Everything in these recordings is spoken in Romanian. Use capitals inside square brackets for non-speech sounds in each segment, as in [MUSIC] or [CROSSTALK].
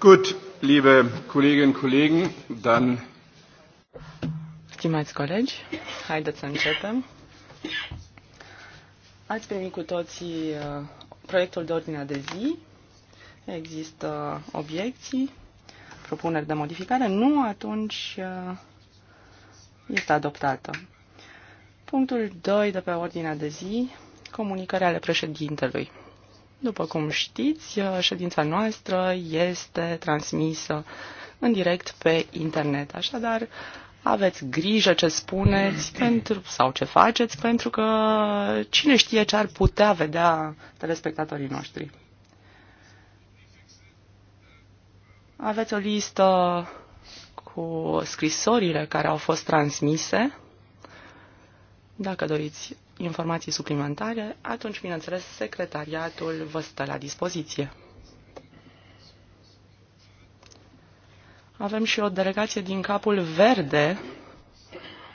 Gut, liebe Kolleginnen und Kollegen, dann. Stimați colegi, haideți să începem. Ați primit cu toții uh, proiectul de ordine de zi. Există obiecții, propuneri de modificare. Nu, atunci uh, este adoptată. Punctul 2 de pe ordinea de zi, comunicarea ale președintelui. După cum știți, ședința noastră este transmisă în direct pe internet, așadar aveți grijă ce spuneți pentru, sau ce faceți, pentru că cine știe ce ar putea vedea telespectatorii noștri. Aveți o listă cu scrisorile care au fost transmise. Dacă doriți informații suplimentare, atunci, bineînțeles, secretariatul vă stă la dispoziție. Avem și o delegație din capul verde,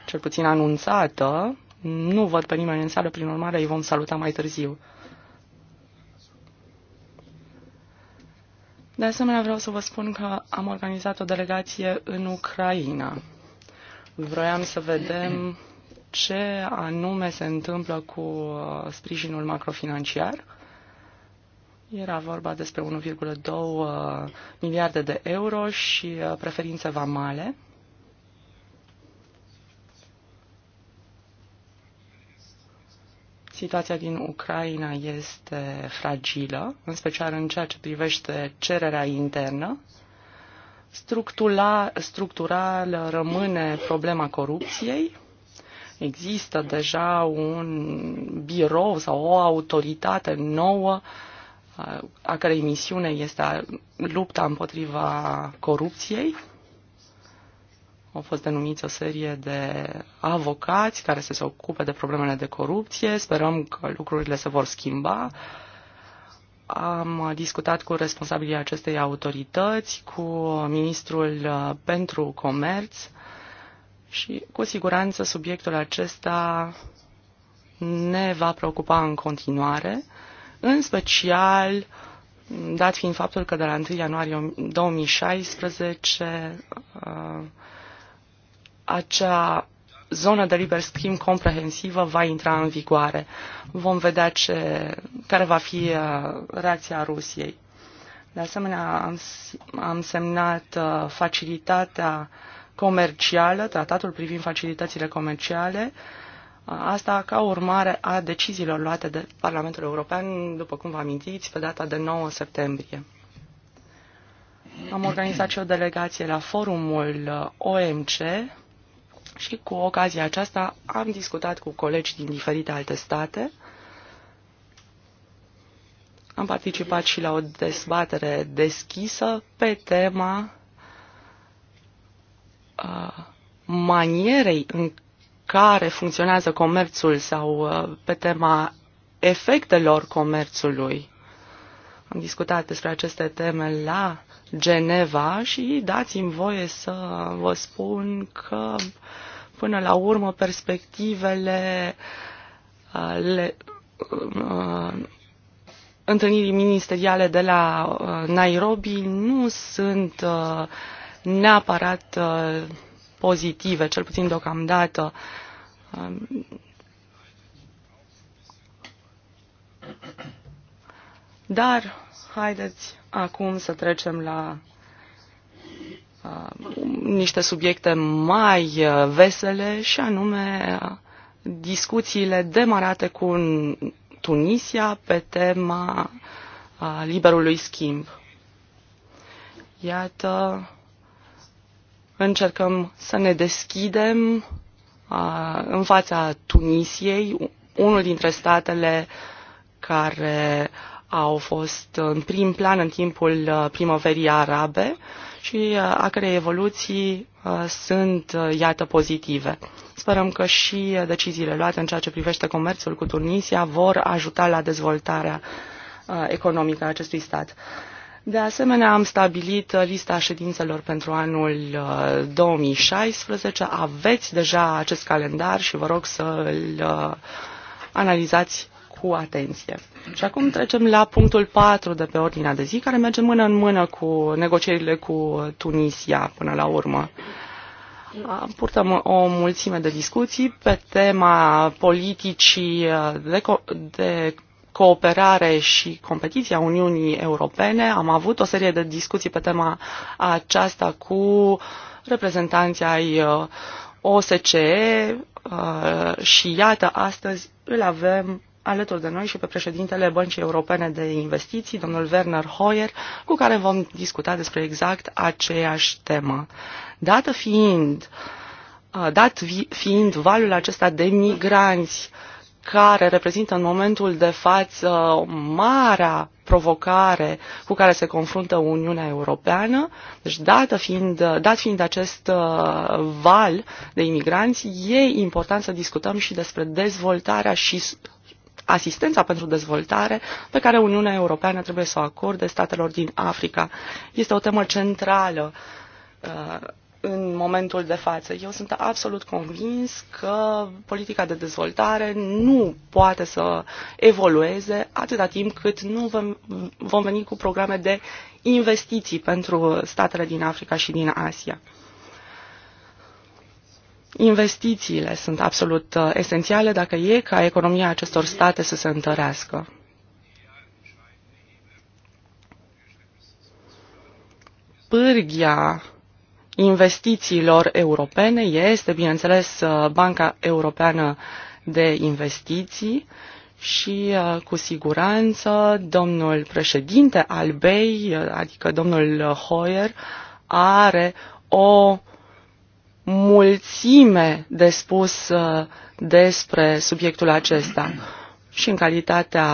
cel puțin anunțată. Nu văd pe nimeni în sală, prin urmare îi vom saluta mai târziu. De asemenea, vreau să vă spun că am organizat o delegație în Ucraina. Vroiam să vedem ce anume se întâmplă cu uh, sprijinul macrofinanciar. Era vorba despre 1,2 uh, miliarde de euro și uh, preferințe vamale. Situația din Ucraina este fragilă, în special în ceea ce privește cererea internă. Structura, structural rămâne problema corupției Există deja un birou sau o autoritate nouă a cărei misiune este lupta împotriva corupției. Au fost denumiți o serie de avocați care să se ocupe de problemele de corupție. Sperăm că lucrurile se vor schimba. Am discutat cu responsabilii acestei autorități, cu ministrul uh, pentru comerț și cu siguranță subiectul acesta ne va preocupa în continuare, în special dat fiind faptul că de la 1 ianuarie 2016 uh, acea zonă de liber schimb comprehensivă va intra în vigoare. Vom vedea ce, care va fi uh, reacția Rusiei. De asemenea, am, am semnat uh, facilitatea uh, comercială, tratatul privind facilitățile comerciale, asta ca urmare a deciziilor luate de Parlamentul European, după cum vă amintiți, pe data de 9 septembrie. Am organizat și o delegație la forumul uh, OMC și cu ocazia aceasta am discutat cu colegi din diferite alte state. Am participat și la o dezbatere deschisă pe tema manierei în care funcționează comerțul sau pe tema efectelor comerțului. Am discutat despre aceste teme la Geneva și dați-mi voie să vă spun că până la urmă perspectivele le, întâlnirii ministeriale de la Nairobi nu sunt uh, neapărat uh, pozitive, cel puțin deocamdată. Um, dar haideți acum să trecem la uh, niște subiecte mai uh, vesele și anume discuțiile demarate cu Tunisia pe tema liberului schimb. Iată, Încercăm să ne deschidem în fața Tunisiei, unul dintre statele care au fost în prim plan în timpul primăverii arabe și a cărei evoluții sunt, iată, pozitive. Sperăm că și deciziile luate în ceea ce privește comerțul cu Tunisia vor ajuta la dezvoltarea economică a acestui stat. De asemenea, am stabilit lista ședințelor pentru anul 2016. Uh, Aveți deja acest calendar și vă rog să îl uh, analizați cu atenție. Și acum trecem la punctul 4 de pe ordinea de zi, care merge mână în mână cu negocierile cu Tunisia până la urmă. Purtăm o mulțime de discuții pe tema politicii uh, de, de cooperare și competiție Uniunii Europene. Am avut o serie de discuții pe tema aceasta cu reprezentanții ai uh, OSCE uh, și iată, astăzi îl avem alături de noi și pe președintele Băncii Europene de Investiții, domnul Werner Hoyer, cu care vom discuta despre exact aceeași temă. Dată fiind, uh, dat fiind valul acesta de migranți uh, care reprezintă în momentul de față marea provocare cu care se confruntă Uniunea Europeană. Deci, dată fiind, dat fiind acest uh, val de imigranți, e important să discutăm și despre dezvoltarea și asistența pentru dezvoltare pe care Uniunea Europeană trebuie să o acorde statelor din Africa. Este o temă centrală uh, în momentul de față. Eu sunt absolut convins că politica de dezvoltare nu poate să evolueze atâta timp cât nu vom, vom veni cu programe de investiții pentru statele din Africa și din Asia. Investițiile sunt absolut uh, esențiale dacă e ca economia acestor state să se întărească. Pârghia investițiilor europene este, bineînțeles, uh, Banca Europeană de Investiții și uh, cu siguranță domnul președinte al BEI, uh, adică domnul Hoyer, are o mulțime de spus despre subiectul acesta și în calitatea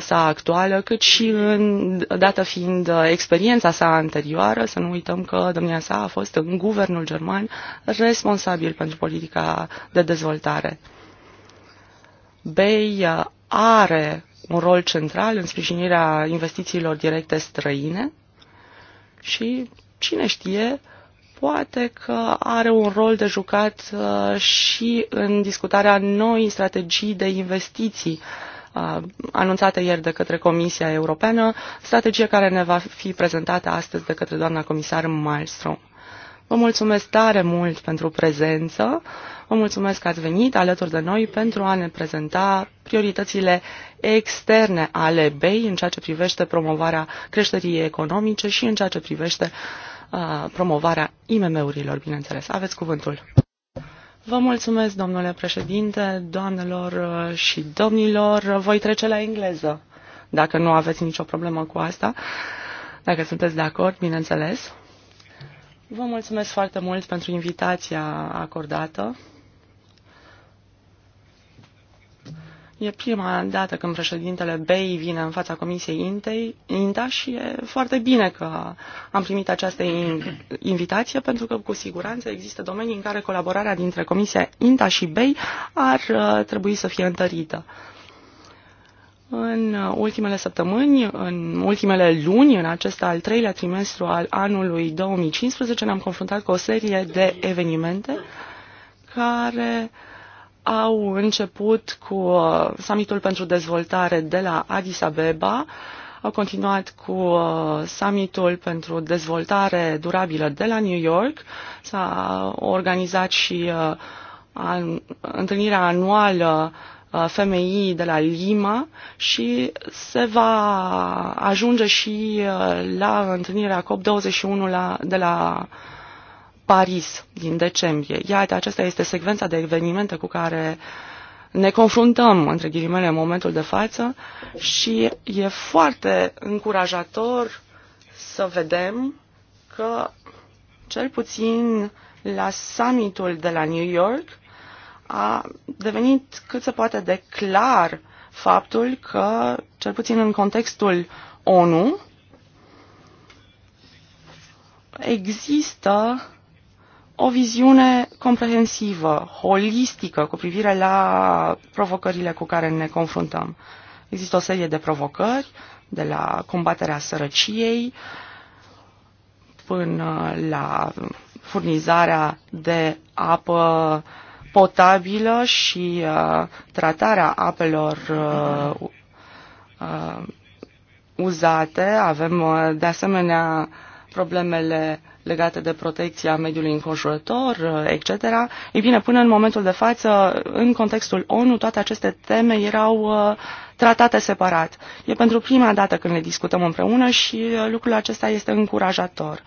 sa actuală, cât și în, dată fiind experiența sa anterioară, să nu uităm că domnia sa a fost în guvernul german responsabil pentru politica de dezvoltare. BEI are un rol central în sprijinirea investițiilor directe străine și, cine știe, poate că are un rol de jucat uh, și în discutarea noi strategii de investiții uh, anunțate ieri de către Comisia Europeană, strategie care ne va fi prezentată astăzi de către doamna comisar Malmström. Vă mulțumesc tare mult pentru prezență, vă mulțumesc că ați venit alături de noi pentru a ne prezenta prioritățile externe ale BEI în ceea ce privește promovarea creșterii economice și în ceea ce privește uh, promovarea IMM-urilor, bineînțeles. Aveți cuvântul. Vă mulțumesc, domnule președinte, doamnelor și domnilor. Voi trece la engleză, dacă nu aveți nicio problemă cu asta, dacă sunteți de acord, bineînțeles. Vă mulțumesc foarte mult pentru invitația acordată. E prima dată când președintele Bay vine în fața Comisiei INTA și e foarte bine că am primit această invitație, pentru că cu siguranță există domenii în care colaborarea dintre Comisia INTA și Bay ar uh, trebui să fie întărită. În ultimele săptămâni, în ultimele luni, în acest al treilea trimestru al anului 2015, ne-am confruntat cu o serie de evenimente care uh, au început cu uh, summitul pentru dezvoltare de la Addis Abeba, au continuat cu uh, summitul pentru dezvoltare durabilă de la New York, s-a organizat și uh, an, întâlnirea anuală FMI de la Lima și se va ajunge și la întâlnirea COP21 de la Paris din decembrie. Iată, aceasta este secvența de evenimente cu care ne confruntăm, între ghilimele, în momentul de față și e foarte încurajator să vedem că, cel puțin la summitul de la New York, a devenit cât se poate de clar faptul că, cel puțin în contextul ONU, există o viziune comprehensivă, holistică cu privire la provocările cu care ne confruntăm. Există o serie de provocări, de la combaterea sărăciei până la furnizarea de apă potabilă și uh, tratarea apelor uh, uh, uzate. Avem uh, de asemenea uh, problemele legate de protecția mediului înconjurător, eh, etc. Ei bine, până în momentul de față, în contextul ONU, toate aceste teme erau eh, tratate separat. E pentru prima dată când le discutăm împreună și eh, lucrul acesta este încurajator.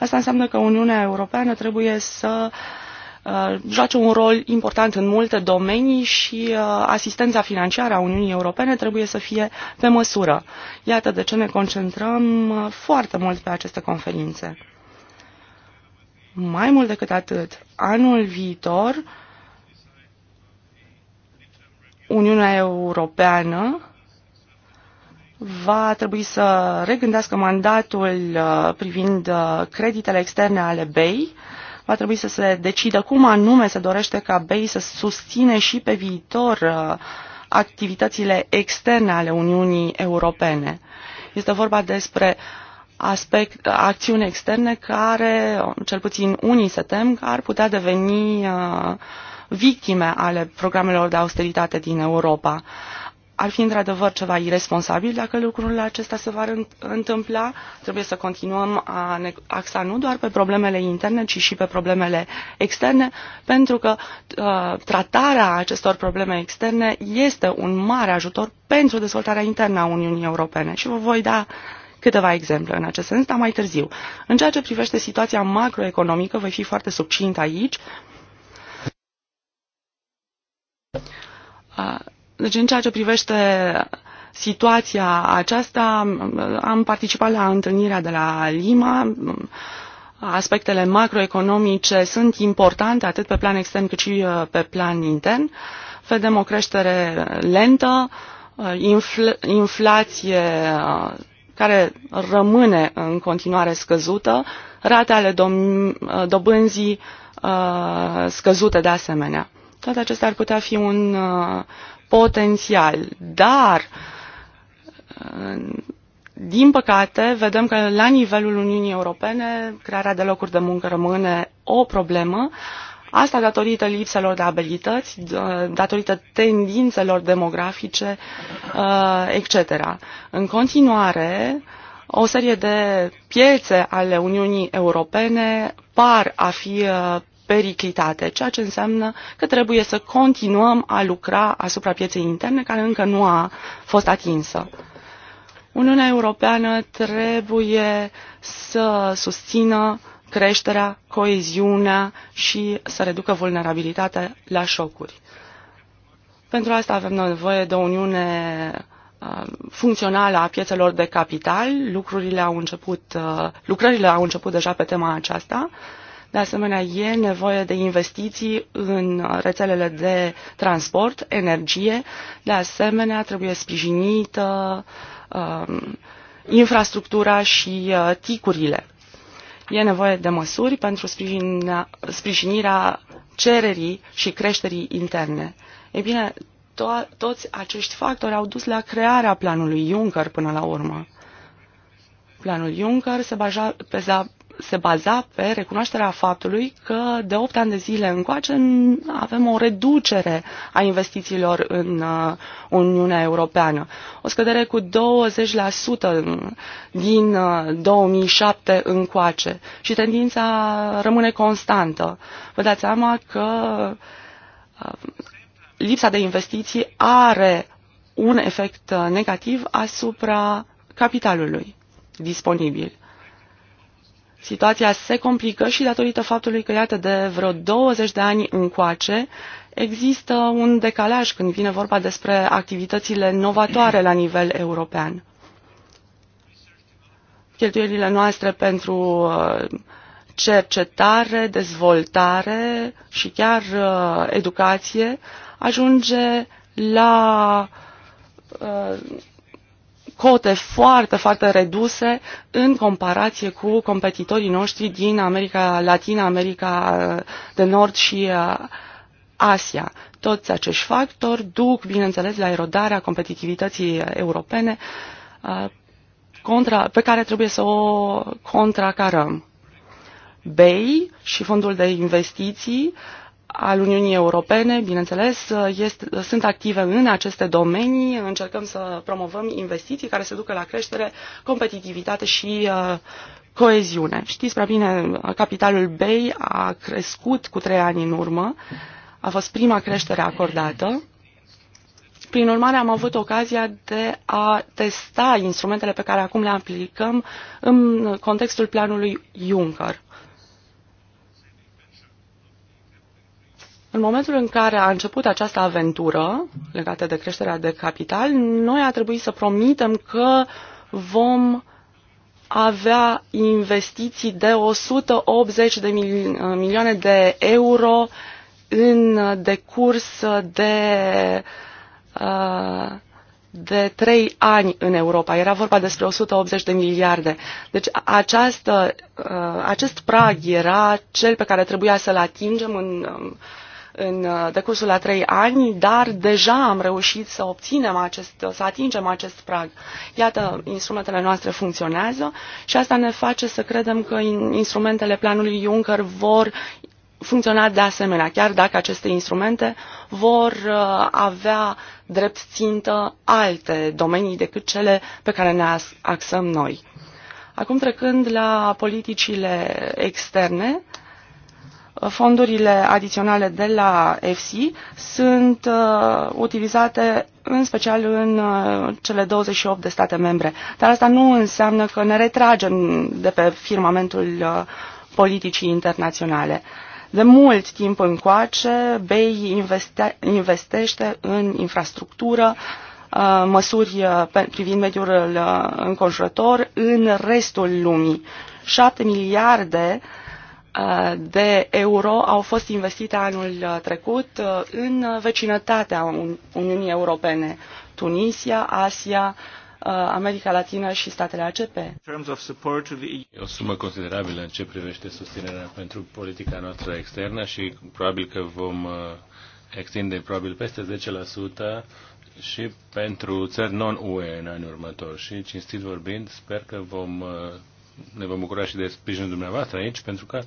Asta înseamnă că Uniunea Europeană trebuie să uh, Uh, joace un rol important în multe domenii și uh, asistența financiară a Uniunii Europene trebuie să fie pe măsură. Iată de ce ne concentrăm uh, foarte mult pe aceste conferințe. Mai mult decât atât, anul viitor Uniunea Europeană va trebui să regândească mandatul privind creditele externe ale BEI, va trebui să se decidă cum anume se dorește ca BEI să susține și pe viitor uh, activitățile externe ale Uniunii Europene. Este vorba despre aspect, acțiuni externe care, cel puțin unii se tem, că ar putea deveni uh, victime ale programelor de austeritate din Europa ar fi într-adevăr ceva irresponsabil dacă lucrurile acesta se vor întâmpla. Trebuie să continuăm a ne axa nu doar pe problemele interne, ci și pe problemele externe, pentru că uh, tratarea acestor probleme externe este un mare ajutor pentru dezvoltarea internă a Uniunii Europene. Și vă voi da câteva exemple în acest sens, dar mai târziu. În ceea ce privește situația macroeconomică, voi fi foarte subcint aici. Uh, deci în ceea ce privește situația aceasta, am participat la întâlnirea de la Lima. Aspectele macroeconomice sunt importante atât pe plan extern cât și uh, pe plan intern. Vedem o creștere lentă, uh, infl- inflație uh, care rămâne în continuare scăzută, rate ale dobânzii scăzute de asemenea. Toate acestea ar putea fi un potențial, dar din păcate, vedem că la nivelul Uniunii Europene crearea de locuri de muncă rămâne o problemă, asta datorită lipselor de abilități, datorită tendințelor demografice, uh, etc. În continuare, o serie de piețe ale Uniunii Europene par a fi uh, periclitate, ceea ce înseamnă că trebuie să continuăm a lucra asupra pieței interne care încă nu a fost atinsă. Uniunea Europeană trebuie să susțină creșterea, coeziunea și să reducă vulnerabilitatea la șocuri. Pentru asta avem nevoie de o uniune uh, funcțională a piețelor de capital. Lucrurile au început, uh, lucrările au început deja pe tema aceasta. De asemenea, e nevoie de investiții în rețelele de transport, energie. De asemenea, trebuie sprijinită um, infrastructura și uh, ticurile. E nevoie de măsuri pentru sprijinirea cererii și creșterii interne. Ei bine, to- toți acești factori au dus la crearea planului Juncker până la urmă. Planul Juncker se baza, baza, se baza pe recunoașterea faptului că de 8 ani de zile încoace avem o reducere a investițiilor în uh, Uniunea Europeană. O scădere cu 20% din 2007 uh, încoace și tendința rămâne constantă. Vă dați seama că uh, lipsa de investiții are un efect negativ asupra capitalului disponibil. Situația se complică și datorită faptului că, iată, de vreo 20 de ani încoace, există un decalaj când vine vorba despre activitățile novatoare la nivel european. Cheltuielile noastre pentru uh, cercetare, dezvoltare și chiar uh, educație ajunge la uh, cote foarte, foarte reduse în comparație cu competitorii noștri din America Latina, America de Nord și uh, Asia. Toți acești factori duc, bineînțeles, la erodarea competitivității europene uh, contra, pe care trebuie să o contracarăm. BEI și fondul de investiții uh, al Uniunii Europene, bineînțeles, este, sunt active în aceste domenii. Încercăm să promovăm investiții care se ducă la creștere, competitivitate și uh, coeziune. Știți prea bine, capitalul BEI a crescut cu trei ani în urmă. A fost prima creștere acordată. Prin urmare, am avut ocazia de a testa instrumentele pe care acum le aplicăm în contextul planului Juncker. În momentul în care a început această aventură legată de creșterea de capital, noi a trebuit să promitem că vom avea investiții de 180 de milioane de euro în decurs de, uh, de 3 ani în Europa. Era vorba despre 180 de miliarde. Deci această, uh, acest prag era cel pe care trebuia să-l atingem în um, în uh, decursul a trei ani, dar deja am reușit să obținem acest, să atingem acest prag. Iată, instrumentele noastre funcționează și asta ne face să credem că instrumentele planului Juncker vor funcționa de asemenea, chiar dacă aceste instrumente vor uh, avea drept țintă alte domenii decât cele pe care ne axăm noi. Acum trecând la politicile externe, uh, fondurile adiționale de la EFSI sunt uh, utilizate în special în uh, cele 28 de state membre. Dar asta nu înseamnă că ne retragem de pe firmamentul uh, politicii internaționale. De mult timp încoace, BEI investe- investește în infrastructură, uh, măsuri uh, privind mediul uh, înconjurător în restul lumii. 7 miliarde uh, de euro au fost investite anul uh, trecut uh, în vecinătatea Uniunii Europene, Tunisia, Asia, uh, America Latină și statele ACP. o sumă considerabilă în ce privește susținerea pentru politica noastră externă și probabil că vom extinde probabil peste 10% și pentru țări non-UE în anul următor. Și, cinstit vorbind, sper că vom ne vom bucura și de sprijinul dumneavoastră aici, pentru că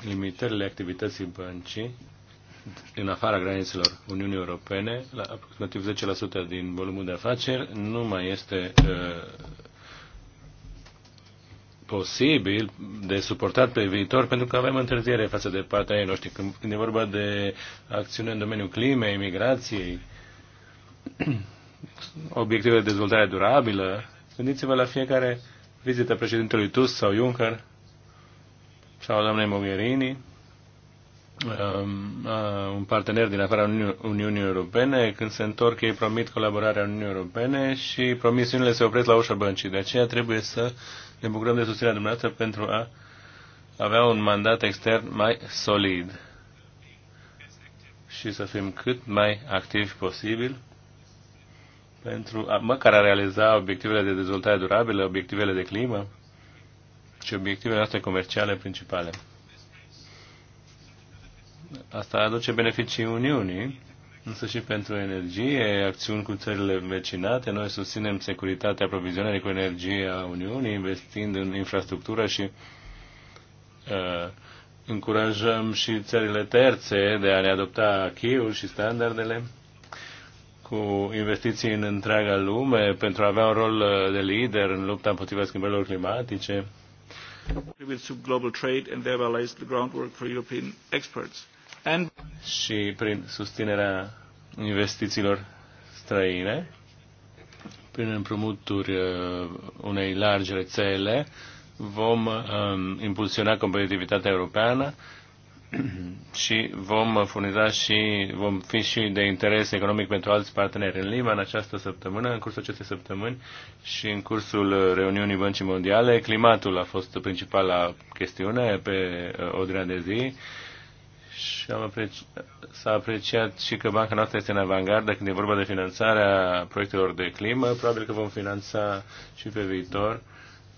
limitările activității băncii în afara granițelor Uniunii Europene, la aproximativ 10% din volumul de afaceri, nu mai este uh, posibil de suportat pe viitor, pentru că avem întârziere față de partenerii noștri. Când, când e vorba de acțiune în domeniul climei, migrației, [CLEARS THROAT] obiective de dezvoltare durabilă, Gândiți-vă la fiecare vizită președintelui Tusk sau Juncker sau doamnei Mogherini, um, un partener din afara Uniunii Europene. Când se întorc, ei promit colaborarea Uniunii Europene și promisiunile se opresc la ușa băncii. De aceea trebuie să ne bucurăm de susținerea dumneavoastră pentru a avea un mandat extern mai solid și să fim cât mai activi posibil pentru a, măcar a realiza obiectivele de dezvoltare durabilă, obiectivele de climă și obiectivele noastre comerciale principale. Asta aduce beneficii Uniunii, însă și pentru energie, acțiuni cu țările vecinate. Noi susținem securitatea aprovizionării cu energie a Uniunii, investind în infrastructură și uh, încurajăm și țările terțe de a ne adopta acquis și standardele cu investiții în întreaga lume pentru a avea un rol uh, de lider în lupta împotriva schimbărilor climatice. Și prin susținerea investițiilor străine, prin împrumuturi uh, unei largi rețele, vom um, impulsiona competitivitatea europeană [CLEARS THROAT] și vom furniza și vom fi și de interes economic pentru alți parteneri în Lima în această săptămână, în cursul acestei săptămâni și în cursul reuniunii Băncii Mondiale. Climatul a fost principala chestiune pe uh, ordinea de zi și am apreci... s-a apreciat și că banca noastră este în avangardă când e vorba de finanțarea proiectelor de climă. Probabil că vom finanța și pe viitor,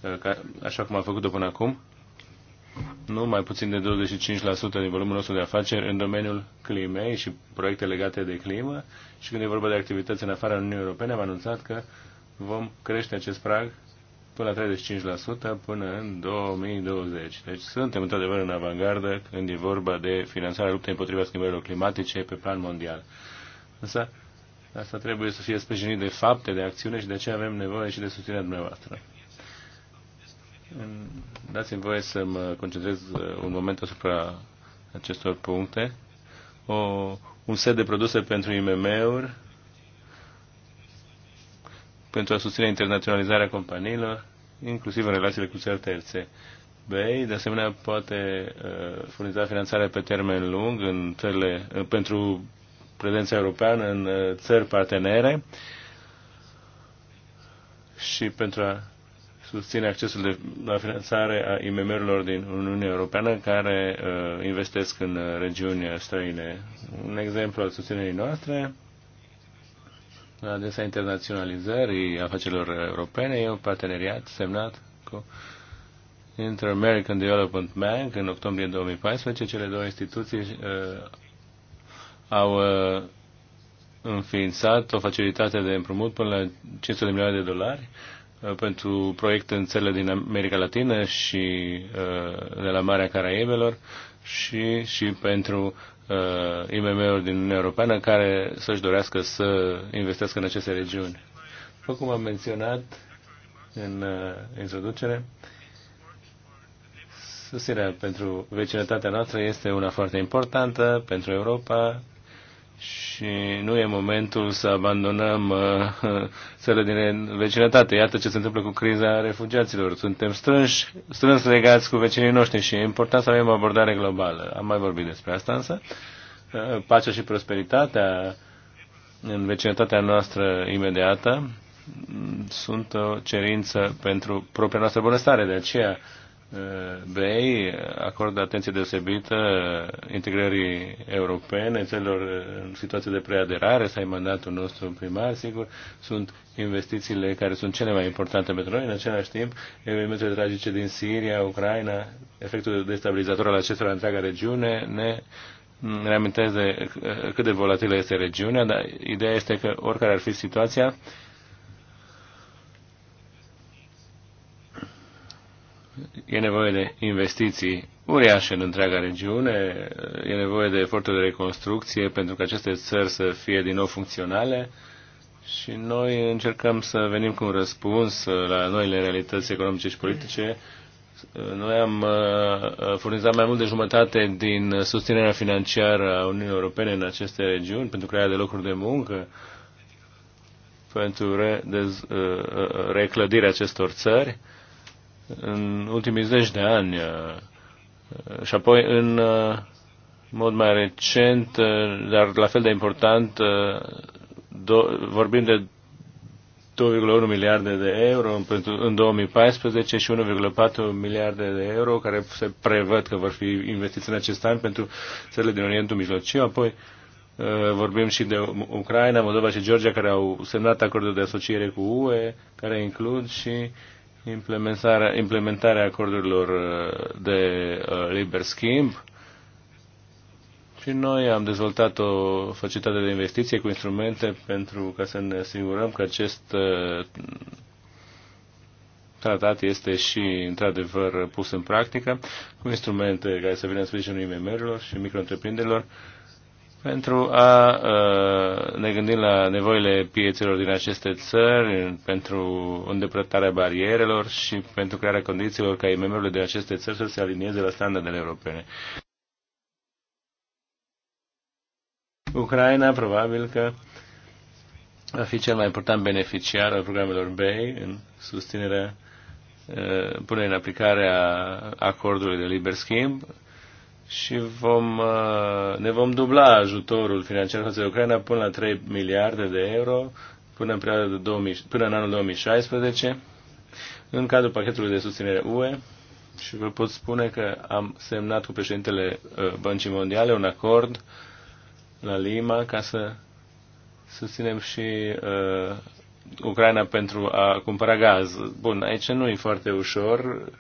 uh, așa cum am făcut-o până acum nu mai puțin de 25% din volumul nostru de afaceri în domeniul climei și proiecte legate de climă și când e vorba de activități în afara Uniunii Europene, am anunțat că vom crește acest prag până la 35% până în 2020. Deci suntem într-adevăr în avangardă când e vorba de finanțarea luptei împotriva schimbărilor climatice pe plan mondial. Însă asta trebuie să fie sprijinit de fapte, de acțiune și de aceea avem nevoie și de susținerea dumneavoastră. Dați-mi voie să mă concentrez uh, un moment asupra acestor puncte. O, un set de produse pentru IMM-uri, pentru a susține internaționalizarea companiilor, inclusiv în relațiile cu țări terțe. BEI, de asemenea, poate uh, furniza finanțare pe termen lung în țările, uh, pentru prezența europeană în uh, țări partenere și pentru a susține accesul la finanțare a IMM-urilor din Uniunea Europeană care uh, investesc în uh, regiuni străine. Un exemplu al susținerii noastre la adresa internaționalizării afacerilor europene e un parteneriat semnat cu Inter-American Development Bank în octombrie 2014. Cele două instituții uh, au uh, înființat o facilitate de împrumut până la 500 de milioane de dolari uh, Uh, pentru proiecte în țările din America Latină și uh, de la Marea Caraibelor și, și pentru uh, IMM-uri din Uniunea Europeană care să-și dorească să investească în aceste regiuni. După cum am menționat în introducere, susținerea pentru vecinătatea noastră este una foarte importantă pentru Europa și nu e momentul să abandonăm uh, [LAUGHS] țările din vecinătate. Iată ce se întâmplă cu criza refugiaților. Suntem strânși, strâns legați cu vecinii noștri și e important să avem o abordare globală. Am mai vorbit despre asta însă. Uh, pacea și prosperitatea în vecinătatea noastră imediată mm, sunt o cerință pentru propria noastră bunăstare. De aceea vrei acordă atenție deosebită integrării europene, celor în situație de preaderare, să ai mandatul nostru primar, sigur, sunt investițiile care sunt cele mai importante pentru noi. În același timp, evenimentele tragice din Siria, Ucraina, efectul destabilizator al acestor întreaga regiune ne reamintesc de cât de volatilă este regiunea, dar ideea este că oricare ar fi situația, E nevoie de investiții uriașe în întreaga regiune, e nevoie de eforturi de reconstrucție pentru că aceste țări să fie din nou funcționale și noi încercăm să venim cu un răspuns la noile realități economice și politice. Noi am uh, furnizat mai mult de jumătate din susținerea financiară a Uniunii Europene în aceste regiuni pentru crearea de locuri de muncă, pentru re- dez- uh, uh, reclădirea acestor țări în ultimii zeci de ani uh, uh, și apoi în uh, mod mai recent, dar la fel de important, do, vorbim de 2,1 miliarde de euro în 2014 și 1,4 miliarde de euro care se prevăd că vor fi investiți în acest an pentru țările din Orientul Mijlociu. Apoi vorbim și de Ucraina, Moldova și Georgia care au semnat acordul de asociere cu UE, care includ și implementarea, implementarea acordurilor uh, de uh, liber schimb și noi am dezvoltat o facilitate de investiție cu instrumente pentru ca să ne asigurăm că acest uh, tratat este și, într-adevăr, pus în practică, cu instrumente care să vină în sprijinul IMM-urilor și micro-întreprinderilor pentru a ne gândi la nevoile piețelor din aceste țări, pentru îndepărtarea barierelor și pentru crearea condițiilor ca imm din aceste țări să se alinieze la standardele europene. Ucraina probabil că va fi cel mai important beneficiar al programelor BEI în susținerea punerea în aplicare a acordului de liber schimb și vom, uh, ne vom dubla ajutorul financiar față de Ucraina până la 3 miliarde de euro până în, de 2000, până în anul 2016 în cadrul pachetului de susținere UE și vă pot spune că am semnat cu președintele uh, Băncii Mondiale un acord la Lima ca să susținem și uh, Ucraina pentru a cumpăra gaz. Bun, aici nu e foarte ușor. Uh,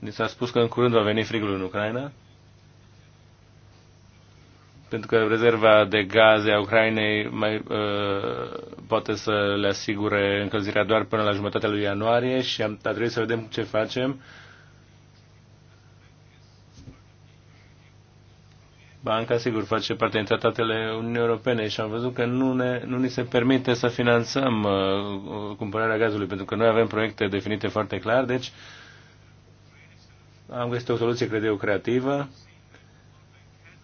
Ni s-a spus că în curând va veni frigul în Ucraina, pentru că rezerva de gaze a Ucrainei mai, uh, poate să le asigure încălzirea doar până la jumătatea lui ianuarie și am, trebuit să vedem ce facem. Banca, sigur, face parte din tratatele Uniunii Europene și am văzut că nu, ne, nu ni se permite să finanțăm uh, cumpărarea gazului, pentru că noi avem proiecte definite foarte clar, deci uh, am găsit o soluție, cred eu, creativă.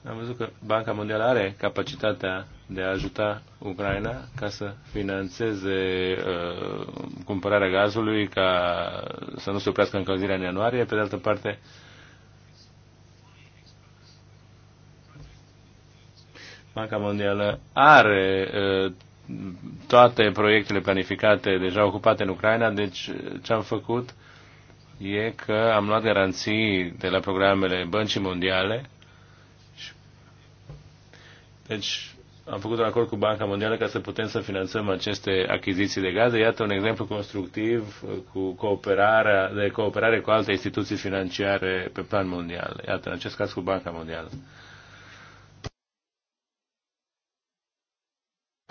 Am văzut că Banca Mondială are capacitatea de a ajuta Ucraina ca să financeze uh, cumpărarea gazului, ca să nu se oprească încălzirea în ianuarie. Pe de altă parte, Banca Mondială are uh, toate proiectele planificate deja ocupate în Ucraina, deci uh, ce am făcut e că am luat garanții de la programele Băncii Mondiale. Deci am făcut un acord cu Banca Mondială ca să putem să finanțăm aceste achiziții de gaze. Iată un exemplu constructiv uh, cu cooperarea, de cooperare cu alte instituții financiare pe plan mondial. Iată, în acest caz cu Banca Mondială.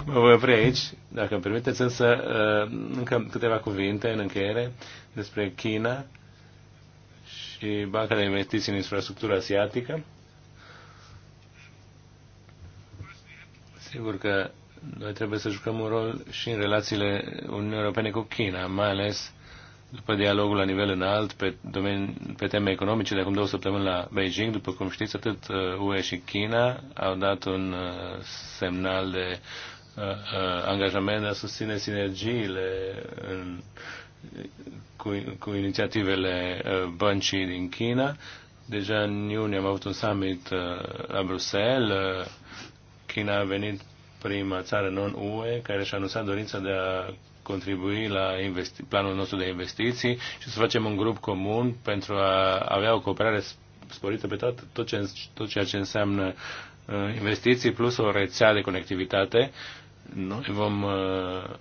Mă voi opri aici, dacă îmi permiteți, însă uh, încă câteva cuvinte în încheiere despre China și Banca de Investiții în Infrastructură Asiatică. Sigur că noi trebuie să jucăm un rol și în relațiile Uniunii Europene cu China, mai ales după dialogul la nivel înalt pe, domeni, pe teme economice de acum două săptămâni la Beijing. După cum știți, atât UE uh, și China au dat un uh, semnal de angajament de a susține sinergiile în, cu, cu inițiativele băncii din China. Deja în iunie am avut un summit la Bruxelles. China a venit prima țară non-UE care și-a anunțat dorința de a contribui la planul nostru de investiții și să facem un grup comun pentru a avea o cooperare sporită pe tot, tot, ce, tot ceea ce înseamnă investiții plus o rețea de conectivitate uh, noi vom uh,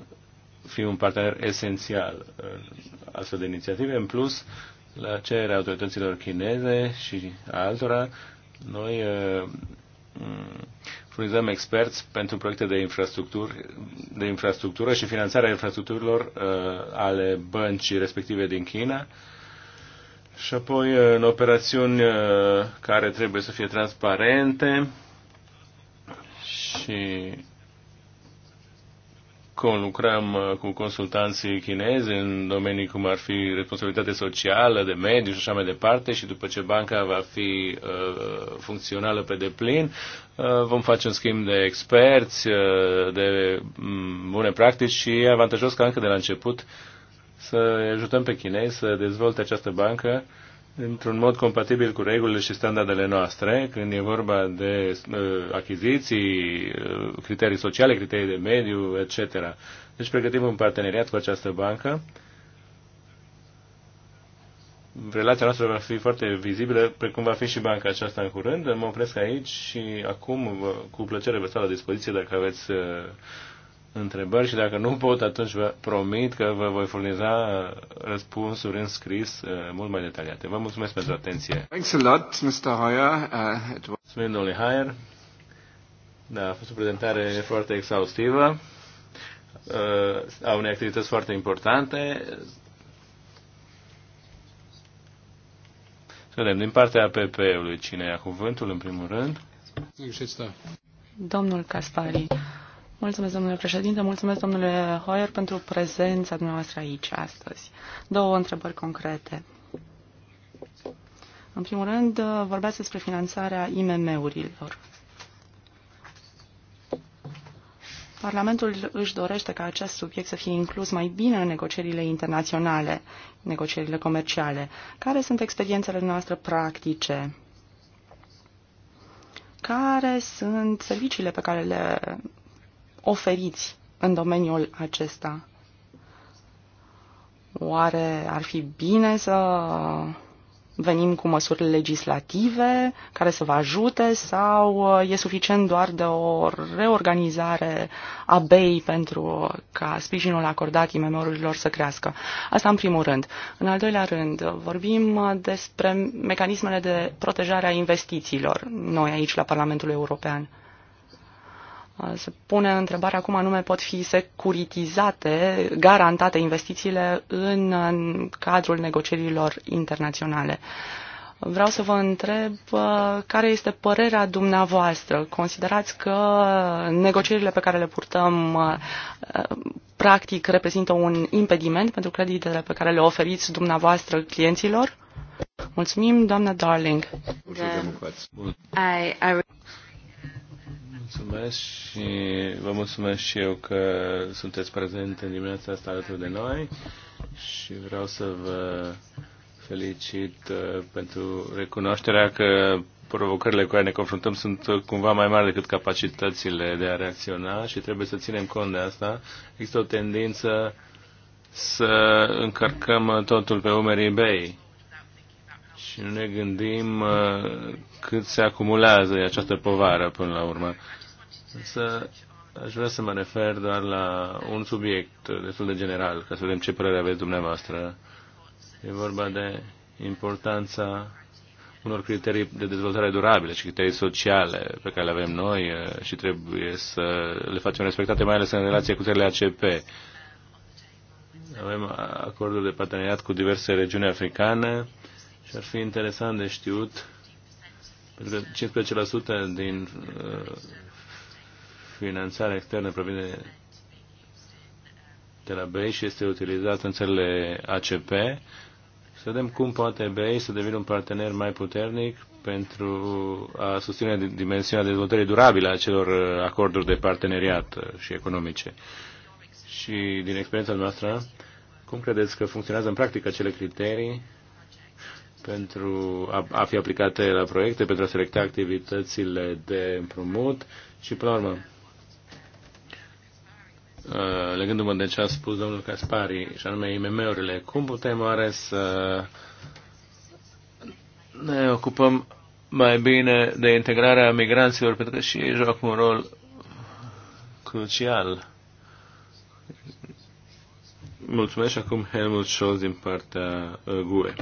fi un partener esențial în uh, astfel de inițiative. În plus, la cererea autorităților chineze și altora, noi uh, furnizăm experți pentru proiecte de infrastructură, de infrastructură și finanțarea infrastructurilor ale băncii respective din China. Și apoi în operațiuni care trebuie să fie transparente și lucrăm uh, cu consultanții chinezi în domenii cum ar fi responsabilitate socială, de mediu și așa mai departe și după ce banca va fi uh, funcțională pe deplin, uh, vom face un schimb de experți, uh, de mm, bune practici și e avantajos ca încă de la început să ajutăm pe chinezi să dezvolte această bancă uh, într-un mod compatibil cu regulile și standardele noastre, când e vorba de uh, achiziții, uh, criterii sociale, criterii de mediu, etc. Deci pregătim un parteneriat cu această bancă. Relația noastră va fi foarte vizibilă, precum va fi și banca aceasta în curând. Mă opresc aici și acum, cu plăcere, vă stau la dispoziție dacă aveți uh, întrebări și dacă nu pot, atunci vă promit că vă voi furniza uh, răspunsuri în scris uh, mult mai detaliate. Vă mulțumesc pentru atenție. Thanks a lot, Mr. Hoyer. Uh, Mulțumim, domnule Hoyer. Da, a fost o prezentare foarte exhaustivă uh, a unei activități foarte importante. Să vedem, din partea PP-ului, cine ia cuvântul, în primul rând? Domnul Caspari. Mulțumesc, domnule președinte, mulțumesc, domnule Hoyer, pentru prezența dumneavoastră aici astăzi. Două întrebări concrete. În primul rând, vorbeați despre finanțarea IMM-urilor. Parlamentul își dorește ca acest subiect să fie inclus mai bine în negocierile internaționale, negocierile comerciale. Care sunt experiențele noastre practice? Care sunt serviciile pe care le oferiți în domeniul acesta? Oare ar fi bine să venim cu măsuri legislative care să vă ajute sau uh, e suficient doar de o reorganizare a BEI pentru ca sprijinul acordat imemorilor să crească? Asta în primul rând. În al doilea rând, vorbim uh, despre mecanismele de protejare a investițiilor noi aici la Parlamentul European. Se pune întrebarea cum anume pot fi securitizate, garantate investițiile în, în cadrul negocierilor internaționale. Vreau să vă întreb uh, care este părerea dumneavoastră. Considerați că negocierile pe care le purtăm uh, practic reprezintă un impediment pentru creditele pe care le oferiți dumneavoastră clienților? Mulțumim, doamna Darling. Mulțumim, Mulțumesc și vă mulțumesc și eu că sunteți prezent în dimineața asta alături de noi și vreau să vă felicit uh, pentru recunoașterea că provocările cu care ne confruntăm sunt cumva mai mari decât capacitățile de a reacționa și trebuie să ținem cont de asta. Există o tendință să încărcăm totul pe umerii bei și nu ne gândim uh, cât se acumulează această povară până la urmă. Însă aș vrea să mă refer doar la un subiect destul de general, ca să vedem ce părere aveți dumneavoastră. E vorba de importanța unor criterii de dezvoltare durabilă și criterii sociale pe care le avem noi și trebuie să le facem respectate, mai ales în relație cu țările ACP. Avem acorduri de parteneriat cu diverse regiuni africane și ar fi interesant de știut pentru că 15% din uh, finanțarea externă provine de la BEI și este utilizată în țările ACP. Să vedem cum poate BEI să devină un partener mai puternic pentru a susține dimensiunea dezvoltării durabile a celor acorduri de parteneriat și economice. Și din experiența noastră, cum credeți că funcționează în practică acele criterii pentru a, a fi aplicate la proiecte, pentru a selecta activitățile de împrumut și, până la urmă, Uh, legându-mă de ce a spus domnul Caspari, și anume IMM-urile, cum putem oare să ne ocupăm mai bine de integrarea migranților, pentru că și ei joacă un rol crucial. Mulțumesc acum Helmut Scholz din partea uh, GUE.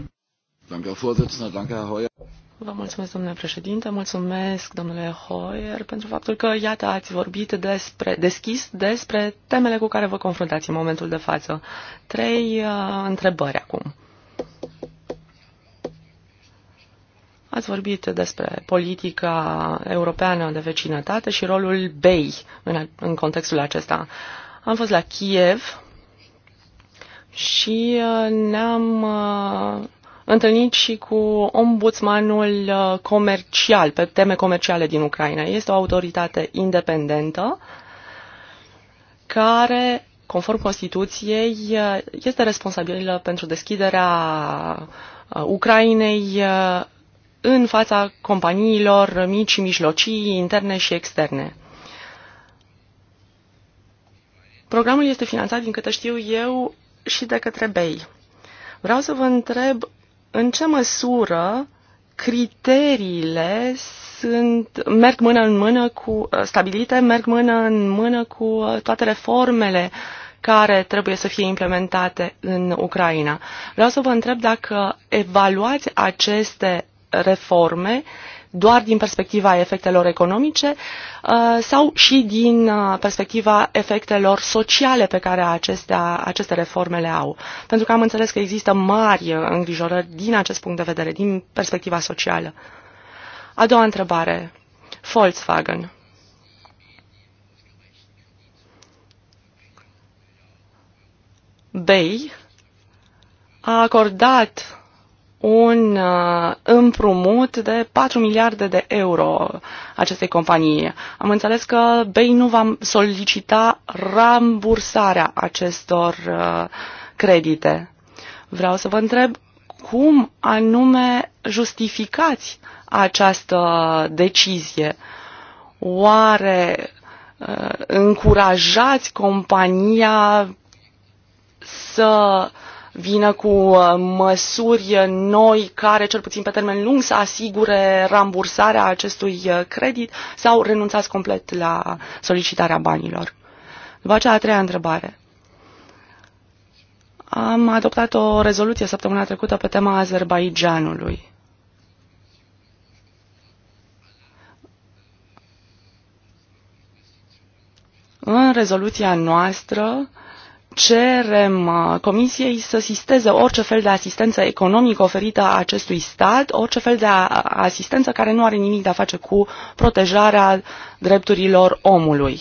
Danke, Herr Vorsitzender, danke, Herr Vă mulțumesc, domnule președinte, mulțumesc, domnule Hoyer, pentru faptul că, iată, ați vorbit despre, deschis despre temele cu care vă confruntați în momentul de față. Trei uh, întrebări acum. Ați vorbit despre politica europeană de vecinătate și rolul BEI în, în contextul acesta. Am fost la Kiev și uh, ne-am uh, întâlnit și cu ombudsmanul uh, comercial, pe teme comerciale din Ucraina. Este o autoritate independentă care, conform Constituției, uh, este responsabilă pentru deschiderea uh, Ucrainei în fața companiilor mici și mijlocii, interne și externe. Programul este finanțat, din câte știu eu, și de către BEI. Vreau să vă întreb în ce măsură criteriile sunt, merg mână în mână cu, ă, stabilite, merg mână în mână cu ă, toate reformele care trebuie să fie implementate în Ucraina. Vreau să vă întreb dacă evaluați aceste reforme doar din perspectiva efectelor economice uh, sau și din uh, perspectiva efectelor sociale pe care acestea, aceste reforme le au. Pentru că am înțeles că există mari îngrijorări din acest punct de vedere, din perspectiva socială. A doua întrebare. Volkswagen. Bay a acordat un uh, împrumut de 4 miliarde de euro acestei companii. Am înțeles că BEI nu va solicita rambursarea acestor uh, credite. Vreau să vă întreb cum anume justificați această decizie. Oare uh, încurajați compania să uh, vină cu uh, măsuri noi care, cel puțin pe termen lung, să asigure rambursarea acestui uh, credit sau renunțați complet la solicitarea banilor? După aceea, a treia întrebare. Am adoptat o rezoluție săptămâna trecută pe tema Azerbaijanului. În rezoluția noastră cerem uh, Comisiei să sisteze orice fel de asistență economică oferită acestui stat, orice fel de uh, asistență care nu are nimic de a face cu protejarea drepturilor omului.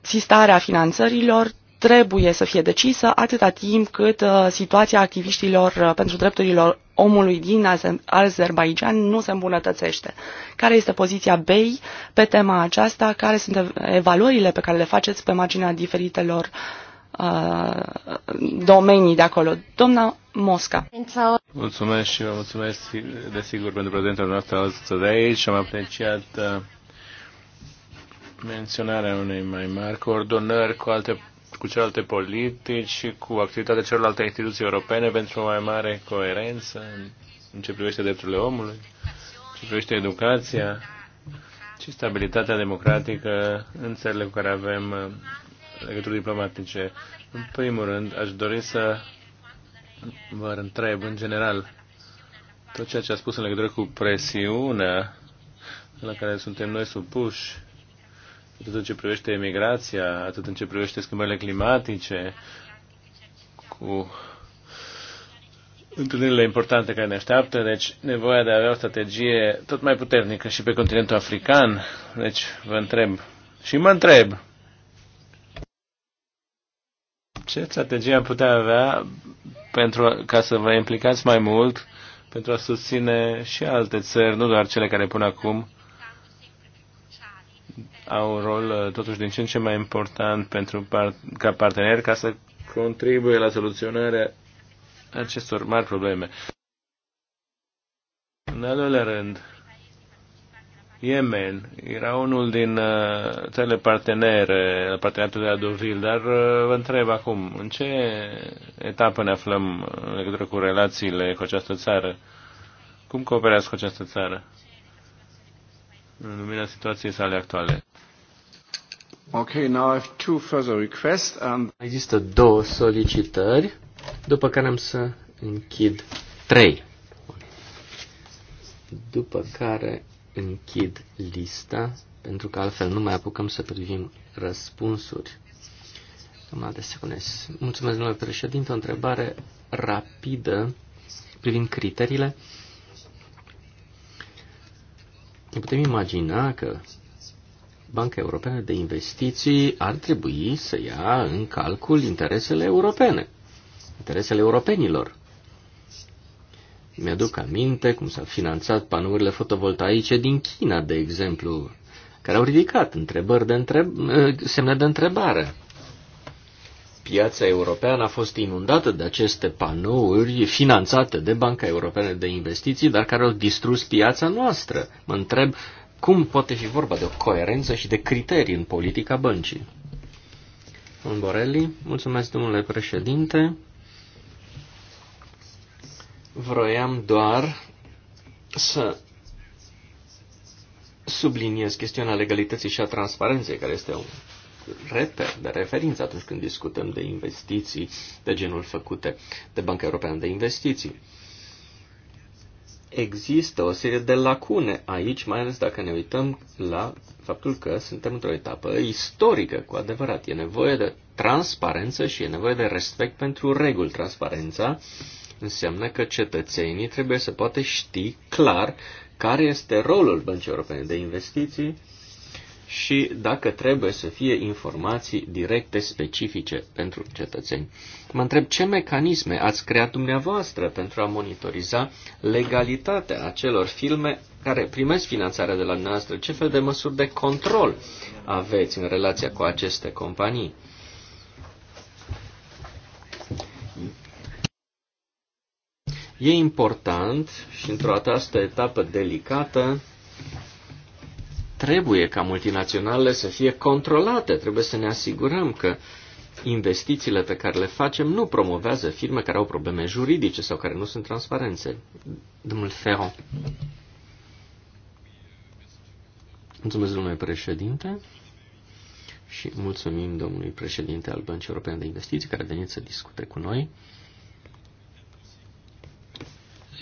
Sistarea finanțărilor trebuie să fie decisă atâta timp cât uh, situația activiștilor uh, pentru drepturile omului din Azerbaijan nu se îmbunătățește. Care este poziția BEI pe tema aceasta? Care sunt evaluările pe care le faceți pe marginea diferitelor uh, domenii de acolo? Doamna Mosca. Mulțumesc și vă mulțumesc desigur pentru prezentul noastră alături de aici. Am apreciat uh, menționarea unei mai mari coordonări cu alte cu celelalte politici și cu activitatea celorlalte instituții europene pentru o mai mare coerență în ce privește drepturile omului, în ce privește educația și stabilitatea democratică în țările cu care avem uh, legături diplomatice. În primul rând, aș dori să vă întreb în general tot ceea ce a spus în legătură cu presiunea la care suntem noi supuși atât în ce privește emigrația, atât în ce privește schimbările climatice, cu întâlnirile importante care ne așteaptă, deci nevoia de a avea o strategie tot mai puternică și pe continentul african. Deci vă întreb și mă întreb ce strategie am putea avea pentru, ca să vă implicați mai mult pentru a susține și alte țări, nu doar cele care până acum au un rol uh, totuși din ce în ce mai important pentru ca partener ca să contribuie la soluționarea acestor mari probleme. În al doilea rând, Yemen era unul din uh, țările partenere, parteneriatul de la Deauville, dar uh, vă întreb acum, în ce etapă ne aflăm în legătură cu relațiile cu această țară? Cum cooperați cu această țară? În lumina situației sale actuale. Okay, now I have two further requests and... Există două solicitări, după care am să închid trei. După care închid lista, pentru că altfel nu mai apucăm să privim răspunsuri. Am de Secunes, mulțumesc, domnule președinte, o întrebare rapidă privind criteriile. Ne putem imagina că Banca Europeană de Investiții ar trebui să ia în calcul interesele europene, interesele europenilor. Mi-aduc aminte cum s-au finanțat panourile fotovoltaice din China, de exemplu, care au ridicat întrebări de întreb... semne de întrebare. Piața europeană a fost inundată de aceste panouri finanțate de Banca Europeană de Investiții, dar care au distrus piața noastră. Mă întreb cum poate fi vorba de o coerență și de criterii în politica băncii. Domnul Borelli, mulțumesc domnule președinte. Vroiam doar să subliniez chestiunea legalității și a transparenței, care este un reper de referință atunci când discutăm de investiții de genul făcute de Banca Europeană de Investiții există o serie de lacune aici, mai ales dacă ne uităm la faptul că suntem într-o etapă istorică, cu adevărat. E nevoie de transparență și e nevoie de respect pentru reguli. Transparența înseamnă că cetățenii trebuie să poată ști clar care este rolul Băncii Europene de Investiții și dacă trebuie să fie informații directe specifice pentru cetățeni. Mă întreb ce mecanisme ați creat dumneavoastră pentru a monitoriza legalitatea acelor filme care primesc finanțarea de la dumneavoastră, ce fel de măsuri de control aveți în relația cu aceste companii. E important și într-o această etapă delicată Trebuie ca multinaționalele să fie controlate, trebuie să ne asigurăm că investițiile pe care le facem nu promovează firme care au probleme juridice sau care nu sunt transparențe. Domnul Ferro. Mulțumesc, domnule președinte, și mulțumim domnului președinte al Băncii Europene de Investiții care a venit să discute cu noi.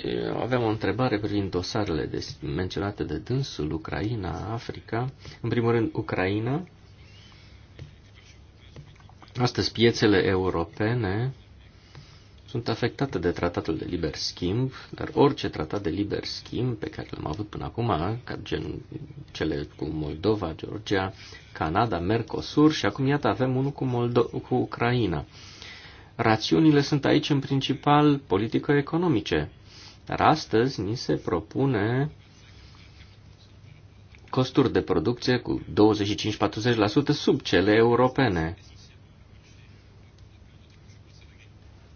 Eh, aveam o întrebare privind dosarele de, menționate de dânsul, Ucraina, Africa. În primul rând, Ucraina. Astăzi, piețele europene sunt afectate de tratatul de liber schimb, dar orice tratat de liber schimb pe care l-am avut până acum, ca gen cele cu Moldova, Georgia, Canada, Mercosur și acum iată avem unul cu, Moldo- cu Ucraina. Rațiunile sunt aici în principal politico-economice. Dar astăzi ni se propune costuri de producție cu 25-40% sub cele europene.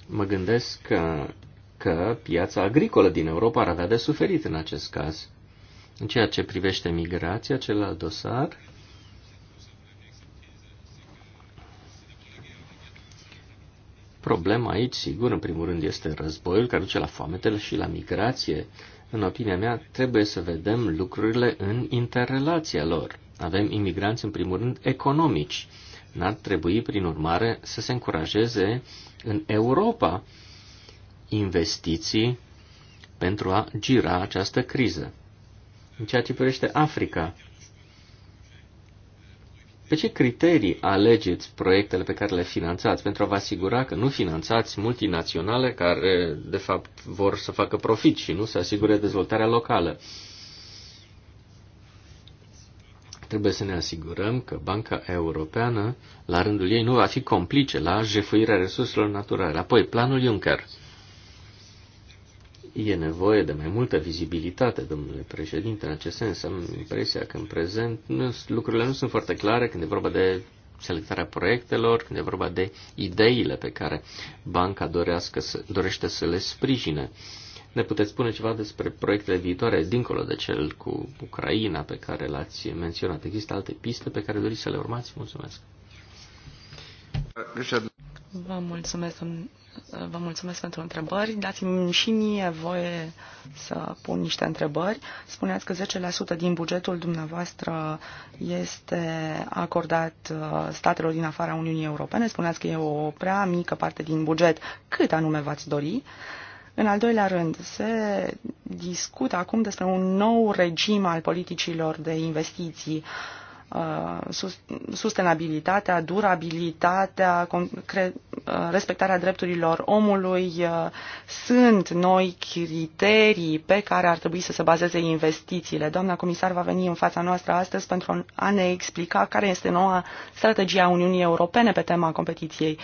Mă gândesc că, că piața agricolă din Europa ar avea de suferit în acest caz. În ceea ce privește migrația, celălalt dosar, Problema aici, sigur, în primul rând este războiul care duce la foametele și la migrație. În opinia mea, trebuie să vedem lucrurile în interrelația lor. Avem imigranți, în primul rând, economici. N-ar trebui, prin urmare, să se încurajeze în Europa investiții pentru a gira această criză. În ceea ce privește Africa, pe ce criterii alegeți proiectele pe care le finanțați pentru a vă asigura că nu finanțați multinaționale care, de fapt, vor să facă profit și nu să asigure dezvoltarea locală? Trebuie să ne asigurăm că Banca Europeană, la rândul ei, nu va fi complice la jefuirea resurselor naturale. Apoi, planul Juncker. E nevoie de mai multă vizibilitate, domnule președinte, în acest sens. Am impresia că în prezent nu, lucrurile nu sunt foarte clare când e vorba de selectarea proiectelor, când e vorba de ideile pe care banca dorească să, dorește să le sprijine. Ne puteți spune ceva despre proiectele viitoare, dincolo de cel cu Ucraina pe care l-ați menționat? Există alte piste pe care doriți să le urmați? Mulțumesc! Vă mulțumesc, Vă mulțumesc pentru întrebări. Dați-mi și mie voie să pun niște întrebări. Spuneați că 10% din bugetul dumneavoastră este acordat uh, statelor din afara Uniunii Europene. Spuneați că e o prea mică parte din buget. Cât anume v-ați dori? În al doilea rând, se discută acum despre un nou regim al politicilor de investiții. Uh, Uh, sustenabilitatea, durabilitatea, uh, respectarea drepturilor omului uh, sunt noi criterii pe care ar trebui să se bazeze investițiile. Doamna comisar va veni în fața noastră astăzi pentru a ne explica care este noua strategie a Uniunii Europene pe tema competiției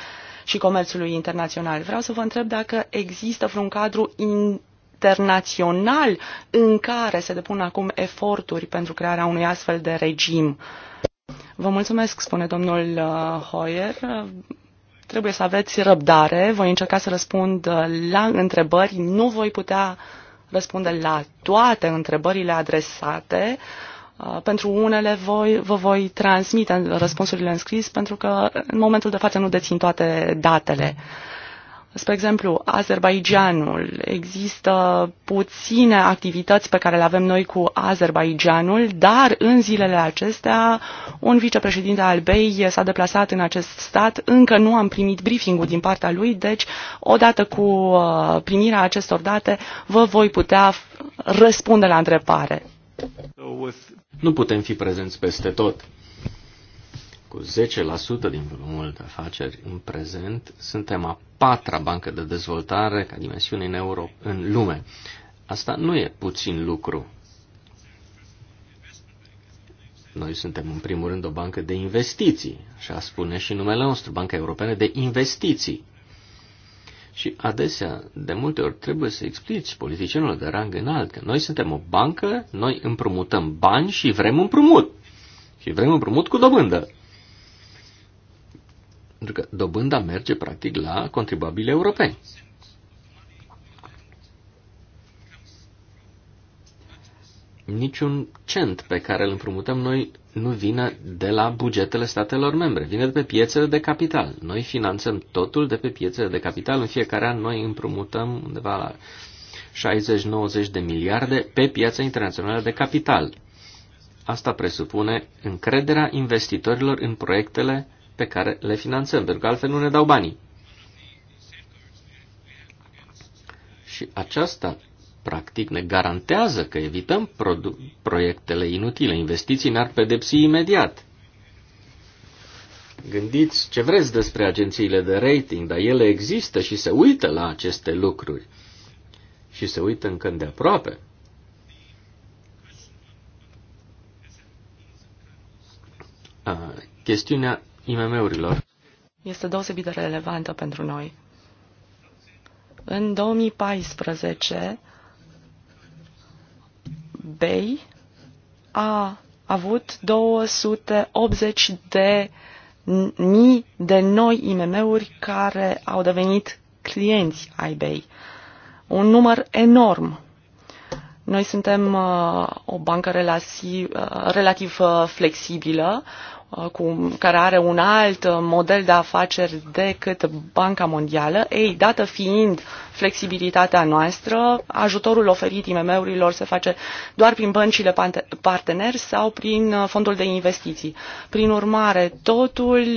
și comerțului internațional. Vreau să vă întreb dacă există vreun cadru in internațional în care se depun acum eforturi pentru crearea unui astfel de regim. Vă mulțumesc, spune domnul uh, Hoyer. Trebuie să aveți răbdare. Voi încerca să răspund uh, la întrebări. Nu voi putea răspunde la toate întrebările adresate. Uh, pentru unele voi, vă voi transmite răspunsurile în scris, pentru că în momentul de față nu dețin toate datele. Uh, Spre exemplu, Azerbaijanul. Există puține activități pe care le avem noi cu Azerbaijanul, dar în zilele acestea un vicepreședinte al BEI s-a deplasat în acest stat. Încă nu am primit briefing-ul din partea lui, deci odată cu uh, primirea acestor date vă voi putea răspunde la întrebare. Nu putem fi prezenți peste tot cu 10% din volumul de afaceri în prezent, suntem a patra bancă de dezvoltare ca dimensiune în, euro, în lume. Asta nu e puțin lucru. Noi suntem, în primul rând, o bancă de investiții, așa spune și numele nostru, Banca Europeană de Investiții. Și adesea, de multe ori, trebuie să explici politicienilor de rang înalt că noi suntem o bancă, noi împrumutăm bani și vrem împrumut. Și vrem împrumut cu dobândă. Pentru că dobânda merge practic la contribuabili europeni. Niciun cent pe care îl împrumutăm noi nu vine de la bugetele statelor membre, vine de pe piețele de capital. Noi finanțăm totul de pe piețele de capital. În fiecare an noi împrumutăm undeva la 60-90 de miliarde pe piața internațională de capital. Asta presupune încrederea investitorilor în proiectele pe care le finanțăm, pentru că altfel nu ne dau banii. Și aceasta, practic, ne garantează că evităm proiectele inutile. Investiții n ar pedepsi imediat. Gândiți ce vreți despre agențiile de rating, dar ele există și se uită la aceste lucruri. Și se uită încă de aproape. chestiunea IMM-urilor este deosebit de relevantă pentru noi. În 2014, BEI a avut 280 de mii de noi IMM-uri care au devenit clienți ai BEI. Un număr enorm. Noi suntem uh, o bancă relativ uh, uh, flexibilă, Uh, cu, care are un alt uh, model de afaceri decât Banca Mondială. Ei, dată fiind flexibilitatea noastră, ajutorul oferit IMM-urilor se face doar prin băncile parteneri sau prin uh, fondul de investiții. Prin urmare, totul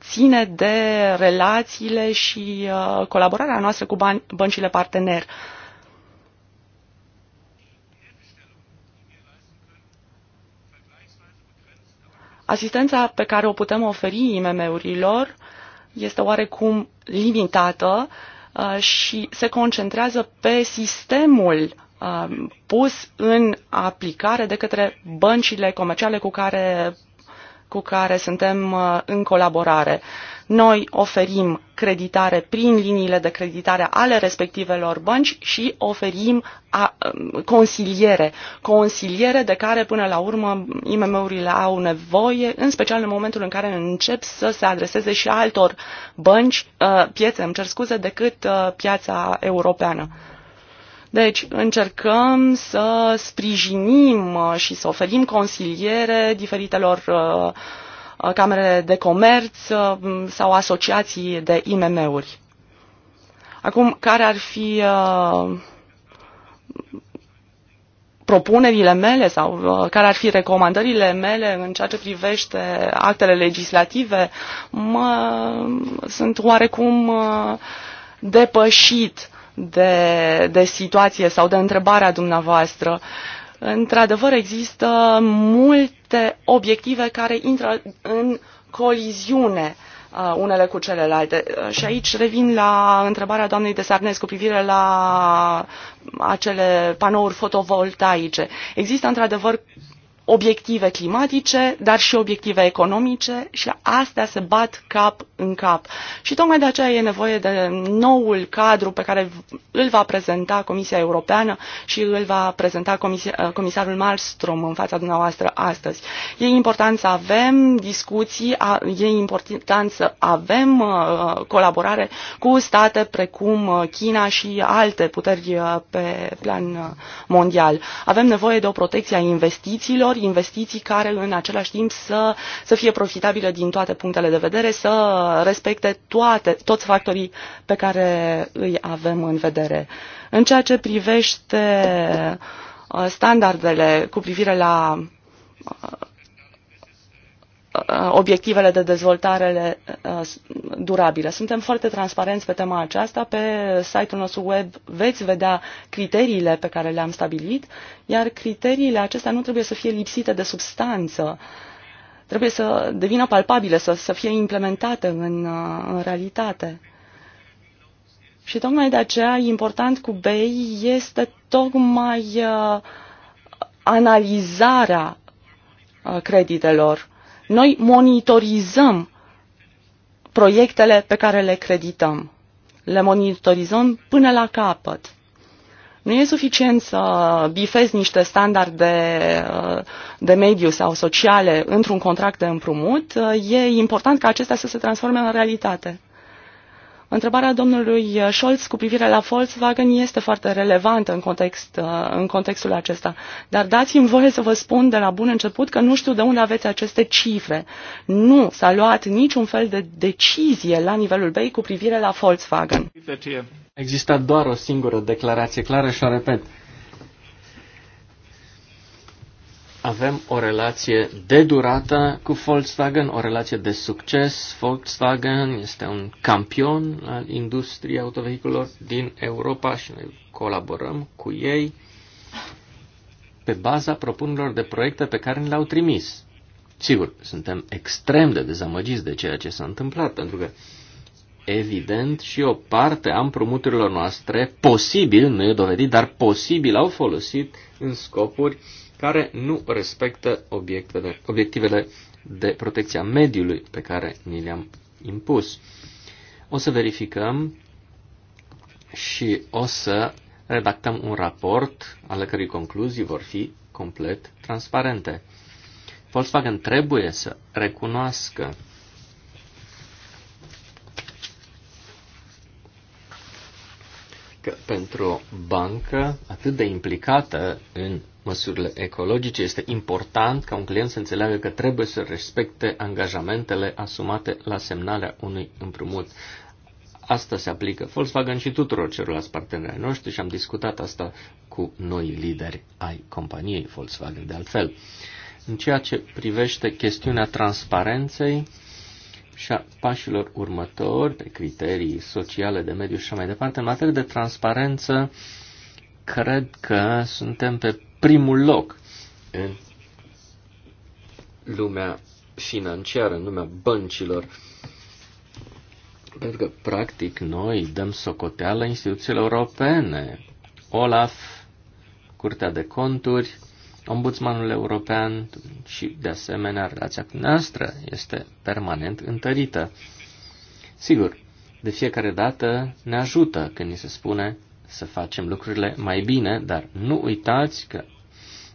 ține de relațiile și colaborarea noastră cu băncile parteneri Asistența pe care o putem oferi IMM-urilor este oarecum limitată uh, și se concentrează pe sistemul uh, pus în aplicare de către băncile comerciale cu care, cu care suntem uh, în colaborare. Uh, noi oferim creditare prin liniile de creditare ale respectivelor bănci și oferim a, um, consiliere. Consiliere de care până la urmă IMM-urile au nevoie, în special în momentul în care încep să se adreseze și altor bănci, uh, piețe, îmi cer scuze, decât uh, piața europeană. Deci încercăm să sprijinim uh, și să oferim consiliere diferitelor uh, Uh, camerele de comerț uh, sau asociații de IMM-uri. Acum, care ar fi uh, propunerile mele sau care ar fi recomandările mele în ceea ce privește actele legislative, mă, sunt oarecum depășit de, de situație sau de întrebarea dumneavoastră. Uh, Într-adevăr, există multe obiective care intră în coliziune uh, unele cu celelalte. Uh, și aici revin la întrebarea doamnei de Sarnes cu privire la acele panouri fotovoltaice. Există într-adevăr obiective climatice, dar și obiective economice și astea se bat cap în cap. Și tocmai de aceea e nevoie de noul cadru pe care îl va prezenta Comisia Europeană și îl va prezenta comisia, uh, comisarul Malmström în fața dumneavoastră astăzi. E important să avem discuții, e important să avem uh, colaborare cu state precum uh, China și alte puteri pe plan mondial. Avem nevoie de o protecție a investițiilor valori, investiții care în același timp să, să fie profitabile din toate punctele de vedere, să respecte toate, toți factorii pe care îi avem în vedere. În ceea ce privește uh, standardele cu privire la uh, Uh, obiectivele de dezvoltare uh, durabilă. Suntem foarte transparenți pe tema aceasta. Pe site-ul nostru web veți vedea criteriile pe care le-am stabilit, iar criteriile acestea nu trebuie să fie lipsite de substanță. Trebuie să devină palpabile, să, să fie implementate în, uh, în realitate. Și tocmai de aceea important cu BEI este tocmai uh, analizarea uh, creditelor. Noi monitorizăm proiectele pe care le credităm. Le monitorizăm până la capăt. Nu e suficient să bifezi niște standarde uh, de mediu sau sociale într-un contract de împrumut. Uh, e important ca acestea să se transforme în realitate. Întrebarea domnului uh, Scholz cu privire la Volkswagen este foarte relevantă în, context, uh, în contextul acesta. Dar dați-mi voie să vă spun de la bun început că nu știu de unde aveți aceste cifre. Nu s-a luat niciun fel de decizie la nivelul BEI cu privire la Volkswagen. Există doar o singură declarație clară și o repet. avem o relație de durată cu Volkswagen, o relație de succes. Volkswagen este un campion al industriei autovehiculor din Europa și noi colaborăm cu ei pe baza propunerilor de proiecte pe care ne le-au trimis. Sigur, suntem extrem de dezamăgiți de ceea ce s-a întâmplat, pentru că, evident, și o parte a împrumuturilor noastre, posibil, nu e dovedit, dar posibil, au folosit în scopuri uh, care nu respectă obiectele, obiectivele de protecția mediului pe care ni le-am impus. O să verificăm și o să redactăm un raport ale cărui concluzii vor fi complet transparente. Volkswagen trebuie să recunoască că pentru o bancă atât de implicată în măsurile ecologice este important ca un client să înțeleagă că trebuie să respecte angajamentele asumate la semnarea unui împrumut. Asta se aplică Volkswagen și tuturor celorlalți parteneri ai noștri și am discutat asta cu noi lideri ai companiei Volkswagen de altfel. În ceea ce privește chestiunea transparenței, și a pașilor următori, pe criterii sociale, de mediu și mai departe, în materie de transparență, cred că suntem pe primul loc în lumea financiară, în lumea băncilor. Pentru că, practic, noi dăm socoteală instituțiile europene, OLAF, Curtea de Conturi, Ombudsmanul european și, de asemenea, relația noastră este permanent întărită. Sigur, de fiecare dată ne ajută când ni se spune să facem lucrurile mai bine, dar nu uitați că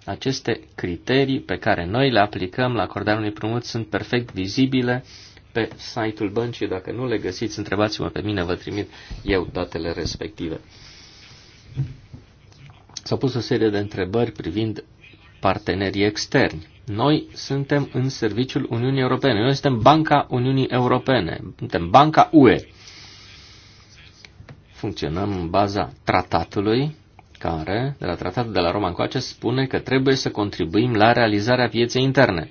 aceste criterii pe care noi le aplicăm la acordarea unui prumut sunt perfect vizibile pe site-ul băncii. Dacă nu le găsiți, întrebați-mă pe mine, vă trimit eu datele respective. S-au pus o serie de întrebări privind partenerii externi. Noi suntem în serviciul Uniunii Europene. Noi suntem Banca Uniunii Europene. Suntem Banca UE. Funcționăm în baza tratatului care, de la tratatul de la Roma încoace, spune că trebuie să contribuim la realizarea pieței interne.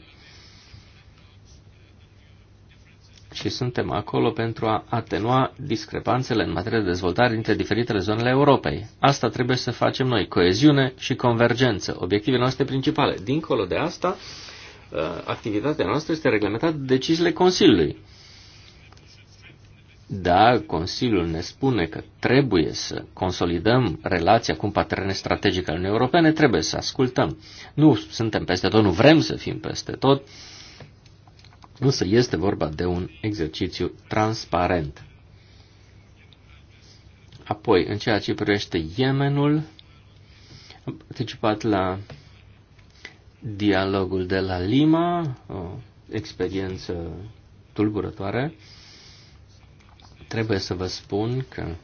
și suntem acolo pentru a atenua discrepanțele în materie de dezvoltare dintre diferitele zonele Europei. Asta trebuie să facem noi, coeziune și convergență, obiectivele noastre principale. Dincolo de asta, uh, activitatea noastră este reglementată de deciziile Consiliului. Da, Consiliul ne spune că trebuie să consolidăm relația cu un partener strategic al Uniunii Europene, trebuie să ascultăm. Nu suntem peste tot, nu vrem să fim peste tot, uh, Însă este vorba de un exercițiu transparent. Apoi, în ceea ce privește Yemenul, am participat la dialogul de la Lima, o experiență tulburătoare. Trebuie să vă spun că,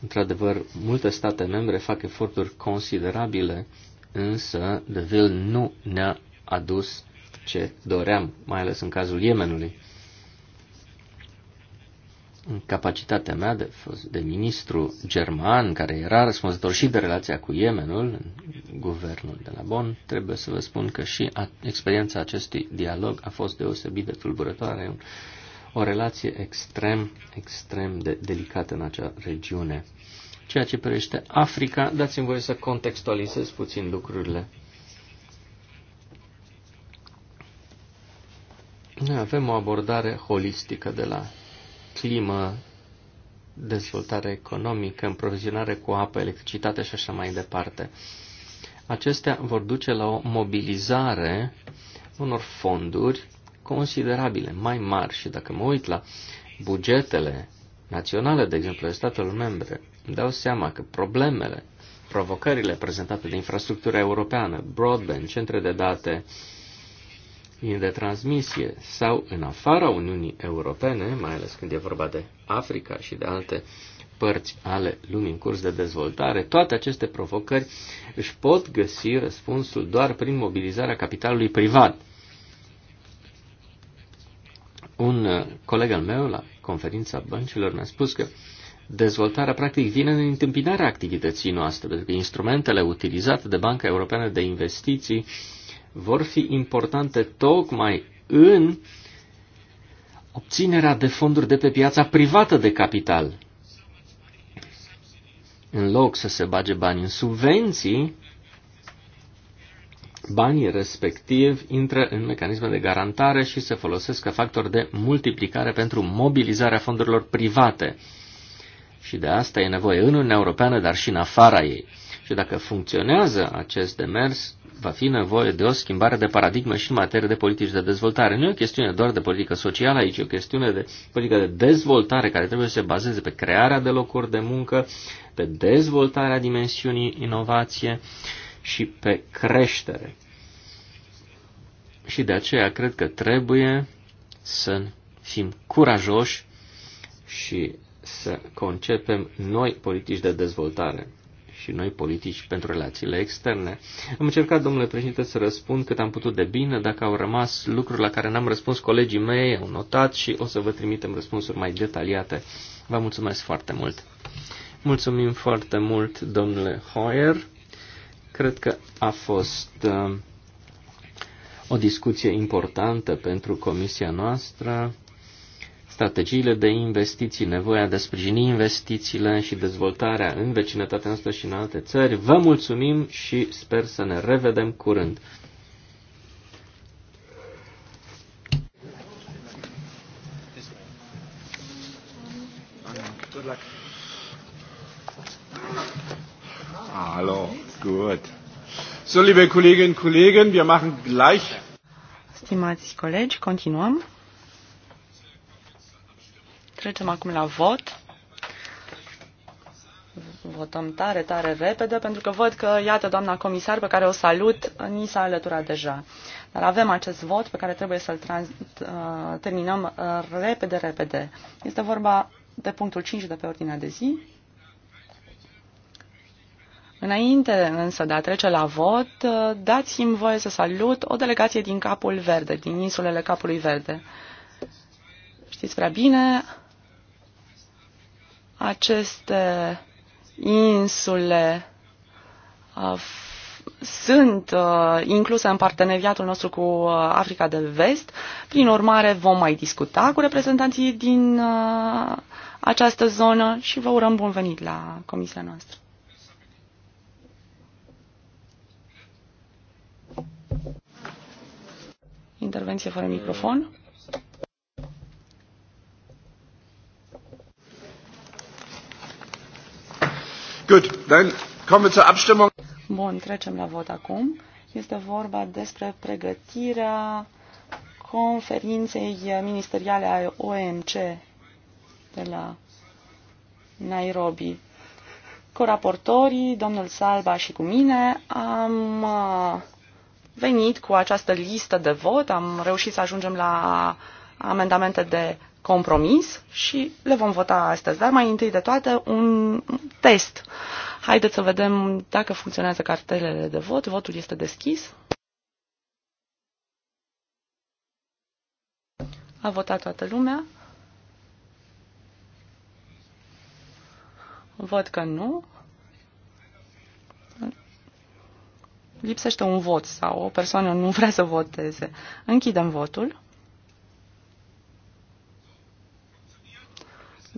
într-adevăr, multe state membre fac eforturi considerabile, însă De Vil nu ne-a adus ce doream, mai ales în cazul Yemenului. În capacitatea mea de, de ministru german, care era răspunzător și de relația cu Yemenul, în guvernul de la Bonn, trebuie să vă spun că și a, experiența acestui dialog a fost deosebit de tulburătoare. O relație extrem, extrem de delicată în acea regiune. Ceea ce privește Africa, dați-mi voie să contextualizez puțin lucrurile. Noi avem o abordare holistică de la climă, dezvoltare economică, împrovizionare cu apă, electricitate și așa mai departe. Acestea vor duce la o mobilizare unor fonduri considerabile, mai mari. Și dacă mă uit la bugetele naționale, de exemplu, de statelor membre, îmi dau seama că problemele, provocările prezentate de infrastructura europeană, broadband, centre de date, uh, linii de transmisie sau în afara Uniunii Europene, mai ales când e vorba de Africa și de alte părți ale lumii în curs de dezvoltare, toate aceste provocări își pot găsi răspunsul doar prin mobilizarea capitalului privat. Un uh, coleg al meu la conferința băncilor mi-a spus că dezvoltarea practic vine în întâmpinarea activității noastre, pentru că instrumentele utilizate de Banca Europeană de Investiții uh, vor fi importante tocmai în obținerea de fonduri de pe piața privată de capital. În loc să se bage bani în subvenții, banii respectiv intră în mecanisme de garantare și se folosesc ca factor de multiplicare pentru mobilizarea fondurilor private. Și de asta e nevoie în Uniunea Europeană, dar și în afara ei. Și dacă funcționează acest demers, va fi nevoie de o schimbare de paradigmă și în materie de politici de dezvoltare. Nu e o chestiune doar de politică socială aici, e o chestiune de politică de dezvoltare care trebuie să se bazeze pe crearea de locuri de muncă, pe dezvoltarea dimensiunii inovație și pe creștere. Și de aceea cred că trebuie să fim curajoși și să concepem noi politici de dezvoltare și noi politici pentru relațiile externe. Am încercat, domnule președinte, să răspund cât am putut de bine. Dacă au rămas lucruri la care n-am răspuns, colegii mei au notat și o să vă trimitem răspunsuri mai detaliate. Vă mulțumesc foarte mult! Mulțumim foarte mult, domnule Hoyer. Cred că a fost uh, o discuție importantă pentru comisia noastră strategiile de investiții, nevoia de a sprijini investițiile și dezvoltarea în vecinătatea noastră și în alte țări. Vă mulțumim și sper să ne revedem curând. Hallo, gut. So, liebe Kolleginnen und Kollegen, wir machen gleich. Stimați colegi, continuăm. Trecem acum la vot. Votăm tare, tare repede, pentru că văd că, iată, doamna comisar, pe care o salut, ni s-a alăturat deja. Dar avem acest vot pe care trebuie să-l uh, terminăm uh, repede, repede. Este vorba de punctul 5 de pe ordinea de zi. Înainte însă de a trece la vot, uh, dați-mi voie să salut o delegație din Capul Verde, din insulele Capului Verde. Știți prea bine, aceste insule uh, sunt uh, incluse în parteneriatul nostru cu uh, Africa de Vest. Prin urmare, vom mai discuta cu reprezentanții din această zonă și vă urăm bun venit la comisia noastră. Intervenție fără microfon. Good. Then come wir Abstimmung. Bun, trecem la vot acum. Este vorba despre pregătirea conferinței ministeriale a OMC de la Nairobi. raportorii, domnul Salba și cu mine, am uh, venit cu această listă de vot, am reușit să ajungem la amendamente de compromis și le vom vota astăzi. Dar mai întâi de toate, un test. Haideți să vedem dacă funcționează cartelele de vot. Votul este deschis. A votat toată lumea. Văd că nu. Lipsește un vot sau o persoană nu vrea să voteze. Închidem votul.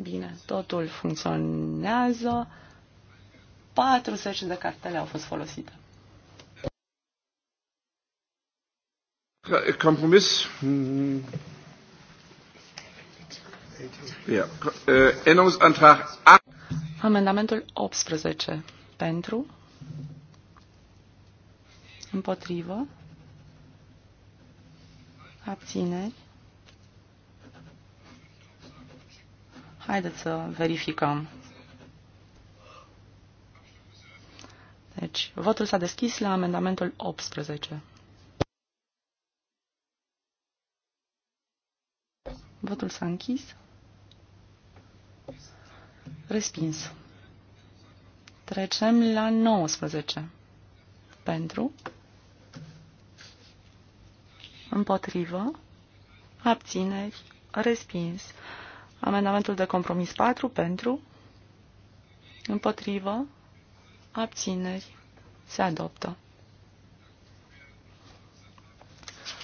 Bine, totul funcționează. 40 de cartele au fost folosite. Compromis? Eh, Amendamentul 18. Pentru. Împotrivă. Abțineri. Haideți să verificăm. Deci, votul s-a deschis la amendamentul 18. Votul s-a închis. Respins. Trecem la 19. Pentru. Împotrivă. Abțineri. Respins. Amendamentul de compromis 4 pentru, împotrivă, abțineri, se adoptă.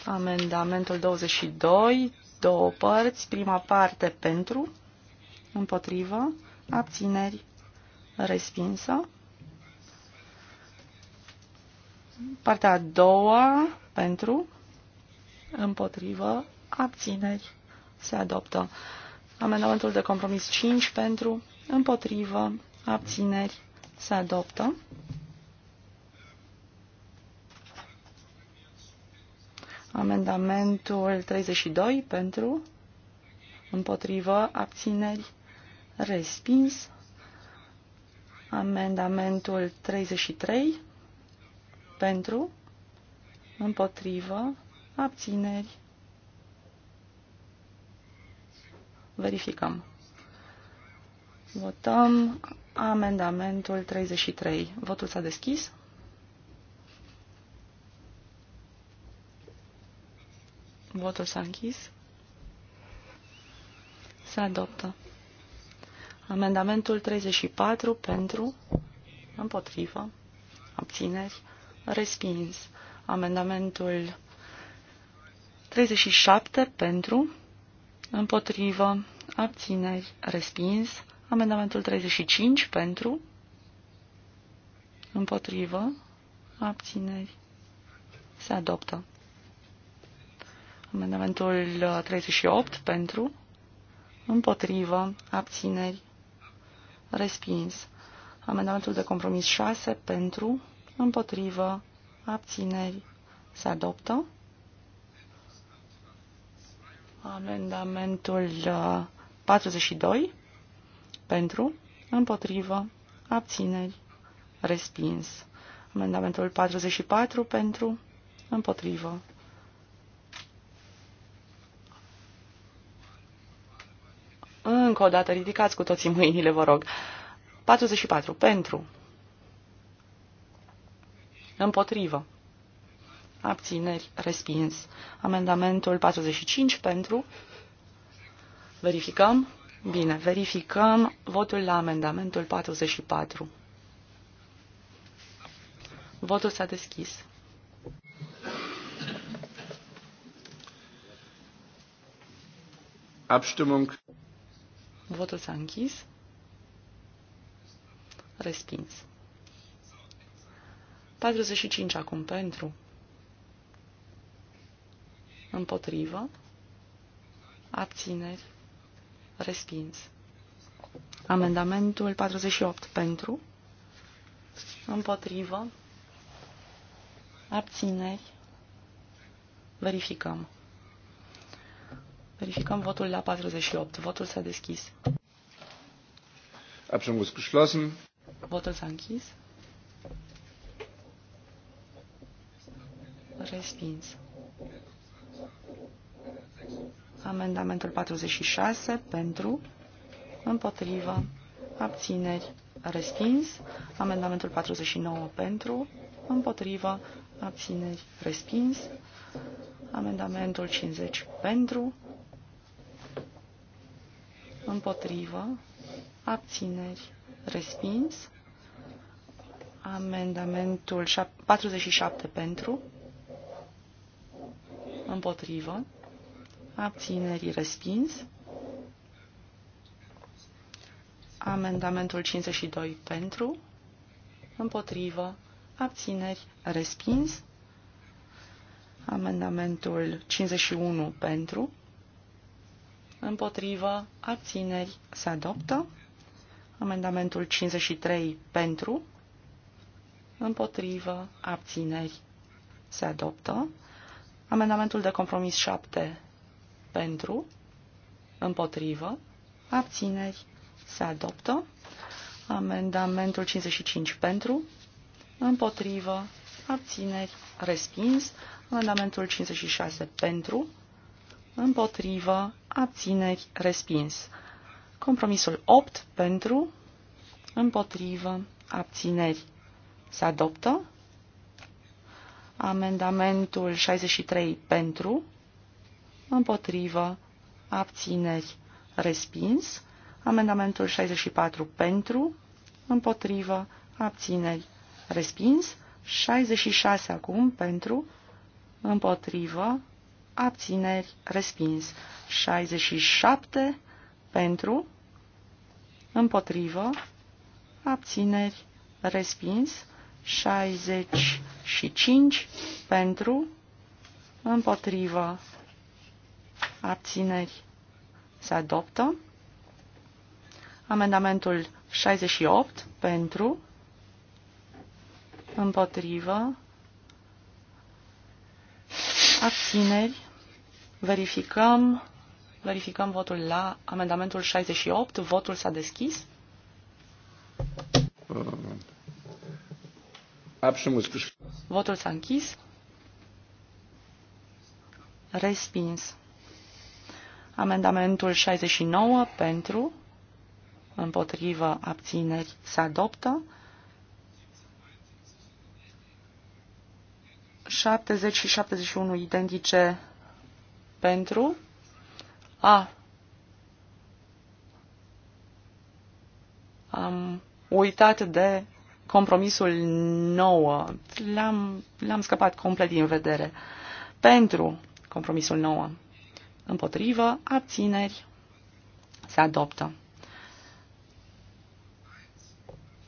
Amendamentul 22, două părți, prima parte pentru, împotrivă, abțineri, respinsă. Partea a doua, pentru, împotrivă, abțineri, se adoptă. Amendamentul de compromis 5 pentru, împotrivă, abțineri, se adoptă. Amendamentul 32 pentru, împotrivă, abțineri, respins. Amendamentul 33 pentru, împotrivă, abțineri, Verificăm. Votăm amendamentul 33. Votul s-a deschis. Votul s-a închis. Se adoptă. Amendamentul 34 pentru, împotrivă, abțineri, respins. Amendamentul 37 pentru, împotrivă, abțineri, respins. Amendamentul 35 pentru, împotrivă, abțineri, se adoptă. Amendamentul 38 pentru, împotrivă, abțineri, respins. Amendamentul de compromis 6 pentru, împotrivă, abțineri, se adoptă. Amendamentul 42 uh, pentru, împotrivă, abțineri, respins. Amendamentul 44 pentru, împotrivă. Încă o dată, ridicați cu toții mâinile, vă rog. 44 pentru, împotrivă abțineri, respins. Amendamentul 45 pentru, verificăm, bine, verificăm votul la amendamentul 44. Votul s-a deschis. Abstimmung. Votul s-a închis. Respins. 45 acum pentru împotrivă, abțineri, respins. Amendamentul 48 pentru, împotrivă, abțineri, verificăm. Verificăm votul la 48. Votul s-a deschis. Abstimmung ist geschlossen. Votul s-a închis. Respins. Amendamentul 46 pentru, împotrivă, abțineri, respins. Amendamentul 49 pentru, împotrivă, abțineri, respins. Amendamentul 50 pentru, împotrivă, abțineri, respins. Amendamentul 47 pentru, împotrivă, abținerii respins. Amendamentul 52 pentru, împotrivă, abțineri respins. Amendamentul 51 pentru, împotrivă, abțineri se adoptă. Amendamentul 53 pentru, împotrivă, abțineri se adoptă. Amendamentul de compromis 7 pentru, împotrivă, abțineri, se adoptă. Amendamentul 55 pentru, împotrivă, abțineri, respins. Amendamentul 56 pentru, împotrivă, abțineri, respins. Compromisul 8 pentru, împotrivă, abțineri, se adoptă. Amendamentul 63 pentru, împotrivă, abțineri, respins. Amendamentul 64 pentru, împotrivă, abțineri, respins. 66 acum pentru, împotrivă, abțineri, respins. 67 pentru, împotrivă, abțineri, respins. 65 pentru, împotrivă, abțineri, se adoptă. Amendamentul 68 pentru, împotrivă, abțineri, verificăm, verificăm votul la amendamentul 68, votul s-a deschis. Votul s-a închis. Respins. Amendamentul 69 pentru, împotrivă, abțineri se adoptă. 70 și 71 identice pentru. A. Am uitat de compromisul 9. L-am, l-am scăpat complet din vedere. Pentru compromisul 9. Împotrivă. Abțineri. Se adoptă.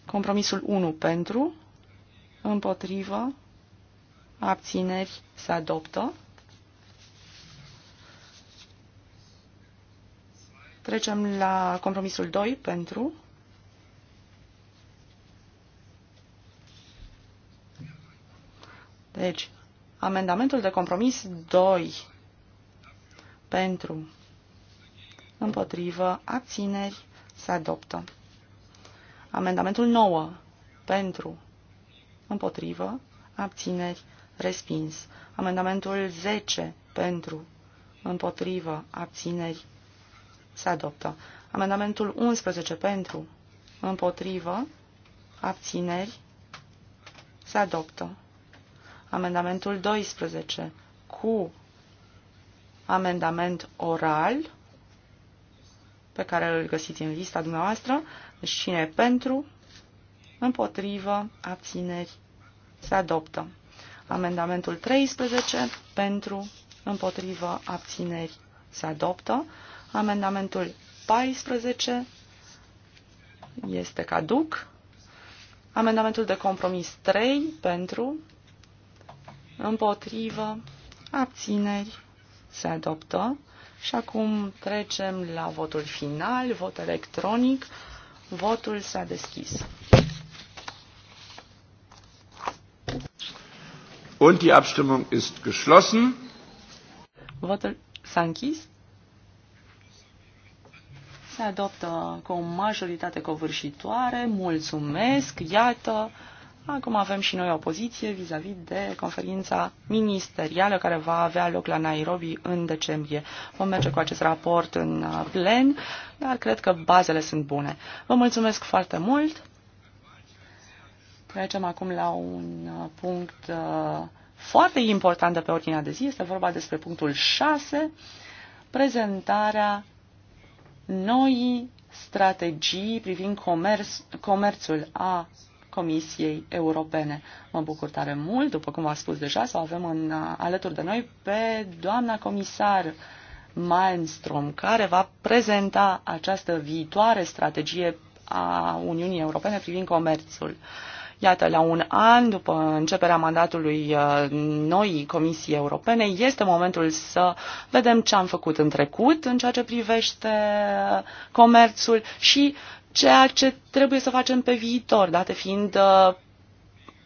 Compromisul 1 pentru. Împotrivă. Abțineri. Se adoptă. Trecem la compromisul 2 pentru. Deci, amendamentul de compromis 2 pentru, împotrivă, abțineri, se adoptă. Amendamentul 9, pentru, împotrivă, abțineri, respins. Amendamentul 10, pentru, împotrivă, abțineri, se adoptă. Amendamentul 11, pentru, împotrivă, abțineri, se adoptă. Amendamentul 12, cu amendament oral pe care îl găsiți în lista dumneavoastră. Deci cine pentru, împotrivă, abțineri, se adoptă. Amendamentul 13, pentru, împotrivă, abțineri, se adoptă. Amendamentul 14 este caduc. Amendamentul de compromis 3, pentru, împotrivă, abțineri, se adoptă. Și acum trecem la votul final, vot electronic. Votul s-a deschis. Und die Abstimmung ist geschlossen. Votul s-a închis. Se adoptă cu o majoritate covârșitoare. Mulțumesc. Iată. Acum avem și noi o poziție vis-a-vis -vis de conferința ministerială care va avea loc la Nairobi în decembrie. Vom merge cu acest raport în uh, plen, dar cred că bazele sunt bune. Vă mulțumesc foarte mult. Trecem acum la un uh, punct uh, foarte important de pe ordinea de zi. Este vorba despre punctul 6, prezentarea noii strategii privind comerț, comerțul a Comisiei Europene. Mă bucur tare mult, după cum v-am spus deja, să avem în, alături de noi pe doamna comisar Malmström, care va prezenta această viitoare strategie a Uniunii Europene privind comerțul. Iată, la un an după începerea mandatului uh, noii Comisii Europene, este momentul să vedem ce am făcut în trecut în ceea ce privește comerțul și ceea ce trebuie să facem pe viitor, date fiind uh,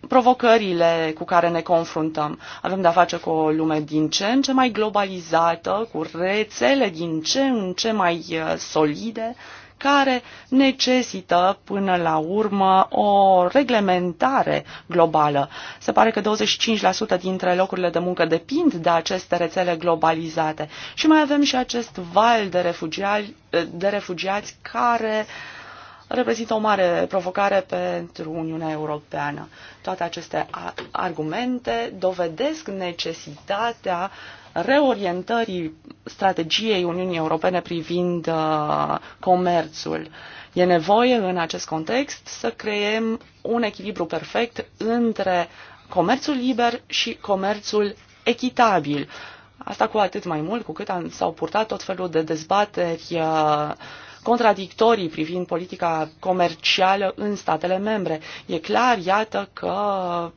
provocările cu care ne confruntăm. Avem de-a face cu o lume din ce în ce mai globalizată, cu rețele din ce în ce mai uh, solide, care necesită până la urmă o reglementare globală. Se pare că 25% dintre locurile de muncă depind de aceste rețele globalizate. Și mai avem și acest val de refugiați, uh, de refugiați care uh, reprezintă o mare provocare pentru Uniunea Europeană. Toate aceste argumente dovedesc necesitatea reorientării strategiei Uniunii Europene privind uh, comerțul. E nevoie în acest context să creem un echilibru perfect între comerțul liber și comerțul echitabil. Asta cu atât mai mult cu cât s-au purtat tot felul de dezbateri uh, contradictorii privind politica comercială în statele membre. E clar, iată, că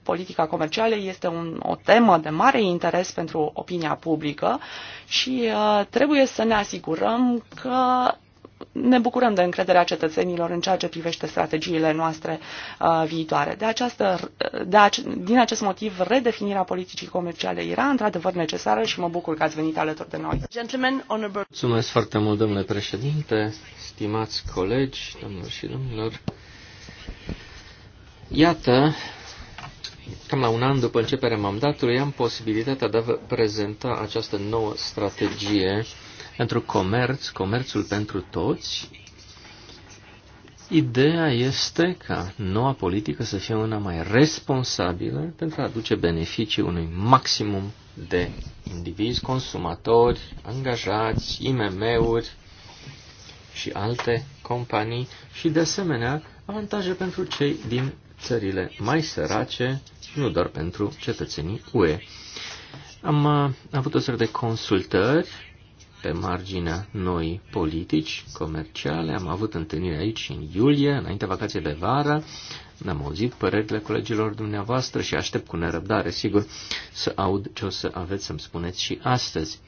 politica comercială este un, o temă de mare interes pentru opinia publică și uh, trebuie să ne asigurăm că ne bucurăm de încrederea cetățenilor în ceea ce privește strategiile noastre uh, viitoare. De această, uh, de ace, din acest motiv, redefinirea politicii comerciale era într-adevăr necesară și mă bucur că ați venit alături de noi. Mulțumesc foarte mult, domnule președinte, stimați colegi, domnilor și domnilor. Iată, cam la un an după începerea mandatului, am posibilitatea de a vă prezenta această nouă strategie pentru comerț, comerțul pentru toți, ideea este ca noua politică să fie una mai responsabilă pentru a aduce beneficii unui maximum de indivizi, consumatori, angajați, IMM-uri și alte companii și, de asemenea, avantaje pentru cei din țările mai sărace nu doar pentru cetățenii UE. Am uh, avut o serie de consultări pe marginea noi politici comerciale. Am avut întâlnire aici în iulie, înainte vacației de vară. Am auzit părerile colegilor dumneavoastră și aștept cu nerăbdare, sigur, să aud ce o să aveți să-mi spuneți și astăzi.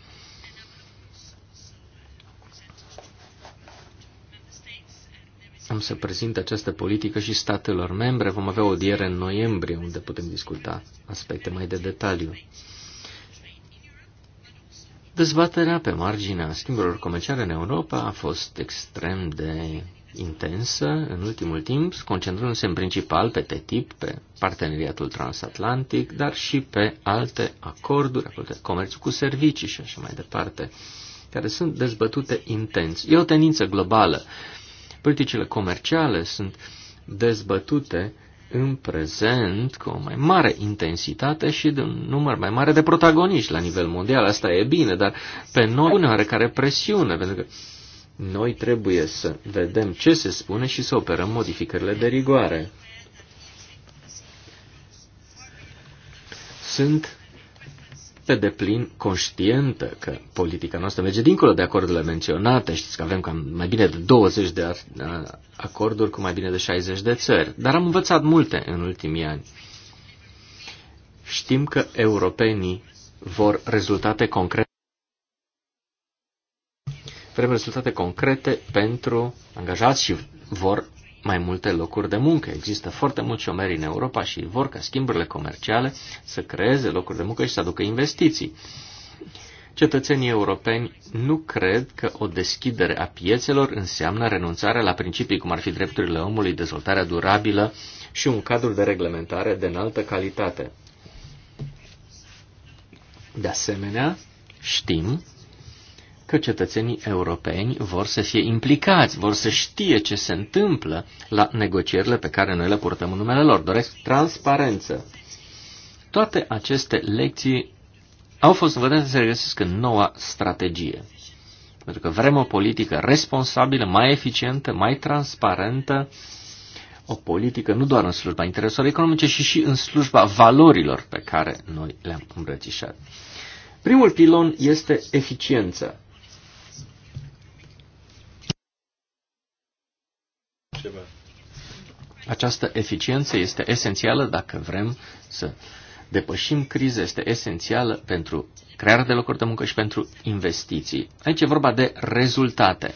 Am să prezint această politică și statelor membre. Vom avea o diere în noiembrie unde putem discuta aspecte mai de detaliu. Dezbaterea pe marginea schimburilor comerciale în Europa a fost extrem de intensă în ultimul timp, concentrându-se în principal pe TTIP, pe parteneriatul transatlantic, dar și pe alte acorduri, de comerț cu servicii și așa mai departe, care sunt dezbătute intens. E o tendință globală. Politicile comerciale sunt dezbătute în prezent cu o mai mare intensitate și de un număr mai mare de protagoniști la nivel mondial. Asta e bine, dar pe noi are care presiune, pentru că noi trebuie să vedem ce se spune și să operăm modificările de rigoare. Sunt pe deplin conștientă că politica noastră merge dincolo de acordurile menționate. Știți că avem cam mai bine de 20 de acorduri cu mai bine de 60 de țări. Dar am învățat multe în ultimii ani. Știm că europenii vor rezultate concrete. Vrem rezultate concrete pentru angajați și vor mai multe locuri de muncă. Există foarte mulți șomeri în Europa și vor ca schimburile comerciale să creeze locuri de muncă și să aducă investiții. Cetățenii europeni nu cred că o deschidere a piețelor înseamnă renunțarea la principii cum ar fi drepturile omului, dezvoltarea durabilă și un cadru de reglementare de înaltă calitate. De asemenea, știm că cetățenii europeni vor să fie implicați, vor să știe ce se întâmplă la negocierile pe care noi le purtăm în numele lor. Doresc transparență. Toate aceste lecții au fost învățate să se regăsesc în noua strategie. Pentru că vrem o politică responsabilă, mai eficientă, mai transparentă, o politică nu doar în slujba intereselor economice, ci și în slujba valorilor pe care noi le-am îmbrățișat. Primul pilon este eficiența. ceva. Această eficiență este esențială dacă vrem să depășim criza, este esențială pentru crearea de locuri de muncă și pentru investiții. Aici e vorba de rezultate.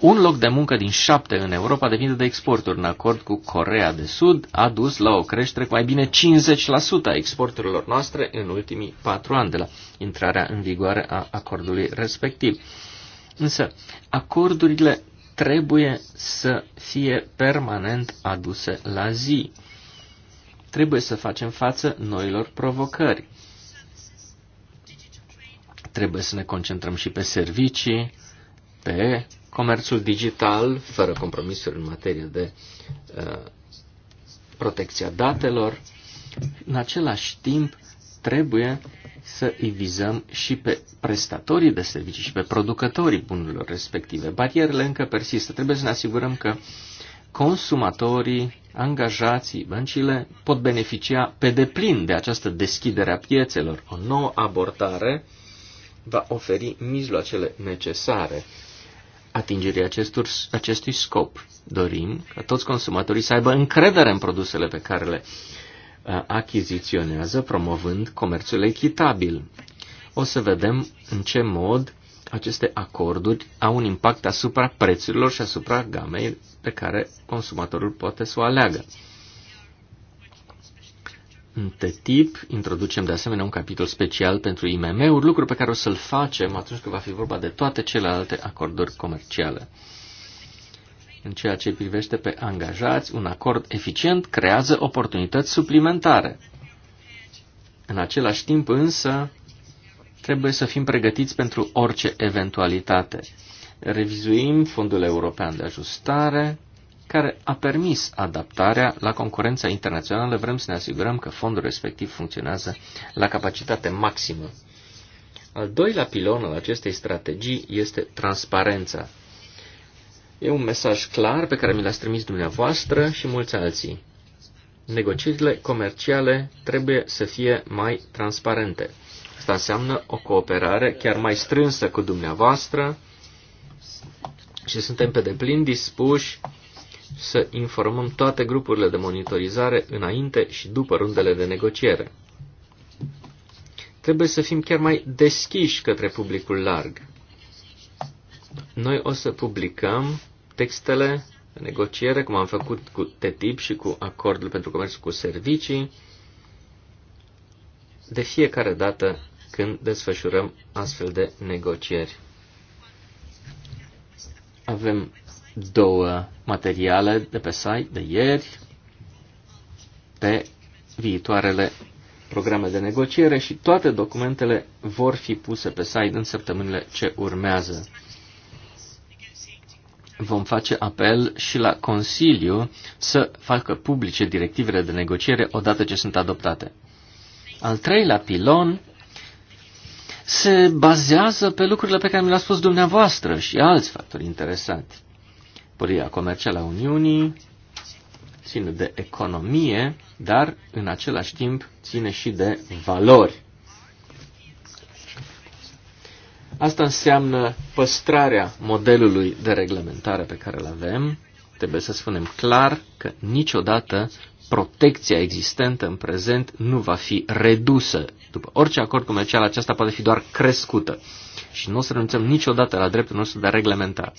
Un loc de muncă din șapte în Europa depinde de exporturi. În acord cu Corea de Sud a dus la o creștere cu mai bine 50% a exporturilor noastre în ultimii patru ani de la intrarea în vigoare a acordului respectiv. Însă, acordurile trebuie să fie permanent aduse la zi. Trebuie să facem față noilor provocări. Trebuie să ne concentrăm și pe servicii, pe comerțul digital, fără compromisuri în materie de uh, protecția datelor. În același timp, trebuie să îi vizăm și pe prestatorii de servicii și pe producătorii bunurilor respective. Barierele încă persistă. Trebuie să ne asigurăm că consumatorii, angajații, băncile pot beneficia pe deplin de această deschidere a piețelor. O nouă abordare va oferi mijloacele necesare atingerii acestor, acestui scop. Dorim ca toți consumatorii să aibă încredere în produsele pe care le achiziționează promovând comerțul echitabil. O să vedem în ce mod aceste acorduri au un impact asupra prețurilor și asupra gamei pe care consumatorul poate să o aleagă. În TTIP introducem de asemenea un capitol special pentru IMM-uri, lucru pe care o să-l facem atunci când va fi vorba de toate celelalte acorduri comerciale. În ceea ce privește pe angajați, un acord eficient creează oportunități suplimentare. În același timp însă, trebuie să fim pregătiți pentru orice eventualitate. Revizuim Fondul European de Ajustare, care a permis adaptarea la concurența internațională. Vrem să ne asigurăm că fondul respectiv funcționează la capacitate maximă. Al doilea pilon al acestei strategii este transparența. E un mesaj clar pe care mi l-ați trimis dumneavoastră și mulți alții. Negocierile comerciale trebuie să fie mai transparente. Asta înseamnă o cooperare chiar mai strânsă cu dumneavoastră și suntem pe deplin dispuși să informăm toate grupurile de monitorizare înainte și după rundele de negociere. Trebuie să fim chiar mai deschiși către publicul larg. Noi o să publicăm textele de negociere, cum am făcut cu TTIP și cu acordul pentru comerț cu servicii, de fiecare dată când desfășurăm astfel de negocieri. Avem două materiale de pe site de ieri pe viitoarele programe de negociere și toate documentele vor fi puse pe site în săptămânile ce urmează vom face apel și la Consiliu să facă publice directivele de negociere odată ce sunt adoptate. Al treilea pilon se bazează pe lucrurile pe care mi le-a spus dumneavoastră și alți factori interesanti. Politica comercială a Uniunii ține de economie, dar în același timp ține și de valori. Asta înseamnă păstrarea modelului de reglementare pe care îl avem. Trebuie să spunem clar că niciodată protecția existentă în prezent nu va fi redusă. După orice acord comercial, aceasta poate fi doar crescută. Și nu o să renunțăm niciodată la dreptul nostru de a reglementa.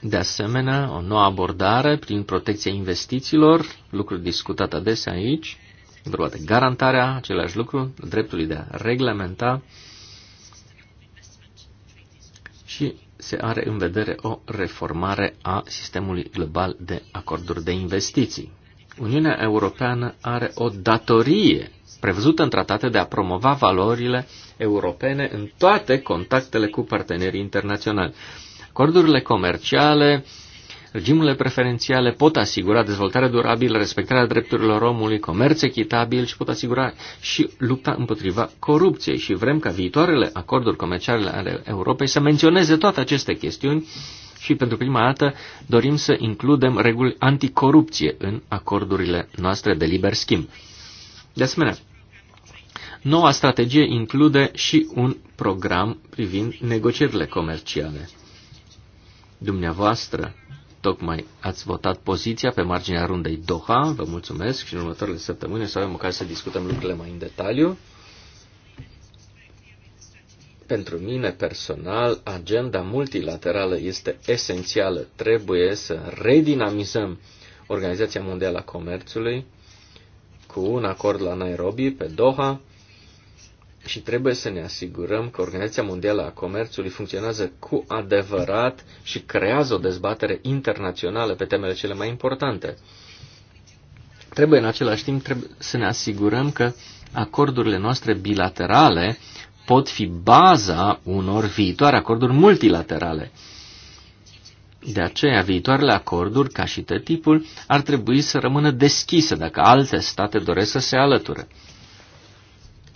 De asemenea, o nouă abordare prin protecția investițiilor, lucru discutat adesea aici, vorba de garantarea, același lucru, dreptului de a reglementa și se are în vedere o reformare a sistemului global de acorduri de investiții. Uniunea Europeană are o datorie prevăzută în tratate de a promova valorile europene în toate contactele cu partenerii internaționali. Acordurile comerciale uh, Regimurile preferențiale pot asigura dezvoltare durabilă, respectarea drepturilor omului, comerț echitabil și pot asigura și lupta împotriva corupției. Și vrem ca viitoarele acorduri comerciale ale Europei să menționeze toate aceste chestiuni și pentru prima dată dorim să includem reguli anticorupție în acordurile noastre de liber schimb. De asemenea, noua strategie include și un program privind negocierile comerciale. Dumneavoastră tocmai ați votat poziția pe marginea rundei Doha. Vă mulțumesc și în următoarele săptămâni să avem ocazia să discutăm lucrurile mai în detaliu. Pentru mine personal, agenda multilaterală este esențială. Trebuie să redinamizăm Organizația Mondială a Comerțului cu un acord la Nairobi, pe Doha, și trebuie să ne asigurăm că Organizația Mondială a Comerțului funcționează cu adevărat și creează o dezbatere internațională pe temele cele mai importante. Trebuie în același timp să ne asigurăm că acordurile noastre bilaterale pot fi baza unor viitoare acorduri multilaterale. De aceea, viitoarele acorduri, ca și tipul, ar trebui să rămână deschise dacă alte state doresc să se alăture.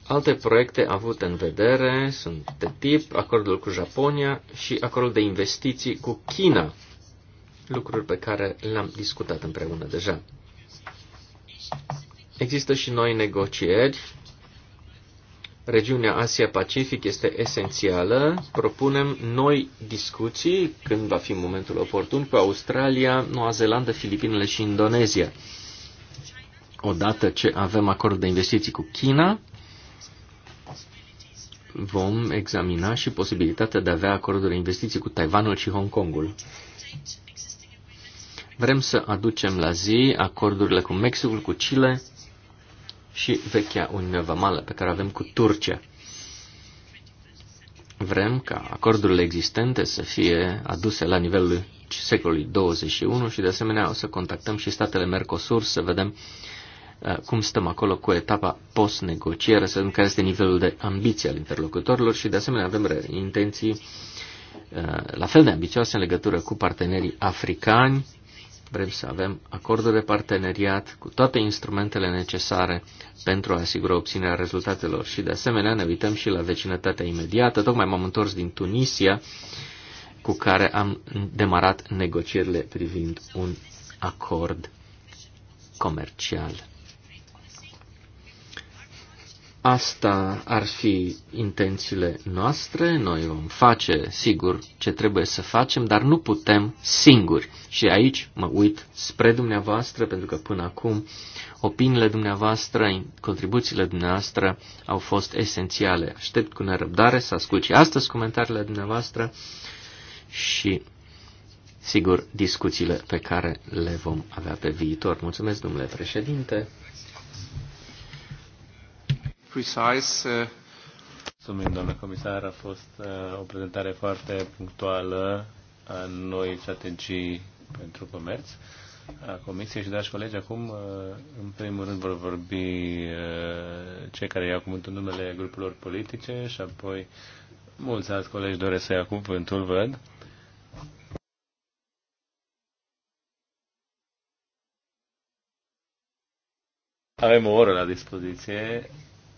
Alte proiecte avute în vedere sunt de tip acordul cu Japonia și acordul de investiții cu China, lucruri pe care le-am discutat împreună deja. Există și noi negocieri. Regiunea Asia-Pacific este esențială. Propunem noi discuții, când va fi momentul oportun, cu Australia, Noua Zeelandă, Filipinele și Indonezia. Odată ce avem acord de investiții cu China, vom examina și posibilitatea de a avea acorduri de investiții cu Taiwanul și Hong Kongul. Vrem să aducem la zi acordurile cu Mexicul, cu Chile și vechea Uniune Vamală pe care o avem cu Turcia. Vrem ca acordurile existente să fie aduse la nivelul secolului 21 și de asemenea o să contactăm și statele Mercosur să vedem uh, Uh, cum stăm acolo cu etapa post-negociere, să care este nivelul de ambiție al interlocutorilor și de asemenea avem intenții uh, la fel de ambițioase în legătură cu partenerii africani. Vrem să avem acorduri de parteneriat cu toate instrumentele necesare pentru a asigura obținerea rezultatelor și de asemenea ne uităm și la vecinătatea imediată. Tocmai m-am întors din Tunisia cu care am demarat negocierile privind un acord comercial Asta ar fi intențiile noastre, noi vom face, sigur, ce trebuie să facem, dar nu putem singuri. Și aici mă uit spre dumneavoastră, pentru că până acum opiniile dumneavoastră, contribuțiile dumneavoastră au fost esențiale. Aștept cu nerăbdare să ascult și astăzi comentariile dumneavoastră și, sigur, discuțiile pe care le vom avea pe viitor. Mulțumesc, domnule președinte! precise. Uh, Mulțumim, doamnă comisar. A fost uh, o prezentare foarte punctuală a noi strategii pentru comerț a Comisiei și, dragi colegi, acum, uh, în primul rând, vor vorbi uh, cei care iau cuvântul numele grupurilor politice și apoi mulți alți colegi doresc să ia cuvântul, văd. Avem o oră la dispoziție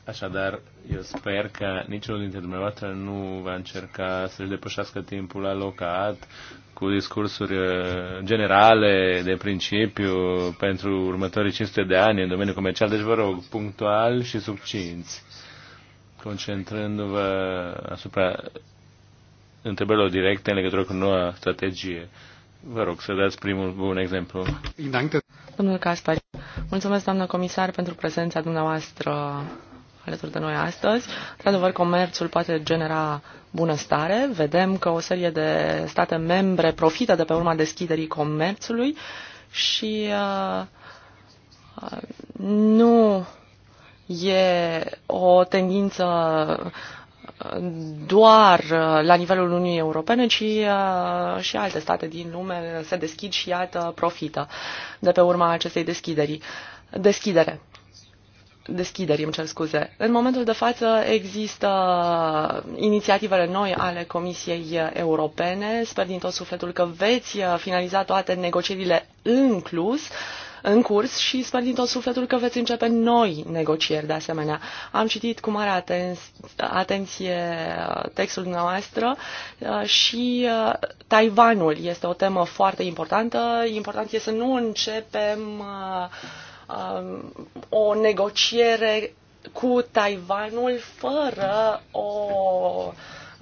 Așadar, eu sper că niciunul dintre dumneavoastră nu va încerca să-și depășească timpul alocat cu discursuri uh, generale de principiu pentru următorii 500 de ani în domeniul comercial. Deci, vă rog, punctual și subcinți, concentrându-vă asupra întrebărilor directe în legătură cu noua strategie. Vă rog să dați primul bun exemplu. Domnul Caspar, mulțumesc, doamnă comisar, pentru prezența dumneavoastră alături de noi astăzi. Într-adevăr, comerțul poate genera bunăstare. Vedem că o serie de state membre profită de pe urma deschiderii comerțului și uh, uh nu e o tendință doar uh, la nivelul Uniunii Europene, ci uh, și alte state din lume se deschid și iată profită de pe urma acestei deschideri. Deschidere deschideri, îmi cer scuze. În momentul de față există inițiativele noi ale Comisiei Europene. Sper din tot sufletul că veți finaliza toate negocierile inclus în curs și sper din tot sufletul că veți începe noi negocieri de asemenea. Am citit cu mare aten atenție textul dumneavoastră uh, și uh, Taiwanul este o temă foarte importantă. Important este să nu începem uh, Um, o negociere cu Taiwanul fără o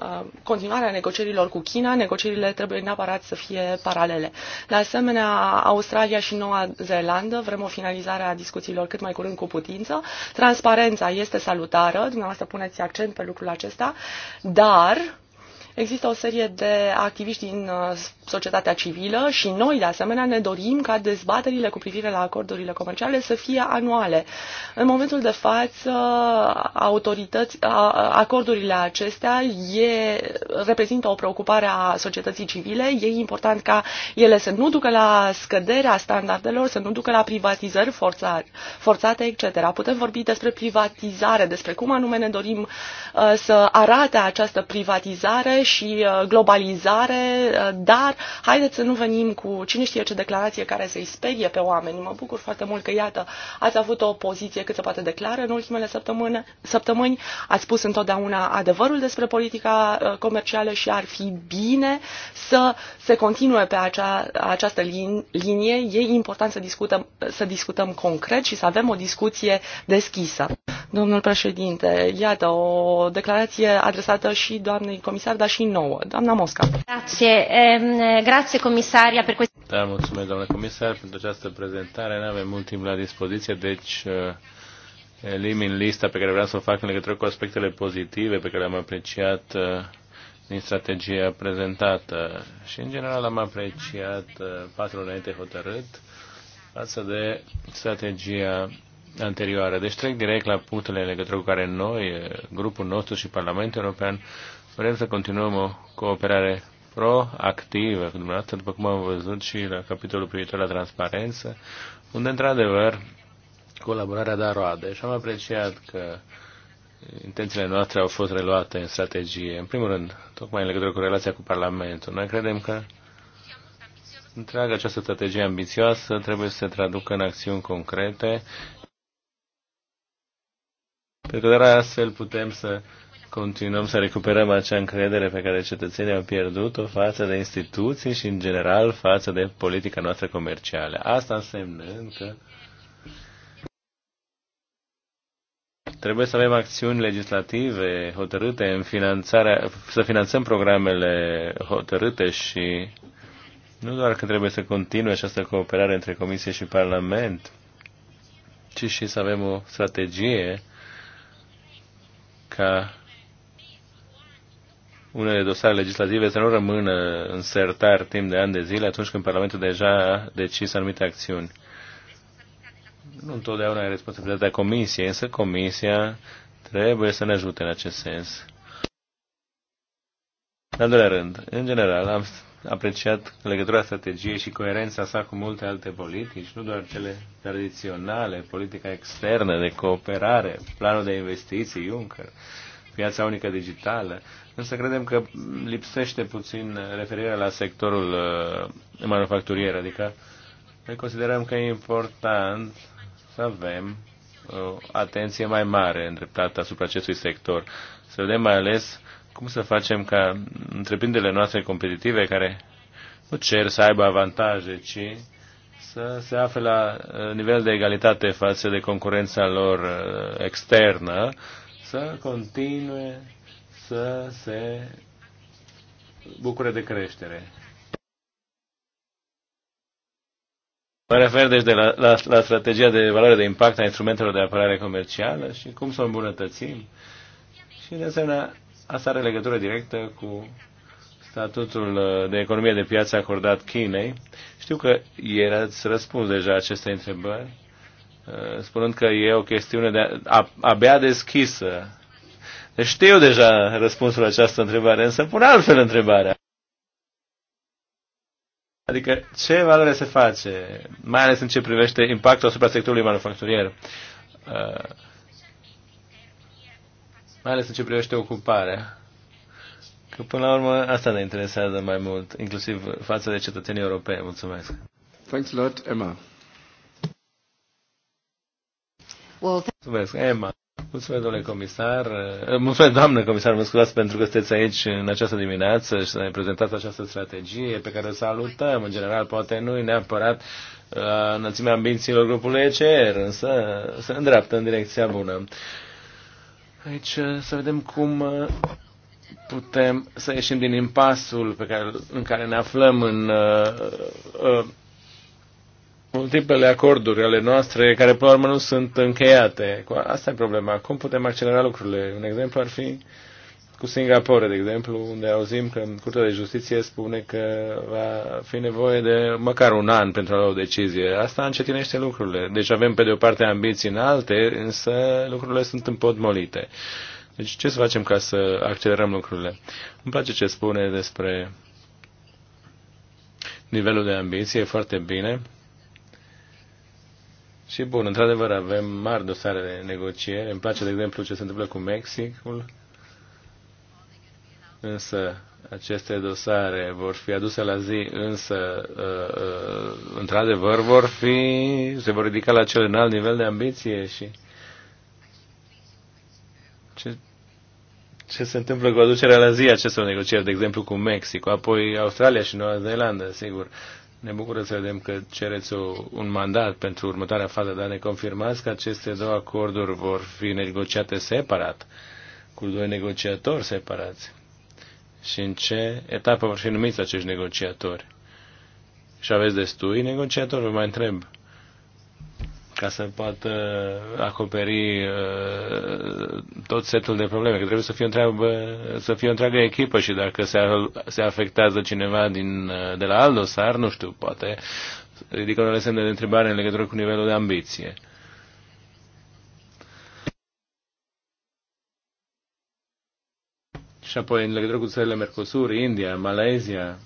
um, continuarea negocierilor cu China, negocierile trebuie neapărat să fie paralele. De asemenea, Australia și Noua Zeelandă vrem o finalizare a discuțiilor cât mai curând cu putință. Transparența este salutară, dumneavoastră puneți accent pe lucrul acesta, dar Există o serie de activiști din uh, societatea civilă și noi, de asemenea, ne dorim ca dezbaterile cu privire la acordurile comerciale să fie anuale. În momentul de față, autorități, acordurile acestea e, reprezintă o preocupare a societății civile. E important ca ele să nu ducă la scăderea standardelor, să nu ducă la privatizări forțate, etc. Putem vorbi despre privatizare, despre cum anume ne dorim uh, să arate această privatizare și uh, globalizare, uh, dar haideți să nu venim cu cine știe ce declarație care să-i sperie pe oameni. Mă bucur foarte mult că, iată, ați avut o poziție cât se poate declară în ultimele săptămâni, săptămâni ați spus întotdeauna adevărul despre politica uh, comercială și ar fi bine să se continue pe acea, această linie. E important să discutăm, să discutăm concret și să avem o discuție deschisă. Domnul președinte, iată o declarație adresată și doamnei comisar, dar 29. Doamna Mosca. Grazie, ehm, grazie comisaria per questo. Da, mulțumesc, doamna comisar, pentru această prezentare. Nu avem mult timp la dispoziție, deci eh, elimin lista pe care vreau să o fac în legătură cu aspectele pozitive pe care le-am apreciat eh, din strategia prezentată. Și, în general, am apreciat eh, patru înainte hotărât față de strategia anterioară. Deci trec direct la punctele în legătură cu care noi, grupul nostru și Parlamentul European Vrem să continuăm o cooperare proactivă cu dumneavoastră, după cum am văzut și la capitolul privitor la transparență, unde, într-adevăr, colaborarea da roade. Și am apreciat că intențiile noastre au fost reluate în strategie. În primul rând, tocmai în legătură cu relația cu Parlamentul. Noi credem că întreaga această strategie ambițioasă trebuie să se traducă în acțiuni concrete, pentru că doar astfel putem să continuăm să recuperăm acea încredere pe care cetățenii au pierdut-o față de instituții și, în general, față de politica noastră comercială. Asta însemnând că trebuie să avem acțiuni legislative hotărâte în finanțarea, să finanțăm programele hotărâte și nu doar că trebuie să continue această cooperare între Comisie și Parlament, ci și să avem o strategie ca unele dosare legislative să nu rămână în sertar timp de ani de zile atunci când Parlamentul deja a decis anumite acțiuni. Nu întotdeauna e responsabilitatea Comisiei, însă Comisia trebuie să ne ajute în acest sens. În al doilea rând, în general, am apreciat legătura strategiei și coerența sa cu multe alte politici, nu doar cele tradiționale, politica externă de cooperare, planul de investiții Juncker, piața unică digitală, însă credem că lipsește puțin referirea la sectorul uh, manufacturier, adică noi considerăm că e important să avem o atenție mai mare îndreptată asupra acestui sector, să vedem mai ales cum să facem ca întreprinderile noastre competitive, care nu cer să aibă avantaje, ci să se afle la uh, nivel de egalitate față de concurența lor uh, externă, să continue să se bucure de creștere. Mă refer deci de la, la, la strategia de valoare de impact a instrumentelor de apărare comercială și cum să o îmbunătățim. Și de asemenea, asta are legătură directă cu statutul uh, de economie de piață acordat Chinei. Știu că ieri ați răspuns deja aceste întrebări, uh, spunând că e o chestiune de, a, abia deschisă deci știu deja răspunsul la această întrebare, însă pun altfel întrebarea. Adică ce valoare se face, mai ales în ce privește impactul asupra sectorului manufacturier, uh, mai ales în ce privește ocuparea. Că până la urmă asta ne interesează mai mult, inclusiv față de cetățenii europei. Mulțumesc. Thanks a lot, Emma. Well, Mulțumesc, Emma. Mulțumesc, domnule comisar. Eh, mulțumesc, doamnă comisar, mă scuzați pentru că sunteți aici în această dimineață și ne prezentați această strategie pe care o salutăm. În general, poate nu e neapărat eh, înălțimea ambițiilor grupului ECR, însă se îndreaptă în direcția bună. Aici eh, să vedem cum putem să ieșim din impasul pe care, în care ne aflăm în uh, uh, multiplele acorduri ale noastre care până la urmă nu sunt încheiate. Asta e problema. Cum putem accelera lucrurile? Un exemplu ar fi cu Singapore, de exemplu, unde auzim că Curtea de Justiție spune că va fi nevoie de măcar un an pentru a lua o decizie. Asta încetinește lucrurile. Deci avem pe de o parte ambiții înalte, însă lucrurile sunt împotmolite. Deci ce să facem ca să accelerăm lucrurile? Îmi place ce spune despre nivelul de ambiție, foarte bine. Și bun, într-adevăr avem mari dosare de negociere. Îmi place, de exemplu, ce se întâmplă cu Mexicul. Însă aceste dosare vor fi aduse la zi, însă uh, uh, într-adevăr vor fi, se vor ridica la cel înalt nivel de ambiție și ce, ce se întâmplă cu aducerea la zi acestor negocieri, de exemplu cu Mexic, apoi Australia și Noua Zeelandă, sigur. Ne bucură să vedem că cereți o, un mandat pentru următoarea fază, dar ne confirmați că aceste două acorduri vor fi negociate separat, cu doi negociatori separați. Și în ce etapă vor fi numiți acești negociatori? Și aveți destui negociatori? Vă mai întreb ca să poată acoperi uh, tot setul de probleme, că trebuie să fie, întreabă, să fie o întreagă echipă și dacă se, se afectează cineva din, uh, de la alt dosar, nu știu, poate ridică unele semne de întrebare în legătură cu nivelul de ambiție. Și apoi, în legătură cu țările Mercosur, India, Malezia,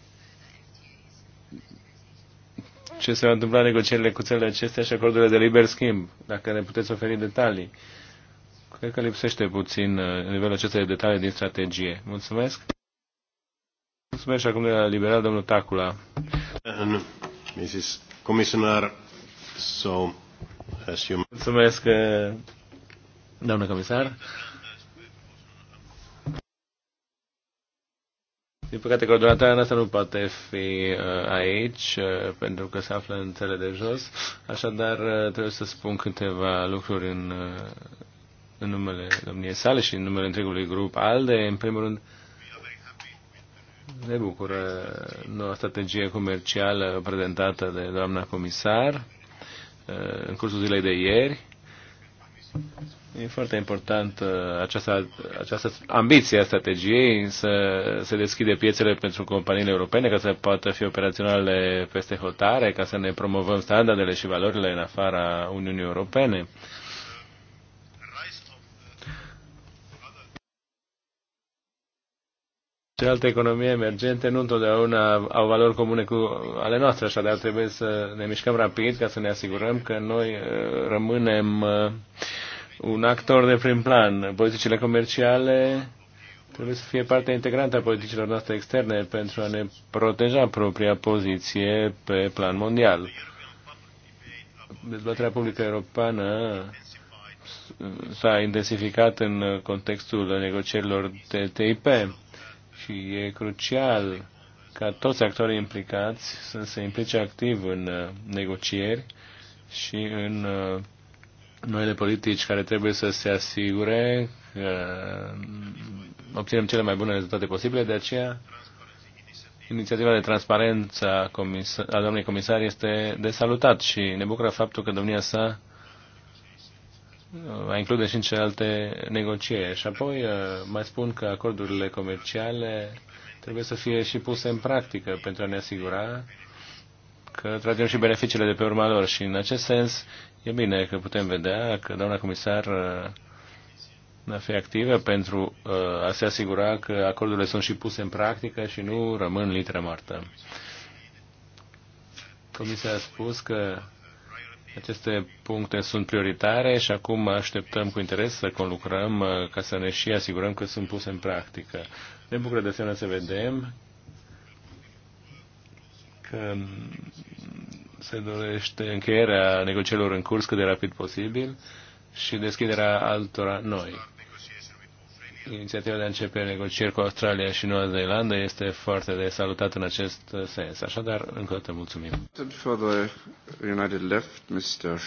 ce se va întâmpla negocierile cu țările acestea și acordurile de liber schimb, dacă ne puteți oferi detalii. Cred că lipsește puțin uh, nivelul acesta de detalii din strategie. Mulțumesc. Mulțumesc și acum de la liberal, domnul Tacula. Mrs. Commissioner, so, as you... Mulțumesc, uh, doamnă comisar. Din păcate, coordonatoarea noastră nu poate fi uh, aici, uh, pentru că se află în țele de jos. Așadar, uh, trebuie să spun câteva lucruri în, uh, în numele domniei sale și în numele întregului grup ALDE. În primul rând, ne bucură noua strategie comercială prezentată de doamna comisar uh, în cursul zilei de ieri E foarte important uh, această, această ambiție a strategiei să se deschide piețele pentru companiile europene ca să poată fi operaționale peste hotare, ca să ne promovăm standardele și valorile în afara Uniunii Europene. alte economii emergente nu întotdeauna au valori comune cu ale noastre, așadar trebuie să ne mișcăm rapid ca să ne asigurăm că noi uh, rămânem uh, un actor de prim plan. Politicile comerciale trebuie să fie parte integrantă a politicilor noastre externe pentru a ne proteja propria poziție pe plan mondial. Dezbaterea publică europeană s-a intensificat în contextul negocierilor TTIP și e crucial ca toți actorii implicați să se implice activ în negocieri și în noile politici care trebuie să se asigure că obținem cele mai bune rezultate posibile, de aceea inițiativa de transparență a, domnului comisar este de salutat și ne bucură faptul că domnia sa va include și în celelalte negocieri. Și apoi uh, mai spun că acordurile comerciale trebuie să fie și puse în practică pentru a ne asigura că tragem și beneficiile de pe urma lor. Și în acest sens E bine că putem vedea că doamna comisar va uh, fi activă pentru uh, a se asigura că acordurile sunt și puse în practică și nu rămân litera moartă. Comisia a spus că aceste puncte sunt prioritare și acum așteptăm cu interes să conlucrăm uh, ca să ne și asigurăm că sunt puse în practică. Ne bucură de asemenea să vedem că se dorește încheierea negocierilor în curs cât de rapid posibil și deschiderea altora noi. Inițiativa de a începe negocieri cu Australia și Noua Zeelandă este foarte de salutat în acest sens. Așadar, încă o dată mulțumim. Vă the United Left, Mr.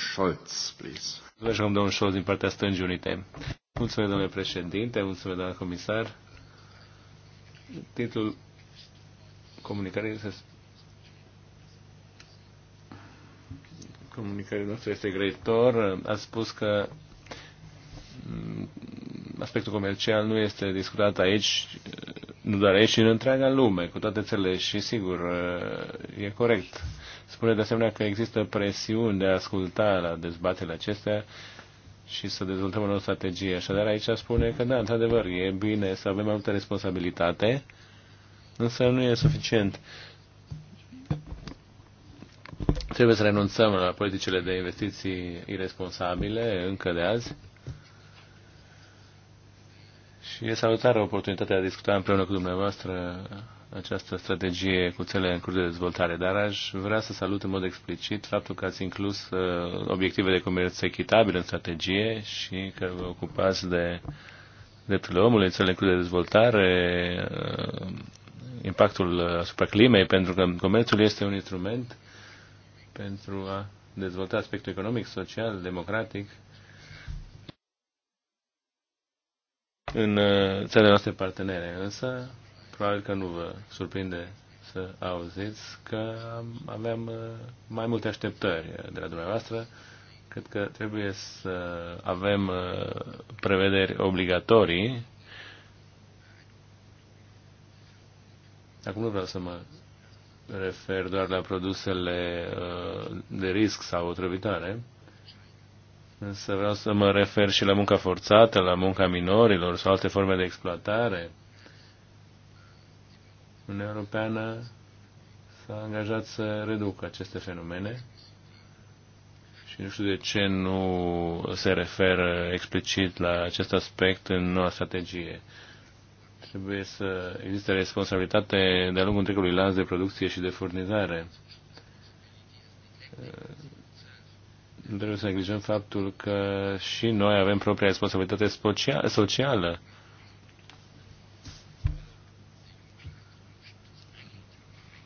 please. domnul Scholz, din partea stângii unite. Mulțumesc, domnule președinte, mulțumesc, domnule comisar. Titlul comunicării este. comunicării noastre este greitor. A spus că mm, aspectul comercial nu este discutat aici, nu doar aici, ci în întreaga lume, cu toate țele și sigur, e corect. Spune de asemenea că există presiuni de a asculta la dezbaterile acestea și să dezvoltăm o nouă strategie. Așadar, aici spune că, da, într-adevăr, e bine să avem mai multă responsabilitate, însă nu e suficient. Uh, Trebuie să renunțăm la politicile de investiții irresponsabile încă de azi. Și e salutare oportunitatea de a discuta împreună cu dumneavoastră această strategie cu țele în curs de dezvoltare, dar aș vrea să salut în mod explicit faptul că ați inclus uh, obiective de comerț echitabil în strategie și că vă ocupați de drepturile omului, țele în curs de dezvoltare, uh, impactul asupra climei, pentru că comerțul este un instrument pentru a dezvolta aspectul economic, social, democratic în uh, țările noastre partenere. Însă, probabil că nu vă surprinde să auziți că aveam uh, mai multe așteptări de la dumneavoastră. Cred că trebuie să avem uh, prevederi obligatorii. Acum nu vreau să mă refer doar la produsele uh, de risc sau otrăvitoare, însă vreau să mă refer și la munca forțată, la munca minorilor sau alte forme de exploatare. Uniunea Europeană s-a angajat să reducă aceste fenomene și nu știu de ce nu se referă explicit la acest aspect în noua strategie. Trebuie să existe responsabilitate de-a lungul întregului lanț de producție și de furnizare. Nu uh, trebuie să neglijăm faptul că și noi avem propria responsabilitate socială.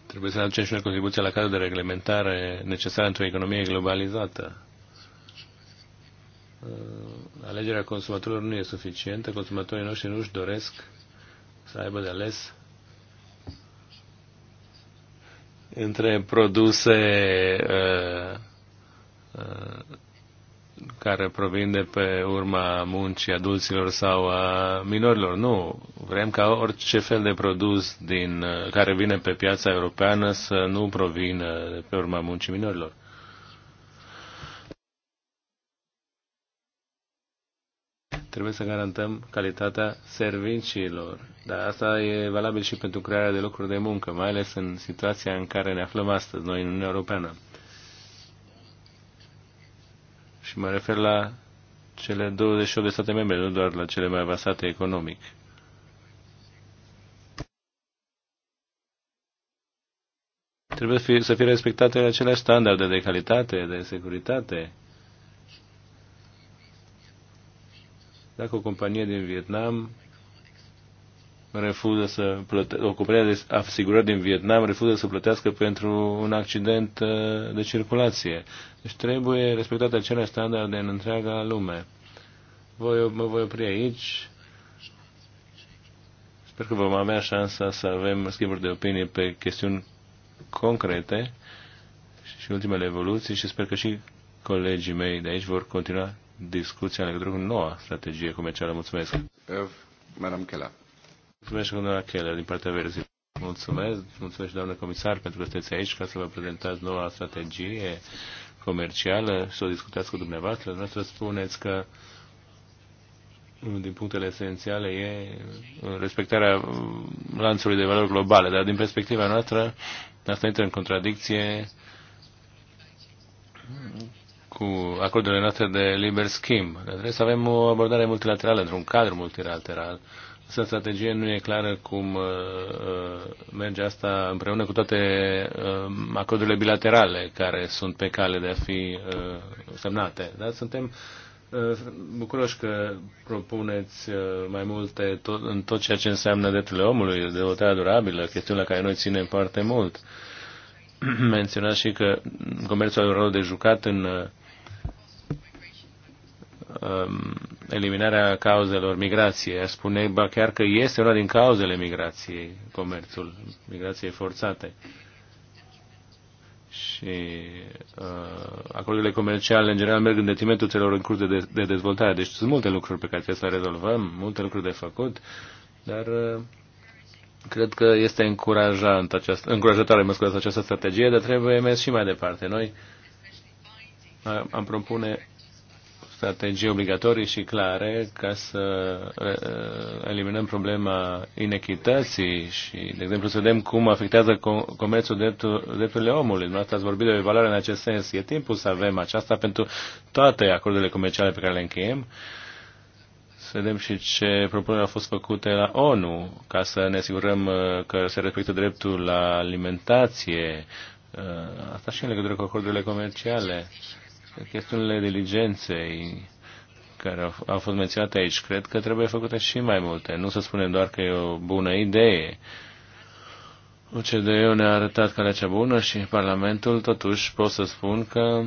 Trebuie să aducem și noi contribuția la cadrul de reglementare necesară într-o economie globalizată. Uh, alegerea consumatorilor nu e suficientă, consumatorii noștri nu își doresc să aibă de ales între produse uh, uh, care provin de pe urma muncii adulților sau a minorilor. Nu, vrem ca orice fel de produs din, uh, care vine pe piața europeană să nu provină de pe urma muncii minorilor. Trebuie să garantăm calitatea serviciilor. Dar asta e valabil și pentru crearea de locuri de muncă, mai ales în situația în care ne aflăm astăzi, noi în Uniunea Europeană. Și mă refer la cele 28 de state membre, nu doar la cele mai avansate economic. Trebuie să fie respectate aceleași standarde de calitate, de securitate, dacă o companie din Vietnam refuză să plătească, o companie de asigurări din Vietnam refuză să plătească pentru un accident uh, de circulație. Deci trebuie respectate acele standarde în întreaga lume. Voi, mă voi opri aici. Sper că vom avea șansa să avem schimburi de opinie pe chestiuni concrete și ultimele evoluții și sper că și colegii mei de aici vor continua discuția în legătură cu noua strategie comercială. Mulțumesc. Madam Keller. Mulțumesc, doamna Keller, din partea verzii. Mulțumesc, mulțumesc, doamnă comisar, pentru că sunteți aici ca să vă prezentați noua strategie comercială și să o discutați cu dumneavoastră. Dumneavoastră spuneți că din punctele esențiale e respectarea lanțului de valori globale, dar din perspectiva noastră asta intră în contradicție cu acordurile noastre de liber schimb. Trebuie să avem o abordare multilaterală, într-un cadru multilateral. Însă strategie nu e clară cum uh, uh, merge asta împreună cu toate uh, acordurile bilaterale care sunt pe cale de a fi semnate. Dar suntem bucuroși că propuneți mai multe tot, în tot ceea ce înseamnă drepturile omului, dezvoltarea durabilă, chestiunea la care noi ținem foarte mult [CLEARS THROAT] menționați și că comerțul are un rol de jucat în Um, eliminarea cauzelor migrației. A spune ba chiar că este una din cauzele migrației, comerțul, migrației forțate. Și uh, acordurile comerciale, în general, merg în detrimentul celor în curs de, de, de dezvoltare. Deci sunt multe lucruri pe care trebuie să le rezolvăm, multe lucruri de făcut, dar uh, cred că este încurajant această, încurajatoare, mă scuzați, această strategie, dar trebuie mers și mai departe. Noi uh, am propune strategii obligatorii și clare ca să eliminăm problema inechității și, de exemplu, să vedem cum afectează comerțul drepturile omului. Nu ați vorbit de o evaluare în acest sens. E timpul să avem aceasta pentru toate acordurile comerciale pe care le încheiem. Să vedem și ce propuneri au fost făcute la ONU ca să ne asigurăm că se respectă dreptul la alimentație, Asta și în legătură cu acordurile comerciale chestiunile diligenței care au, au fost menționate aici, cred că trebuie făcute și mai multe. Nu să spunem doar că e o bună idee. OCDE-ul ne-a arătat calea cea bună și Parlamentul, totuși, pot să spun că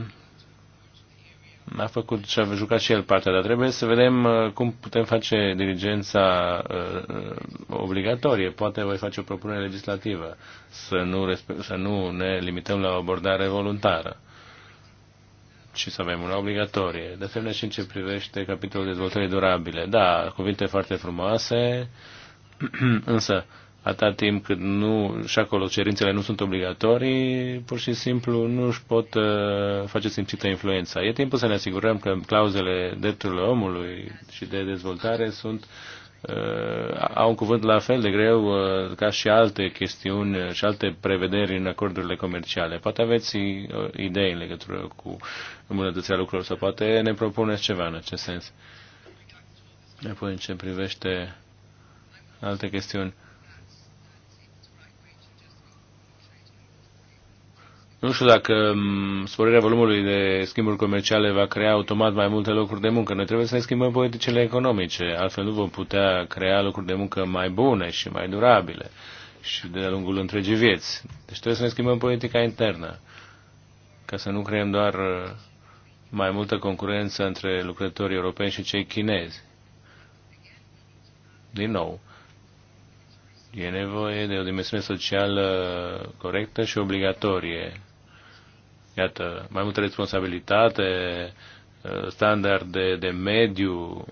a făcut și a jucat și el partea, dar trebuie să vedem uh, cum putem face diligența uh, uh, obligatorie. Poate voi face o propunere legislativă să nu, să nu ne limităm la o abordare voluntară ci să avem una obligatorie. De asemenea și în ce privește capitolul dezvoltare durabile. Da, cuvinte foarte frumoase, [CLEARS THROAT] însă atâta timp cât nu, și acolo cerințele nu sunt obligatorii, pur și simplu nu își pot uh, face simțită influența. E timpul să ne asigurăm că clauzele drepturilor omului și de dezvoltare sunt uh, Uh, au un cuvânt la fel de greu uh, ca și alte chestiuni uh, și alte prevederi în acordurile comerciale. Poate aveți idei în legătură cu îmbunătățirea lucrurilor sau poate ne propuneți ceva în acest sens. Apoi, în ce privește alte chestiuni, Nu știu dacă mm, sporirea volumului de schimburi comerciale va crea automat mai multe locuri de muncă. Noi trebuie să ne schimbăm politicile economice, altfel nu vom putea crea locuri de muncă mai bune și mai durabile și de-a lungul întregii vieți. Deci trebuie să ne schimbăm politica internă, ca să nu creăm doar uh, mai multă concurență între lucrătorii europeni și cei chinezi. Din nou, E nevoie de o dimensiune socială corectă și obligatorie Iată, mai multă responsabilitate, standarde de mediu,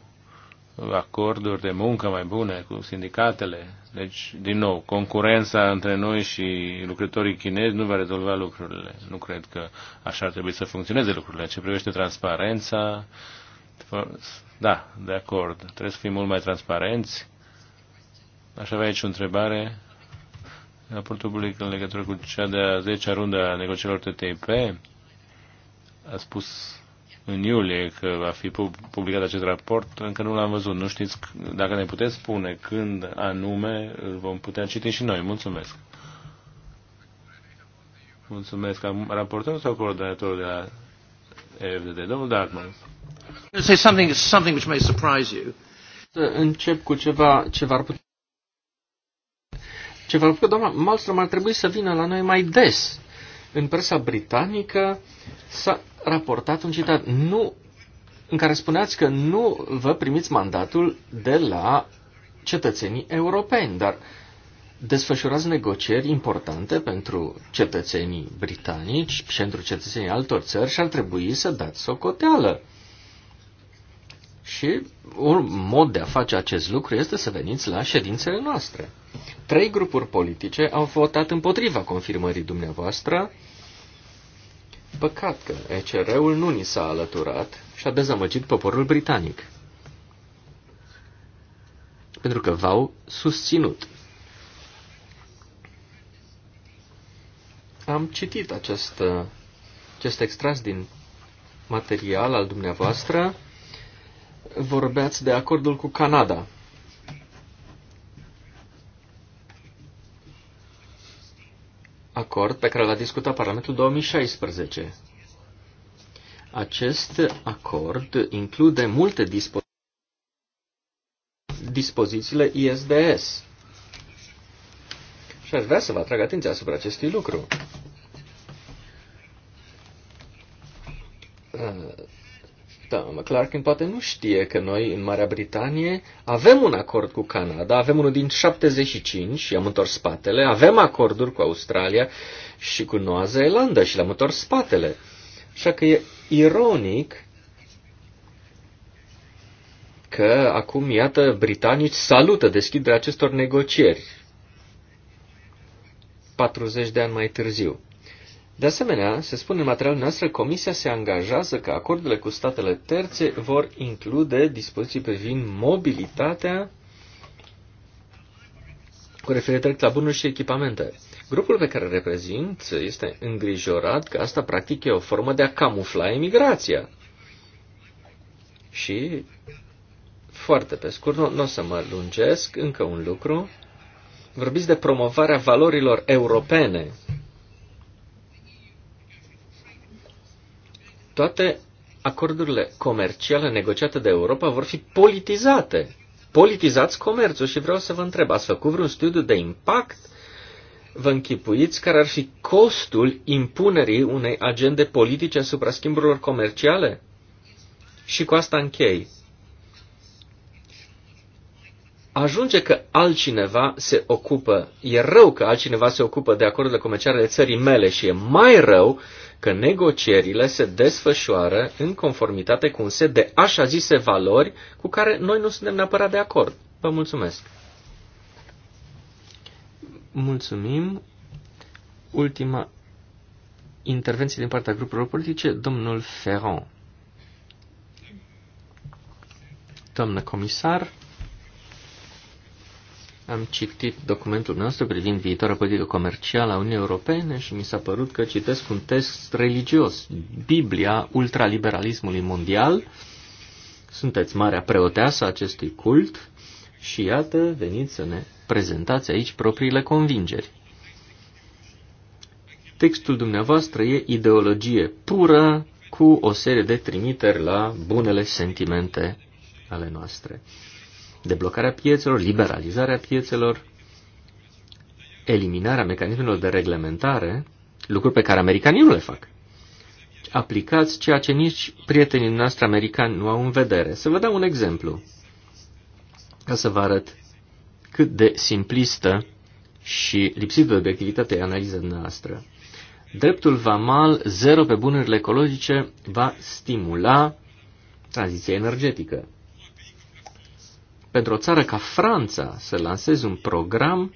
acorduri de muncă mai bune cu sindicatele. Deci, din nou, concurența între noi și lucrătorii chinezi nu va rezolva lucrurile. Nu cred că așa ar trebui să funcționeze lucrurile. Ce privește transparența, da, de acord, trebuie să fim mult mai transparenți. Aș avea aici o întrebare raportul public în legătură cu cea de-a 10-a rundă a negocierilor TTIP a spus în iulie că va fi publicat acest raport, încă nu l-am văzut. Nu știți dacă ne puteți spune când anume îl vom putea citi și noi. Mulțumesc. Mulțumesc. Am raportorul sau coordonatorul de la EFDD? Domnul Dartman. Say something, something which may surprise you. Încep cu ceva ce v-ar putea ce va făcut doamna Malmström ar trebui să vină la noi mai des. În presa britanică s-a raportat un citat nu, în care spuneați că nu vă primiți mandatul de la cetățenii europeni, dar desfășurați negocieri importante pentru cetățenii britanici și pentru cetățenii altor țări și ar trebui să dați socoteală. Și un mod de a face acest lucru este să veniți la ședințele noastre. Trei grupuri politice au votat împotriva confirmării dumneavoastră. Păcat că ECR-ul nu ni s-a alăturat și a dezamăgit poporul britanic. Pentru că v-au susținut. Am citit acest, acest extras din material al dumneavoastră vorbeați de acordul cu Canada. Acord pe care l-a discutat Parlamentul 2016. Acest acord include multe dispo- dispozițiile ISDS. Și aș vrea să vă atrag atenția asupra acestui lucru da, McClarkin poate nu știe că noi în Marea Britanie avem un acord cu Canada, avem unul din 75 și am întors spatele, avem acorduri cu Australia și cu Noua Zeelandă și l am întors spatele. Așa că e ironic că acum, iată, britanici salută deschiderea acestor negocieri 40 de ani mai târziu. De asemenea, se spune în materialul noastră, Comisia se angajează că acordurile cu statele terțe vor include dispoziții privind mobilitatea cu referire la bunuri și echipamente. Grupul pe care îl reprezint este îngrijorat că asta practic e o formă de a camufla emigrația. Și, foarte pe scurt, nu, nu o să mă lungesc, încă un lucru. Vorbiți de promovarea valorilor europene toate acordurile comerciale negociate de Europa vor fi politizate. Politizați comerțul și vreau să vă întreb, ați făcut vreun studiu de impact? Vă închipuiți care ar fi costul impunerii unei agende politice asupra schimburilor comerciale? Și cu asta închei ajunge că altcineva se ocupă, e rău că altcineva se ocupă de acordurile comerciale de țării mele și e mai rău că negocierile se desfășoară în conformitate cu un set de așa zise valori cu care noi nu suntem neapărat de acord. Vă mulțumesc! Mulțumim! Ultima intervenție din partea grupurilor politice, domnul Ferron. Doamnă comisar, am citit documentul nostru privind viitoarea politică comercială a Uniunii Europene și mi s-a părut că citesc un text religios, Biblia ultraliberalismului mondial. Sunteți marea preoteasă a acestui cult și iată, veniți să ne prezentați aici propriile convingeri. Textul dumneavoastră e ideologie pură cu o serie de trimiteri la bunele sentimente ale noastre deblocarea piețelor, liberalizarea piețelor, eliminarea mecanismelor de reglementare, lucruri pe care americanii nu le fac. Deci, aplicați ceea ce nici prietenii noastre americani nu au în vedere. Să vă dau un exemplu, ca să vă arăt cât de simplistă și lipsită de obiectivitate e analiza noastră. Dreptul vamal zero pe bunurile ecologice va stimula tranziția energetică pentru o țară ca Franța să lanseze un program,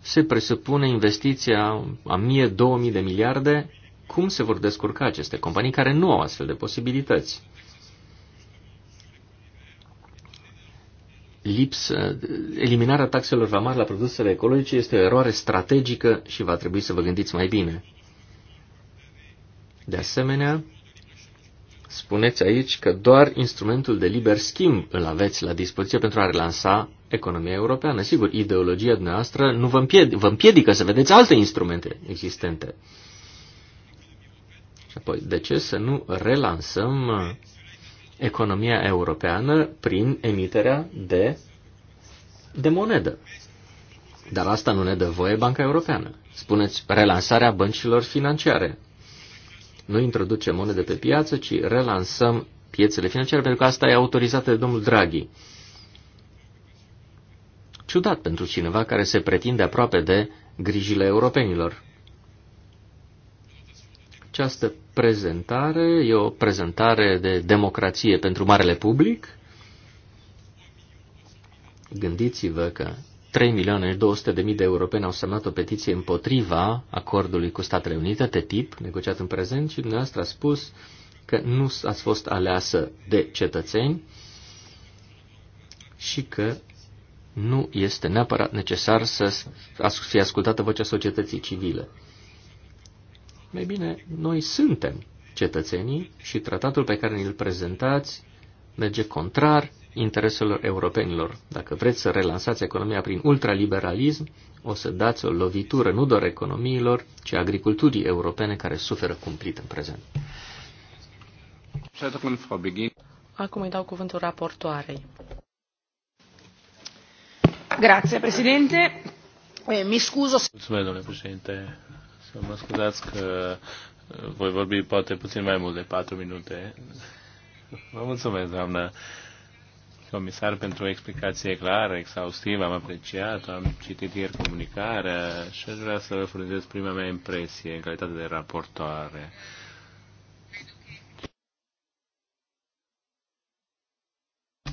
se presupune investiția a 1000-2000 de miliarde. Cum se vor descurca aceste companii care nu au astfel de posibilități? lipsă, eliminarea taxelor vamare la produsele ecologice este o eroare strategică și va trebui să vă gândiți mai bine. De asemenea, spuneți aici că doar instrumentul de liber schimb îl aveți la dispoziție pentru a relansa economia europeană. Sigur, ideologia dumneavoastră nu vă, împied- vă împiedică să vedeți alte instrumente existente. Și apoi, de ce să nu relansăm economia europeană prin emiterea de, de monedă? Dar asta nu ne dă voie Banca Europeană. Spuneți relansarea băncilor financiare nu introducem monede pe piață, ci relansăm piețele financiare, pentru că asta e autorizată de domnul Draghi. Ciudat pentru cineva care se pretinde aproape de grijile europenilor. Această prezentare e o prezentare de democrație pentru marele public. Gândiți-vă că 3 milioane și 200 de mii de europeni au semnat o petiție împotriva acordului cu Statele Unite, TTIP, negociat în prezent, și dumneavoastră a spus că nu ați fost aleasă de cetățeni și că nu este neapărat necesar să fie ascultată vocea societății civile. Mai bine, noi suntem cetățenii și tratatul pe care ne-l prezentați merge contrar intereselor europenilor. Dacă vreți să relansați economia prin ultraliberalism, o să dați o lovitură nu doar economiilor, ci agriculturii europene care suferă cumplit în prezent. Acum îi dau cuvântul raportoarei. Grazie, Presidente. Mi scuzo. Mulțumesc, domnule președinte. Să mă scuzați că voi vorbi poate puțin mai mult de patru minute. Vă mulțumesc, doamnă comisar, pentru o explicație clară, exhaustivă. Am apreciat, am citit ieri comunicarea și aș vrea să vă furnizez prima mea impresie în calitate de raportoare.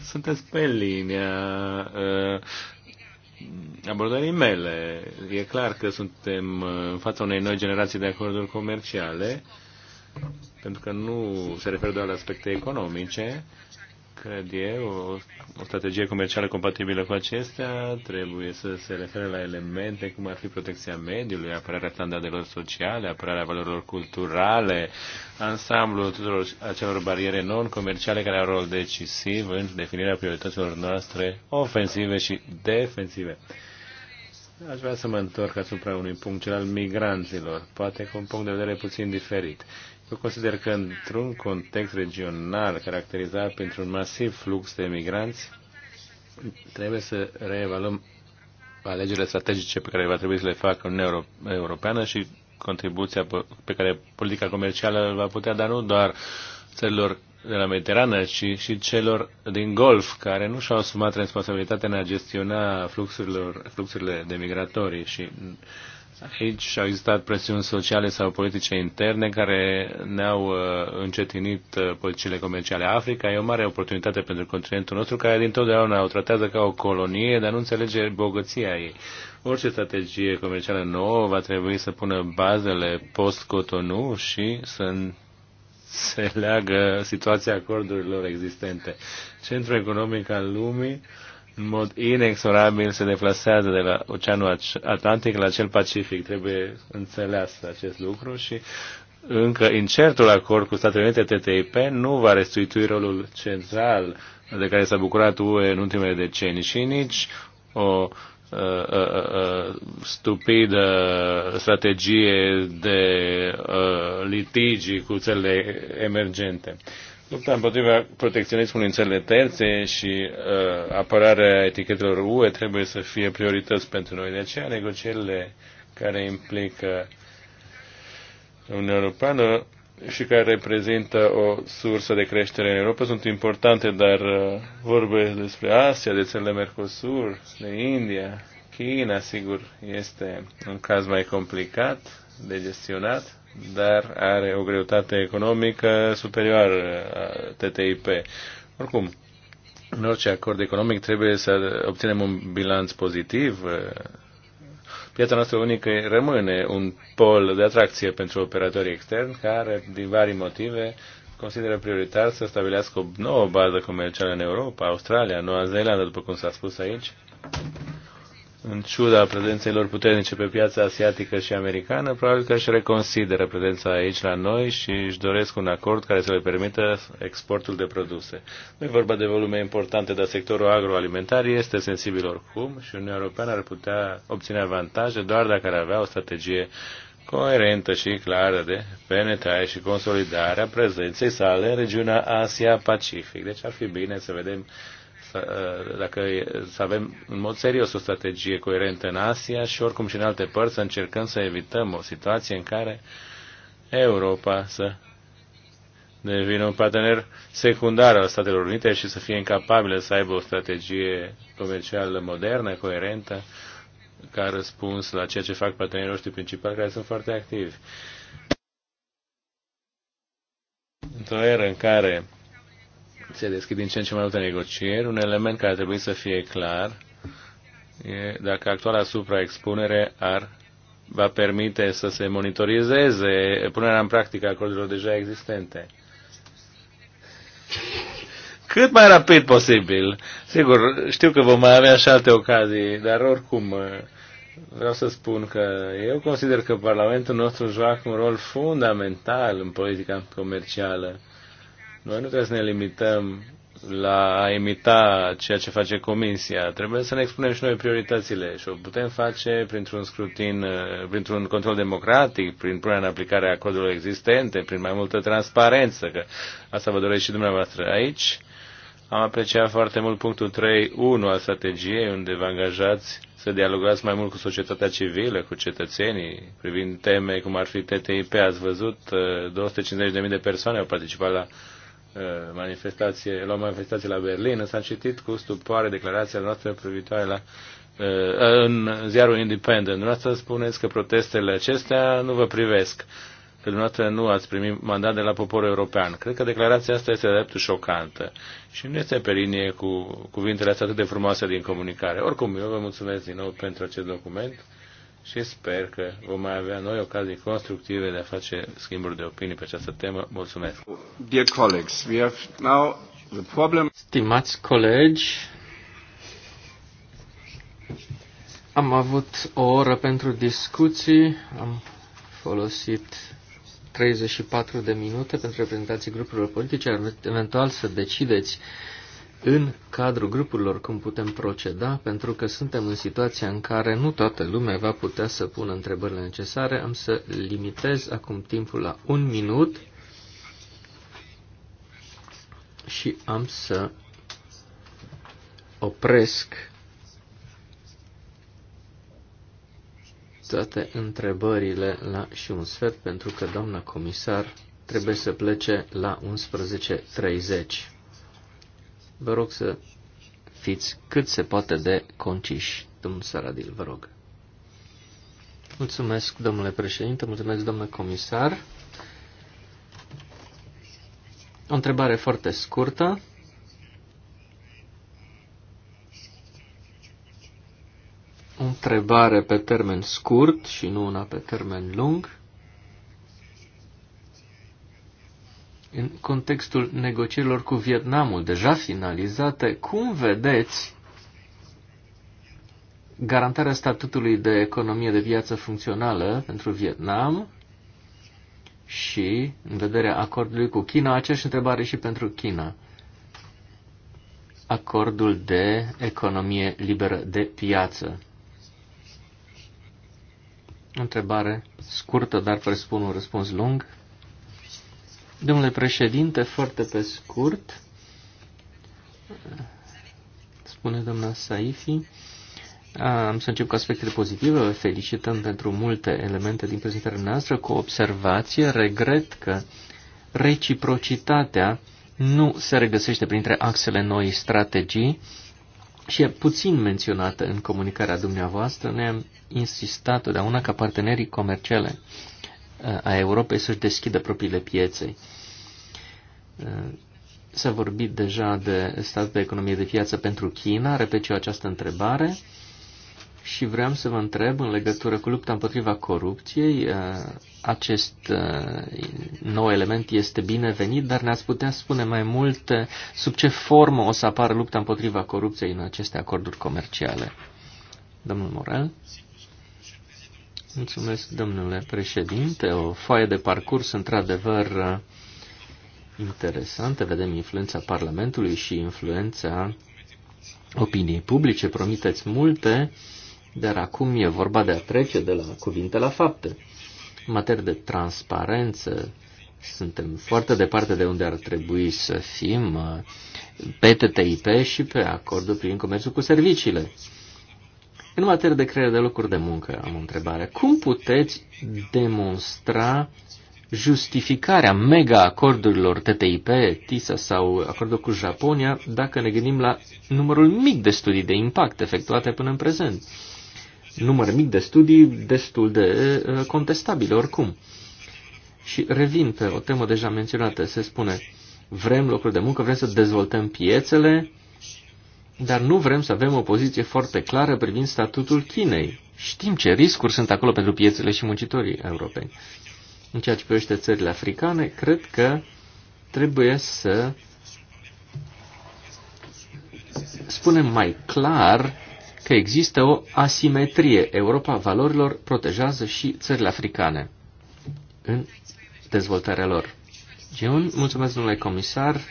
Sunteți pe linia uh, abordării mele. E clar că suntem în fața unei noi generații de acorduri comerciale, pentru că nu se referă doar la aspecte economice, cred eu, o strategie comercială compatibilă cu acestea trebuie să se refere la elemente cum ar fi protecția mediului, apărarea standardelor sociale, apărarea valorilor culturale, ansamblul tuturor acelor bariere non-comerciale care au rol decisiv în definirea priorităților noastre ofensive și defensive. Aș vrea să mă întorc asupra unui punct, cel al migranților, poate cu un punct de vedere puțin diferit. Eu consider că într-un context regional caracterizat pentru un masiv flux de emigranți, trebuie să reevaluăm alegerile strategice pe care va trebui să le facă Uniunea Europeană și contribuția pe care politica comercială va putea da nu doar țărilor de la Mediterană, ci și celor din Golf, care nu și-au asumat responsabilitatea în a gestiona fluxurile de migratorii și Aici au existat presiuni sociale sau politice interne care ne-au uh, încetinit uh, politicile comerciale. Africa e o mare oportunitate pentru continentul nostru, care dintotdeauna o tratează ca o colonie, dar nu înțelege bogăția ei. Orice strategie comercială nouă va trebui să pună bazele post-Cotonou și să se leagă situația acordurilor existente. Centrul economic al lumii în mod inexorabil se deplasează de la Oceanul Atlantic la cel Pacific. Trebuie înțeles acest lucru și încă incertul acord cu Statele Unite TTIP nu va restitui rolul central de care s-a bucurat UE în ultimele decenii și nici o uh, uh, uh, stupidă strategie de litigi cu țările emergente. Lupta împotriva protecționismului în țările terțe și uh, apărarea etichetelor UE trebuie să fie priorități pentru noi. De aceea, negocierile care implică Uniunea Europeană și care reprezintă o sursă de creștere în Europa sunt importante, dar uh, vorbe despre Asia, de țările Mercosur, de India, China, sigur, este un caz mai complicat de gestionat dar are o greutate economică superioară a TTIP. Oricum, în orice acord economic trebuie să obținem un bilanț pozitiv. Piața noastră unică rămâne un pol de atracție pentru operatorii externi care, din vari motive, consideră prioritar să stabilească o nouă bază comercială în Europa, Australia, Noua Zeelandă, după cum s-a spus aici în ciuda prezenței lor puternice pe piața asiatică și americană, probabil că își reconsideră prezența aici la noi și își doresc un acord care să le permită exportul de produse. Nu e vorba de volume importante, dar sectorul agroalimentar este sensibil oricum și Uniunea Europeană ar putea obține avantaje doar dacă ar avea o strategie coerentă și clară de penetrare și consolidarea prezenței sale în regiunea Asia-Pacific. Deci ar fi bine să vedem dacă să avem în mod serios o strategie coerentă în Asia și oricum și în alte părți să încercăm să evităm o situație în care Europa să devină un partener secundar al Statelor Unite și să fie incapabilă să aibă o strategie comercială modernă, coerentă, ca răspuns la ceea ce fac partenerii noștri principali care sunt foarte activi. Într-o eră în care se deschid din ce în ce mai multe negocieri. Un element care ar trebui să fie clar e dacă actuala supraexpunere ar va permite să se monitorizeze punerea în practică a acordurilor deja existente. Cât mai rapid posibil. Sigur, știu că vom mai avea și alte ocazii, dar oricum vreau să spun că eu consider că Parlamentul nostru joacă un rol fundamental în politica comercială noi nu trebuie să ne limităm la a imita ceea ce face Comisia. Trebuie să ne expunem și noi prioritățile și o putem face printr-un scrutin, uh, printr-un control democratic, prin punerea în aplicare a acordurilor existente, prin mai multă transparență, că asta vă doresc și dumneavoastră aici. Am apreciat foarte mult punctul 3.1 al strategiei, unde vă angajați să dialogați mai mult cu societatea civilă, cu cetățenii, privind teme cum ar fi TTIP. Ați văzut, 250.000 uh, de persoane au participat la Uh, manifestație, la o manifestație la Berlin, s-a citit cu stupoare declarația noastră privitoare la uh, uh, în ziarul Independent. Dumneavoastră spuneți că protestele acestea nu vă privesc, că dumneavoastră nu ați primit mandat de la poporul european. Cred că declarația asta este dreptul șocantă și nu este pe linie cu cuvintele astea atât de frumoase din comunicare. Oricum, eu vă mulțumesc din nou pentru acest document și sper că vom mai avea noi ocazii constructive de a face schimburi de opinii pe această temă. Mulțumesc! Dear colleagues, we have now the problem... Stimați colegi, am avut o oră pentru discuții, am folosit 34 de minute pentru reprezentații grupurilor politice, eventual să decideți în cadrul grupurilor cum putem proceda, pentru că suntem în situația în care nu toată lumea va putea să pună întrebările necesare. Am să limitez acum timpul la un minut și am să opresc toate întrebările la și un sfert, pentru că doamna comisar trebuie să plece la 11.30. Vă rog să fiți cât se poate de conciși. Domnul Saradil, vă rog. Mulțumesc, domnule președinte, mulțumesc, domnule comisar. O întrebare foarte scurtă. O întrebare pe termen scurt și nu una pe termen lung. în contextul negocierilor cu Vietnamul deja finalizate, cum vedeți garantarea statutului de economie de piață funcțională pentru Vietnam și în vederea acordului cu China, aceeași întrebare și pentru China. Acordul de economie liberă de piață. Întrebare scurtă, dar presupun un răspuns lung. Domnule președinte, foarte pe scurt, spune doamna Saifi, am să încep cu aspectele pozitive. Vă felicităm pentru multe elemente din prezentarea noastră, cu observație. Regret că reciprocitatea nu se regăsește printre axele noi strategii și e puțin menționată în comunicarea dumneavoastră. Ne-am insistat totdeauna ca partenerii comerciale a Europei să-și deschidă propriile piețe. S-a vorbit deja de stat de economie de piață pentru China, repet eu această întrebare și vreau să vă întreb în legătură cu lupta împotriva corupției. Acest uh, nou element este binevenit, dar ne-ați putea spune mai mult uh, sub ce formă o să apară lupta împotriva corupției în aceste acorduri comerciale. Domnul Morel? Mulțumesc, domnule președinte. O foaie de parcurs, într-adevăr, interesantă. Vedem influența Parlamentului și influența opiniei publice. Promiteți multe, dar acum e vorba de a trece de la cuvinte la fapte. În materie de transparență, suntem foarte departe de unde ar trebui să fim pe TTIP și pe acordul prin comerțul cu serviciile. În materie de creare de locuri de muncă, am o întrebare. Cum puteți demonstra justificarea mega-acordurilor TTIP, TISA sau acordul cu Japonia, dacă ne gândim la numărul mic de studii de impact efectuate până în prezent? Număr mic de studii destul de uh, contestabile oricum. Și revin pe o temă deja menționată, se spune, vrem locuri de muncă, vrem să dezvoltăm piețele, dar nu vrem să avem o poziție foarte clară privind statutul Chinei. Știm ce riscuri sunt acolo pentru piețele și muncitorii europeni. În ceea ce privește țările africane, cred că trebuie să spunem mai clar că există o asimetrie. Europa valorilor protejează și țările africane în dezvoltarea lor. Eu mulțumesc, domnule comisar.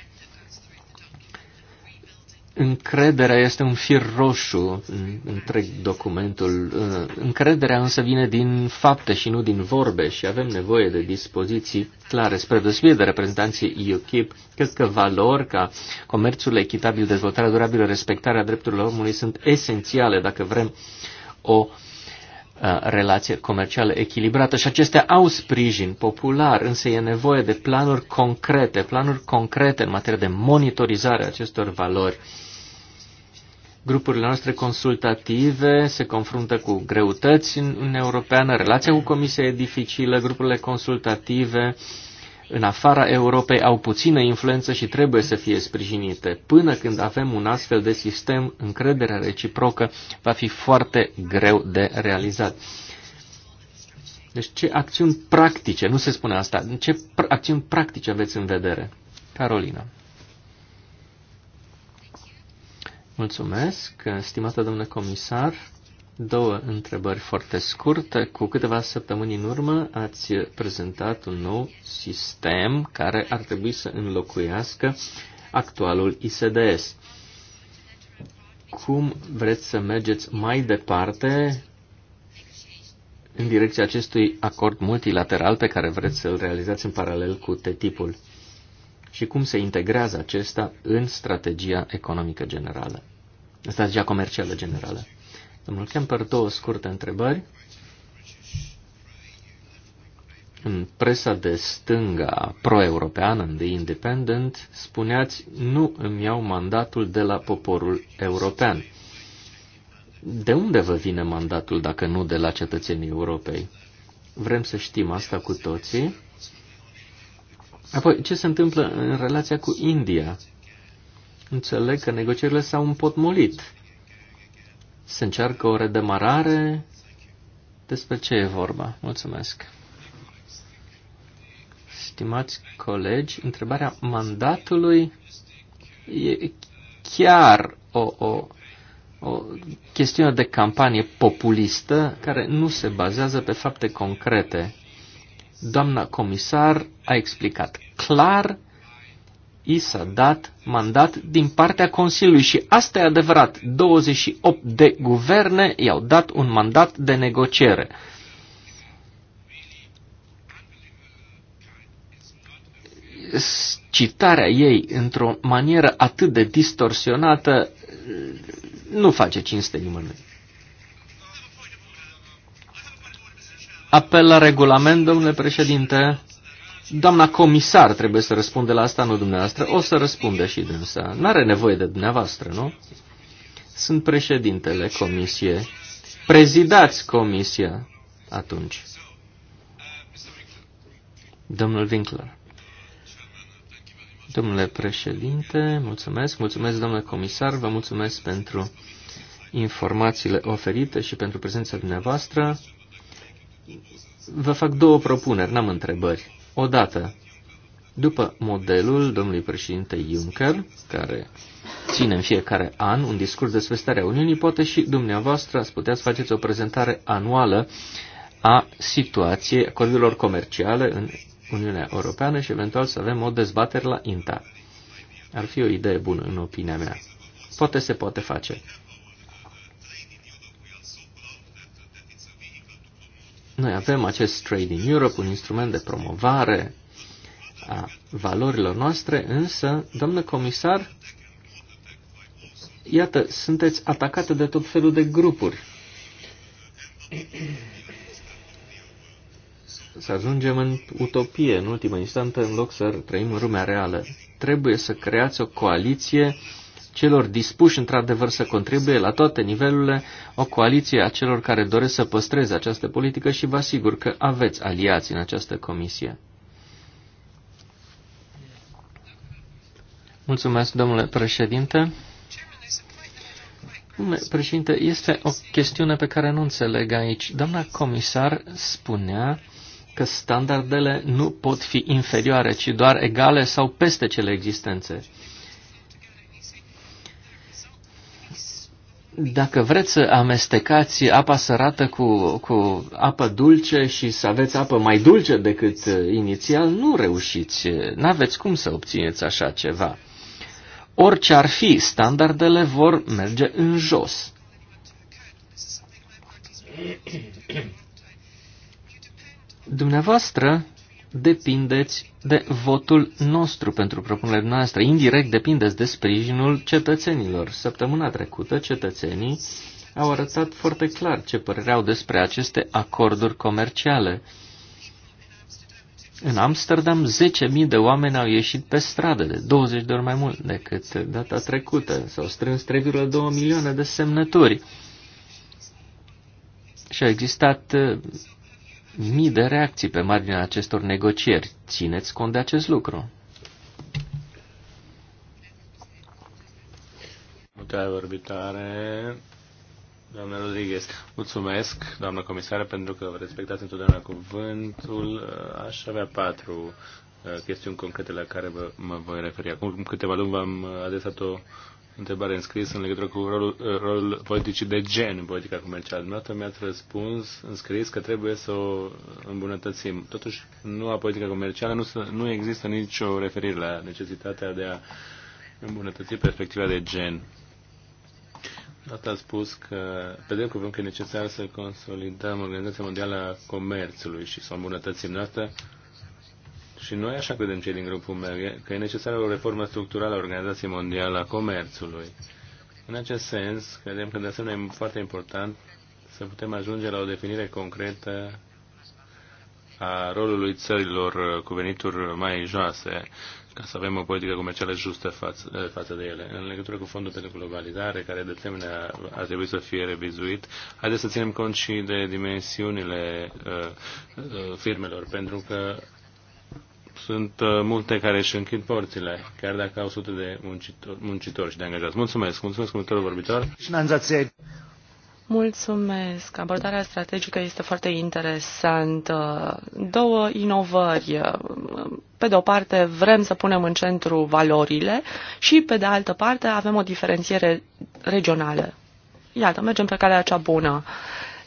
Încrederea este un fir roșu în întreg documentul. Uh, încrederea însă vine din fapte și nu din vorbe și avem nevoie de dispoziții clare. Spre deosebire de reprezentanții UKIP, cred că valori ca comerțul echitabil, dezvoltarea durabilă, respectarea drepturilor omului sunt esențiale dacă vrem o uh, relație comercială echilibrată și acestea au sprijin popular, însă e nevoie de planuri concrete, planuri concrete în materie de monitorizare a acestor valori grupurile noastre consultative se confruntă cu greutăți în Uniunea Europeană, relația cu Comisia e dificilă, grupurile consultative în afara Europei au puțină influență și trebuie să fie sprijinite. Până când avem un astfel de sistem, încrederea reciprocă va fi foarte greu de realizat. Deci ce acțiuni practice, nu se spune asta, ce pr- acțiuni practice aveți în vedere? Carolina. Mulțumesc, stimată domnule comisar. Două întrebări foarte scurte. Cu câteva săptămâni în urmă ați prezentat un nou sistem care ar trebui să înlocuiască actualul ISDS. Cum vreți să mergeți mai departe în direcția acestui acord multilateral pe care vreți să-l realizați în paralel cu TTIP-ul? și cum se integrează acesta în strategia economică generală, în strategia comercială generală. Domnul Kemper, două scurte întrebări. În presa de stânga pro-europeană, în The Independent, spuneați, nu îmi iau mandatul de la poporul european. De unde vă vine mandatul dacă nu de la cetățenii Europei? Vrem să știm asta cu toții Apoi, ce se întâmplă în relația cu India? Înțeleg că negocierile s-au împotmolit. Se încearcă o redemarare. Despre ce e vorba? Mulțumesc. Stimați colegi, întrebarea mandatului e chiar o, o, o chestiune de campanie populistă care nu se bazează pe fapte concrete doamna comisar a explicat clar, i s-a dat mandat din partea Consiliului și asta e adevărat, 28 de guverne i-au dat un mandat de negociere. Citarea ei într-o manieră atât de distorsionată nu face cinste nimănui. Apel la regulament, domnule președinte. Doamna comisar trebuie să răspunde la asta, nu dumneavoastră. O să răspunde și dânsa. N-are nevoie de dumneavoastră, nu? Sunt președintele comisie, Prezidați comisia atunci. Domnul Winkler. Domnule președinte, mulțumesc, mulțumesc domnule comisar, vă mulțumesc pentru informațiile oferite și pentru prezența dumneavoastră. Vă fac două propuneri, n-am întrebări. Odată, după modelul domnului președinte Juncker, care ține în fiecare an un discurs despre starea Uniunii, poate și dumneavoastră ați putea să faceți o prezentare anuală a situației acordurilor comerciale în Uniunea Europeană și eventual să avem o dezbatere la INTA. Ar fi o idee bună, în opinia mea. Poate se poate face. Noi avem acest Trade in Europe, un instrument de promovare a valorilor noastre, însă, doamnă comisar, iată, sunteți atacată de tot felul de grupuri. Să ajungem în utopie, în ultima instantă, în loc să trăim în lumea reală. Trebuie să creați o coaliție uh, celor dispuși într-adevăr să contribuie la toate nivelurile, o coaliție a celor care doresc să păstreze această politică și vă asigur că aveți aliați în această comisie. Mulțumesc, domnule președinte. Domnule președinte, este o chestiune pe care nu înțeleg aici. Doamna comisar spunea că standardele nu pot fi inferioare, ci doar egale sau peste cele existențe dacă vreți să amestecați apa sărată cu, cu apă dulce și să aveți apă mai dulce decât uh, inițial, nu reușiți, nu aveți cum să obțineți așa ceva. Orice ar fi, standardele vor merge în jos. Dumneavoastră depindeți de votul nostru pentru propunerea noastră. Indirect depindeți de sprijinul cetățenilor. Săptămâna trecută, cetățenii au arătat foarte clar ce părere au despre aceste acorduri comerciale. În Amsterdam, 10.000 de oameni au ieșit pe stradă, de 20 de ori mai mult decât data trecută. S-au strâns 3,2 milioane de semnături. Și au existat mii de reacții pe marginea acestor negocieri. Țineți cont de acest lucru. Putea vorbitoare, doamna Rodriguez. Mulțumesc, doamnă comisară, pentru că respectați întotdeauna cuvântul. Aș avea patru uh, chestiuni concrete la care vă, mă voi referi. Acum câteva luni v-am adresat o întrebare înscrisă în legătură cu rolul, uh, rolul politicii de gen în politica comercială. Dumneavoastră mi-ați răspuns înscris că trebuie să o îmbunătățim. Totuși, nu a politica comercială nu, nu există nicio referire la necesitatea de a îmbunătăți perspectiva de gen. Asta a spus că, pe de cuvânt, că e necesar să consolidăm Organizația Mondială a Comerțului și să o îmbunătățim. Asta și noi așa credem cei din grupul meu, că e necesară o reformă structurală a Organizației Mondiale a Comerțului. În acest sens, credem că de asemenea e foarte important să putem ajunge la o definire concretă a rolului țărilor cu venituri mai joase, ca să avem o politică comercială justă față, eh, față de ele. În legătură cu Fondul pentru Globalizare, care de asemenea ar trebui să fie revizuit, haideți să ținem cont și de dimensiunile uh, uh, firmelor, pentru că sunt uh, multe care își închid porțile, chiar dacă au sute de muncitori, muncitori și de angajați. Mulțumesc, mulțumesc următorul vorbitor. Mulțumesc. Abordarea strategică este foarte interesantă. Două inovări. Pe de o parte, vrem să punem în centru valorile și, pe de altă parte, avem o diferențiere regională. Iată, mergem pe calea cea bună.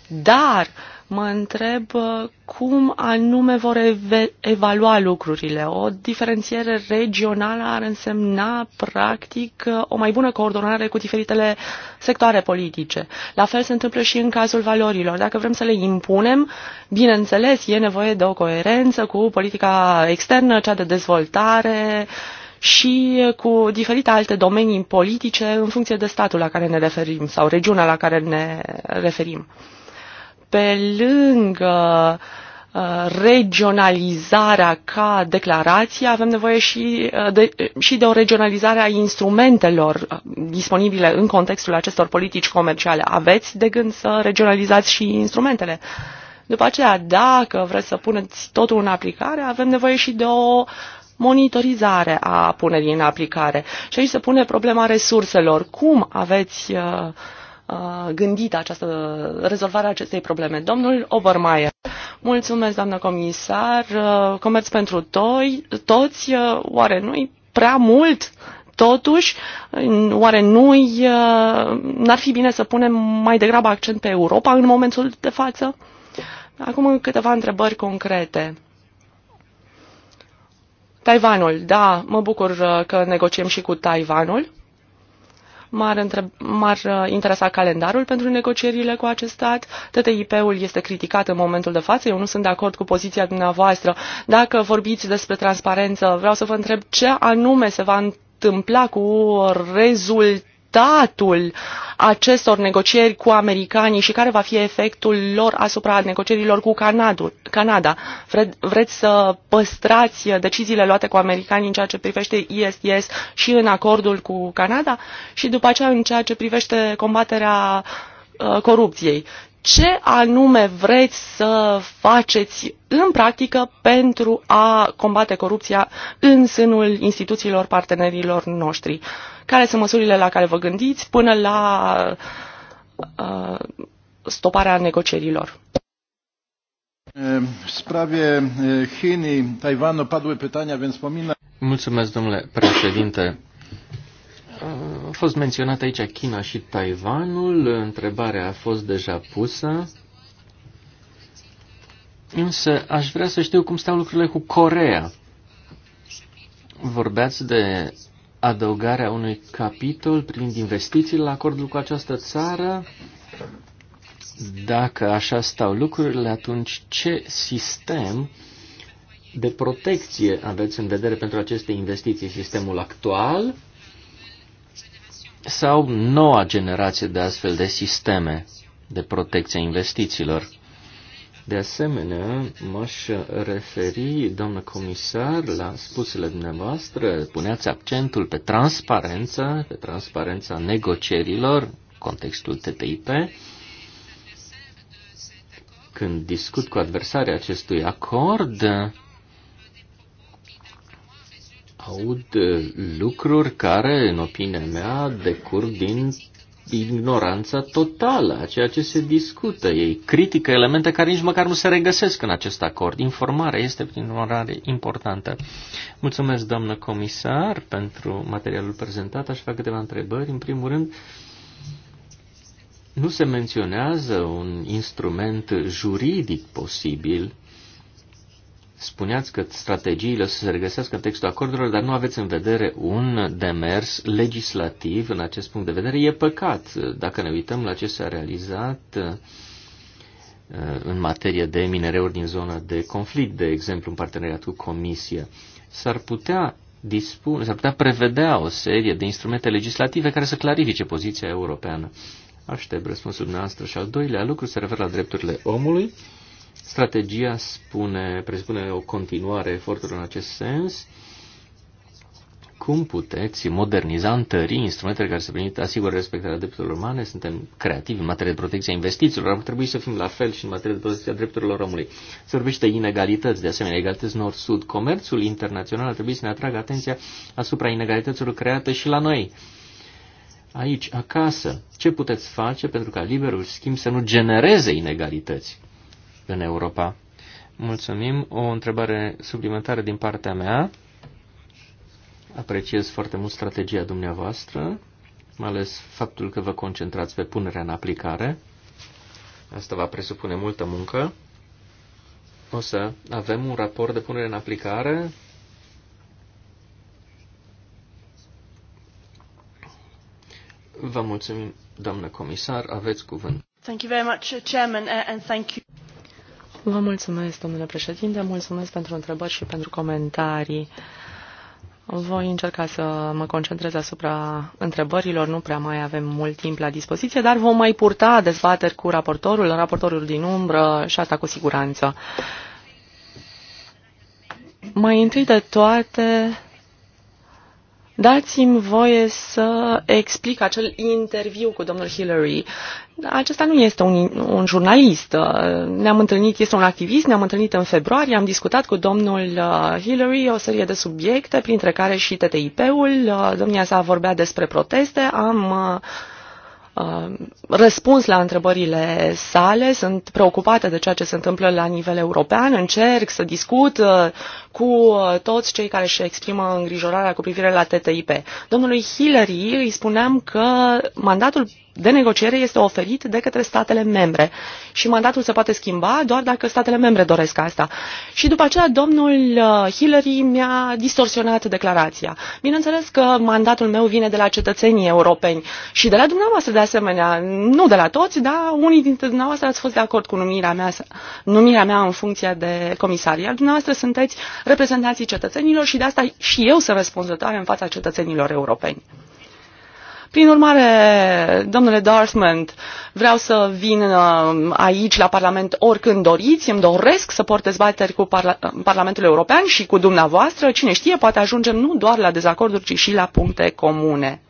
Dar, uh, Mă întreb uh, cum anume vor evalua lucrurile. O diferențiere regională ar însemna, practic, uh, o mai bună coordonare cu diferitele sectoare politice. La fel se întâmplă și în cazul valorilor. Dacă vrem să le impunem, bineînțeles, e nevoie de o coerență cu politica externă, cea de dezvoltare, și cu diferite alte domenii politice în funcție de statul la care ne referim sau regiunea la care ne referim pe lângă uh, regionalizarea ca declarație, avem nevoie și uh, de, și de o regionalizare a instrumentelor uh, disponibile în contextul acestor politici comerciale. Aveți de gând să regionalizați și instrumentele? După aceea, dacă vreți să puneți totul în aplicare, avem nevoie și de o monitorizare a punerii în aplicare. Și aici se pune problema resurselor. Cum aveți uh, gândită această rezolvare a acestei probleme. Domnul Obermeier, mulțumesc, doamnă comisar, comerț pentru toi, toți, oare nu-i prea mult Totuși, oare nu n-ar fi bine să punem mai degrabă accent pe Europa în momentul de față? Acum câteva întrebări concrete. Taiwanul, da, mă bucur că negociem și cu Taiwanul. M-ar, întreb, m-ar uh, interesa calendarul pentru negocierile cu acest stat. TTIP-ul este criticat în momentul de față. Eu nu sunt de acord cu poziția dumneavoastră. Dacă vorbiți despre transparență, vreau să vă întreb ce anume se va întâmpla cu rezultatul rezultatul acestor negocieri cu americanii și care va fi efectul lor asupra negocierilor cu Canada. vreți să păstrați deciziile luate cu americanii în ceea ce privește ISDS și în acordul cu Canada și după aceea în ceea ce privește combaterea uh, corupției ce anume vreți să faceți în practică pentru a combate corupția în sânul instituțiilor partenerilor noștri care sunt măsurile la care vă gândiți până la uh, stoparea negocierilor. W sprawie Chin i Tajwanu padły pytania, więc pominę. Mulțumesc, domnule președinte. A fost menționat aici China și Taiwanul, întrebarea a fost deja pusă. Însă aș vrea să știu cum stau lucrurile cu Corea. Vorbeați de adăugarea unui capitol privind investițiile la acordul cu această țară. Dacă așa stau lucrurile, atunci ce sistem de protecție aveți în vedere pentru aceste investiții? Sistemul actual sau noua generație de astfel de sisteme de protecție a investițiilor? De asemenea, m-aș referi, doamnă comisar, la spusele dumneavoastră, puneați accentul pe transparență, pe transparența negocierilor, contextul TTIP. Când discut cu adversarii acestui acord, aud lucruri care, în opinia mea, decurg din ignoranța totală a ceea ce se discută. Ei critică elemente care nici măcar nu se regăsesc în acest acord. Informarea este, prin urmare, importantă. Mulțumesc, doamnă comisar, pentru materialul prezentat. Aș face câteva întrebări. În primul rând, nu se menționează un instrument juridic posibil spuneați că strategiile o să se regăsească în textul acordurilor, dar nu aveți în vedere un demers legislativ în acest punct de vedere. E păcat dacă ne uităm la ce s-a realizat uh, în materie de minereuri din zona de conflict, de exemplu, în parteneriat cu Comisia. S-ar putea dispune, s-ar putea prevedea o serie de instrumente legislative care să clarifice poziția europeană. Aștept răspunsul dumneavoastră. Și al doilea lucru se referă la drepturile omului. Strategia spune, presupune o continuare eforturilor în acest sens. Cum puteți moderniza, întări instrumentele care se primit, asigură respectarea drepturilor umane? Suntem creativi în materie de protecție a investițiilor, ar trebui să fim la fel și în materie de protecție a drepturilor omului. Se vorbește de inegalități, de asemenea, egalități nord-sud. Comerțul internațional ar trebui să ne atragă atenția asupra inegalităților create și la noi aici, acasă, ce puteți face pentru ca liberul schimb să nu genereze inegalități? în Europa. Mulțumim. O întrebare suplimentară din partea mea. Apreciez foarte mult strategia dumneavoastră, mai ales faptul că vă concentrați pe punerea în aplicare. Asta va presupune multă muncă. O să avem un raport de punere în aplicare Vă mulțumim, doamnă comisar. Aveți cuvânt. Thank you very much, Chairman, and thank Vă mulțumesc, domnule președinte, mulțumesc pentru întrebări și pentru comentarii. Voi încerca să mă concentrez asupra întrebărilor, nu prea mai avem mult timp la dispoziție, dar vom mai purta dezbateri cu raportorul, raportorul din umbră și asta cu siguranță. Mai întâi de toate, Dați-mi voie să explic acel interviu cu domnul Hillary. Acesta nu este un, un jurnalist. Ne-am întâlnit, este un activist, ne-am întâlnit în februarie, am discutat cu domnul uh, Hillary o serie de subiecte, printre care și TTIP-ul. Uh, domnia sa vorbea despre proteste, am uh, Um, răspuns la întrebările sale, sunt preocupată de ceea ce se întâmplă la nivel european, încerc să discut uh, cu uh, toți cei care își exprimă îngrijorarea cu privire la TTIP. Domnului Hillary îi spuneam că mandatul de negociere este oferit de către statele membre și mandatul se poate schimba doar dacă statele membre doresc asta. Și după aceea domnul uh, Hillary mi-a distorsionat declarația. Bineînțeles că mandatul meu vine de la cetățenii europeni și de la dumneavoastră de asemenea, nu de la toți, dar unii dintre dumneavoastră ați fost de acord cu numirea mea, numirea mea în funcția de comisar, iar dumneavoastră sunteți reprezentanții cetățenilor și de asta și eu sunt răspunzătoare în fața cetățenilor europeni. Prin urmare, domnule Dartmouth, vreau să vin uh, aici la Parlament oricând doriți, îmi doresc să port dezbateri cu Parla Parlamentul European și cu dumneavoastră. Cine știe, poate ajungem nu doar la dezacorduri, ci și la puncte comune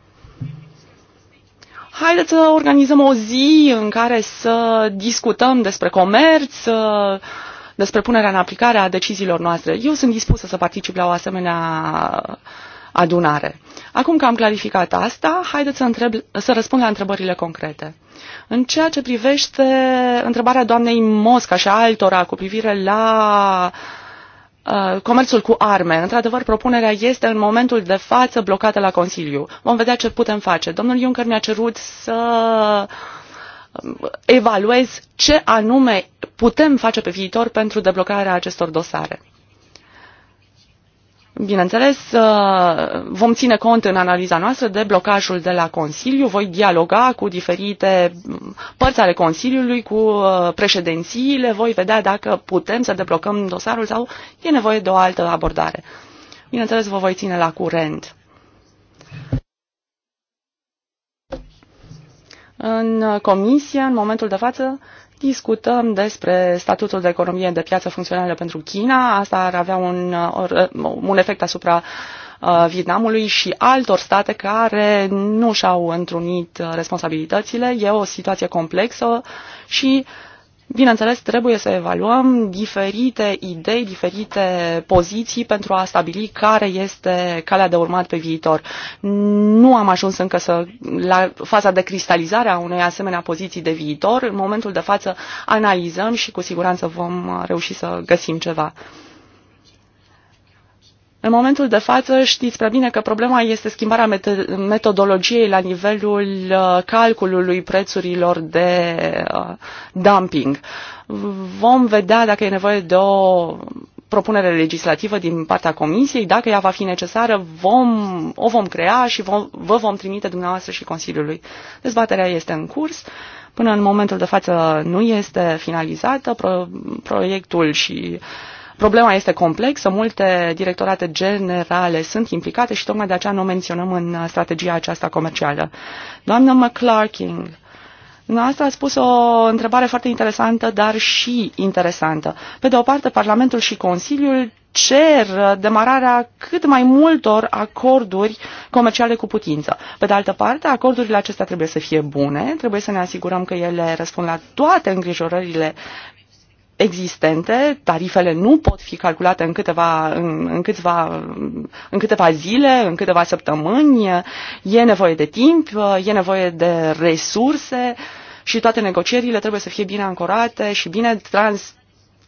haideți să organizăm o zi în care să discutăm despre comerț, despre punerea în aplicare a deciziilor noastre. Eu sunt dispusă să particip la o asemenea adunare. Acum că am clarificat asta, haideți să, întreb, să răspund la întrebările concrete. În ceea ce privește întrebarea doamnei Mosca și a altora cu privire la uh, comerțul cu arme, într-adevăr, propunerea este în momentul de față blocată la Consiliu. Vom vedea ce putem face. Domnul Juncker mi-a cerut să um, evaluez ce anume putem face pe viitor pentru deblocarea acestor dosare. Bineînțeles, uh, vom ține cont în analiza noastră de blocajul de la Consiliu, voi dialoga cu diferite părți ale Consiliului, cu uh, președințiile, voi vedea dacă putem să deblocăm dosarul sau e nevoie de o altă abordare. Bineînțeles, vă voi ține la curent. În comisie, în momentul de față, discutăm despre statutul de economie de piață funcțională pentru China. Asta ar avea un, uh, un efect asupra uh, Vietnamului și altor state care nu și-au întrunit uh, responsabilitățile. E o situație complexă și uh, Bineînțeles, trebuie să evaluăm diferite idei, diferite poziții pentru a stabili care este calea de urmat pe viitor. Nu am ajuns încă să, la faza de cristalizare a unei asemenea poziții de viitor. În momentul de față analizăm și cu siguranță vom reuși să găsim ceva. În momentul de față știți prea bine că problema este schimbarea metodologiei la nivelul uh, calculului prețurilor de uh, dumping. Vom vedea dacă e nevoie de o propunere legislativă din partea Comisiei. Dacă ea va fi necesară, vom, o vom crea și vom, vă vom trimite dumneavoastră și Consiliului. Dezbaterea este în curs. Până în momentul de față nu este finalizată. Pro, proiectul și uh, Problema este complexă, multe directorate generale sunt implicate și tocmai de aceea nu o menționăm în strategia aceasta comercială. Doamna McClarking, Dumneavoastră a spus o întrebare foarte interesantă, dar și interesantă. Pe de o parte, Parlamentul și Consiliul cer demararea cât mai multor acorduri comerciale cu putință. Pe de altă parte, acordurile acestea trebuie să fie bune, trebuie să ne asigurăm că ele răspund la toate îngrijorările existente, tarifele nu pot fi calculate în câteva, în, în, câțiva, în câteva zile, în câteva săptămâni, e nevoie de timp, e nevoie de resurse și toate negocierile trebuie să fie bine ancorate și bine trans,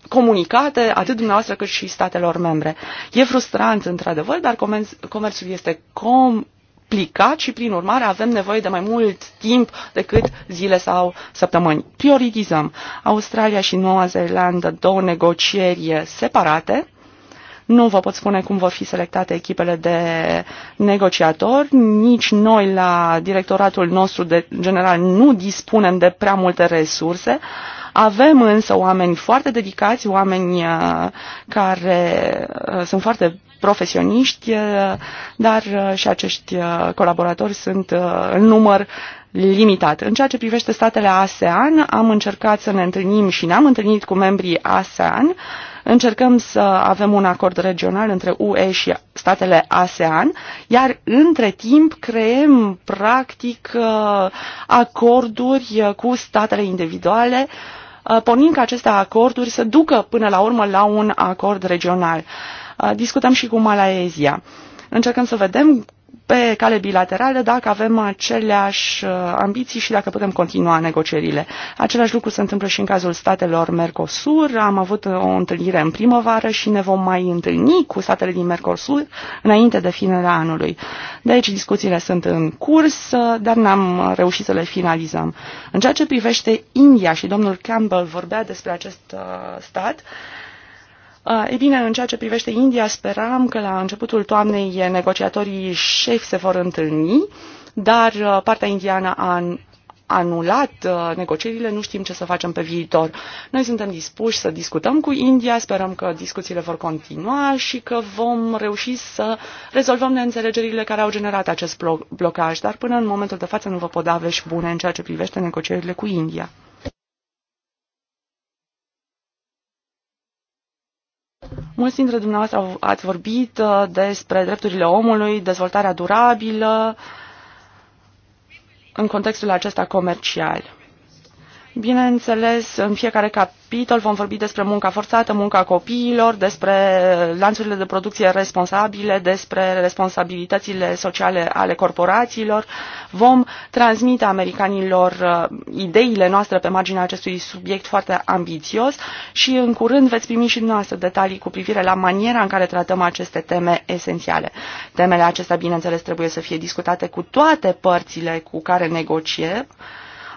comunicate atât dumneavoastră cât și statelor membre. E frustrant, într-adevăr, dar comerț, comerțul este com, complicat și, prin urmare, avem nevoie de mai mult timp decât zile sau săptămâni. Prioritizăm Australia și Noua Zeelandă, două negocieri separate. Nu vă pot spune cum vor fi selectate echipele de negociatori, nici noi la directoratul nostru de general nu dispunem de prea multe resurse. Avem însă oameni foarte dedicați, oameni uh, care uh, sunt foarte profesioniști, eh, dar eh, și acești eh, colaboratori sunt în număr limitat. În ceea ce privește statele ASEAN, am încercat să ne întâlnim și ne-am întâlnit cu membrii ASEAN. Încercăm să avem un acord regional între UE și statele ASEAN, iar între timp creăm practic acorduri cu statele individuale pornind ca aceste acorduri să ducă până la urmă la un acord regional discutăm și cu Malaezia. Încercăm să vedem pe cale bilaterală dacă avem aceleași uh, ambiții și dacă putem continua negocierile. Același lucru se întâmplă și în cazul statelor Mercosur. Am avut uh, o întâlnire în primăvară și ne vom mai întâlni cu statele din Mercosur înainte de finele anului. Deci discuțiile sunt în curs, uh, dar n-am reușit să le finalizăm. În ceea ce privește India și domnul Campbell vorbea despre acest stat, uh, Uh, ei bine, în ceea ce privește India, speram că la începutul toamnei negociatorii șefi se vor întâlni, dar uh, partea indiană a anulat uh, negocierile, nu știm ce să facem pe viitor. Noi suntem dispuși să discutăm cu India, sperăm că discuțiile vor continua și că vom reuși să rezolvăm neînțelegerile care au generat acest blocaj, dar până în momentul de față nu vă pot da vești bune în ceea ce privește negocierile cu India. Mulți dintre dumneavoastră ați vorbit uh, despre drepturile omului, dezvoltarea durabilă în contextul acesta comercial. Bineînțeles, în fiecare capitol vom vorbi despre munca forțată, munca copiilor, despre lanțurile de producție responsabile, despre responsabilitățile sociale ale corporațiilor. Vom transmite americanilor uh, ideile noastre pe marginea acestui subiect foarte ambițios și în curând veți primi și dumneavoastră detalii cu privire la maniera în care tratăm aceste teme esențiale. Temele acestea, bineînțeles, trebuie să fie discutate cu toate părțile cu care negociem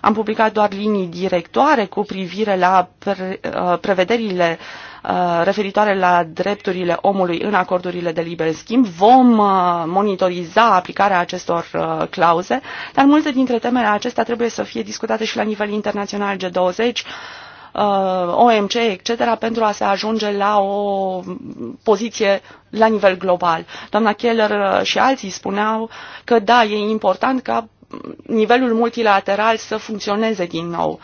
am publicat doar linii directoare cu privire la pre, uh, prevederile uh, referitoare la drepturile omului în acordurile de liber schimb. Vom uh, monitoriza aplicarea acestor clauze, dar multe dintre temele acestea trebuie să fie discutate și la nivel internațional G20, OMC, etc., pentru a se ajunge la o poziție la nivel global. Doamna Keller și alții spuneau că da, e important ca nivelul multilateral să funcționeze din nou.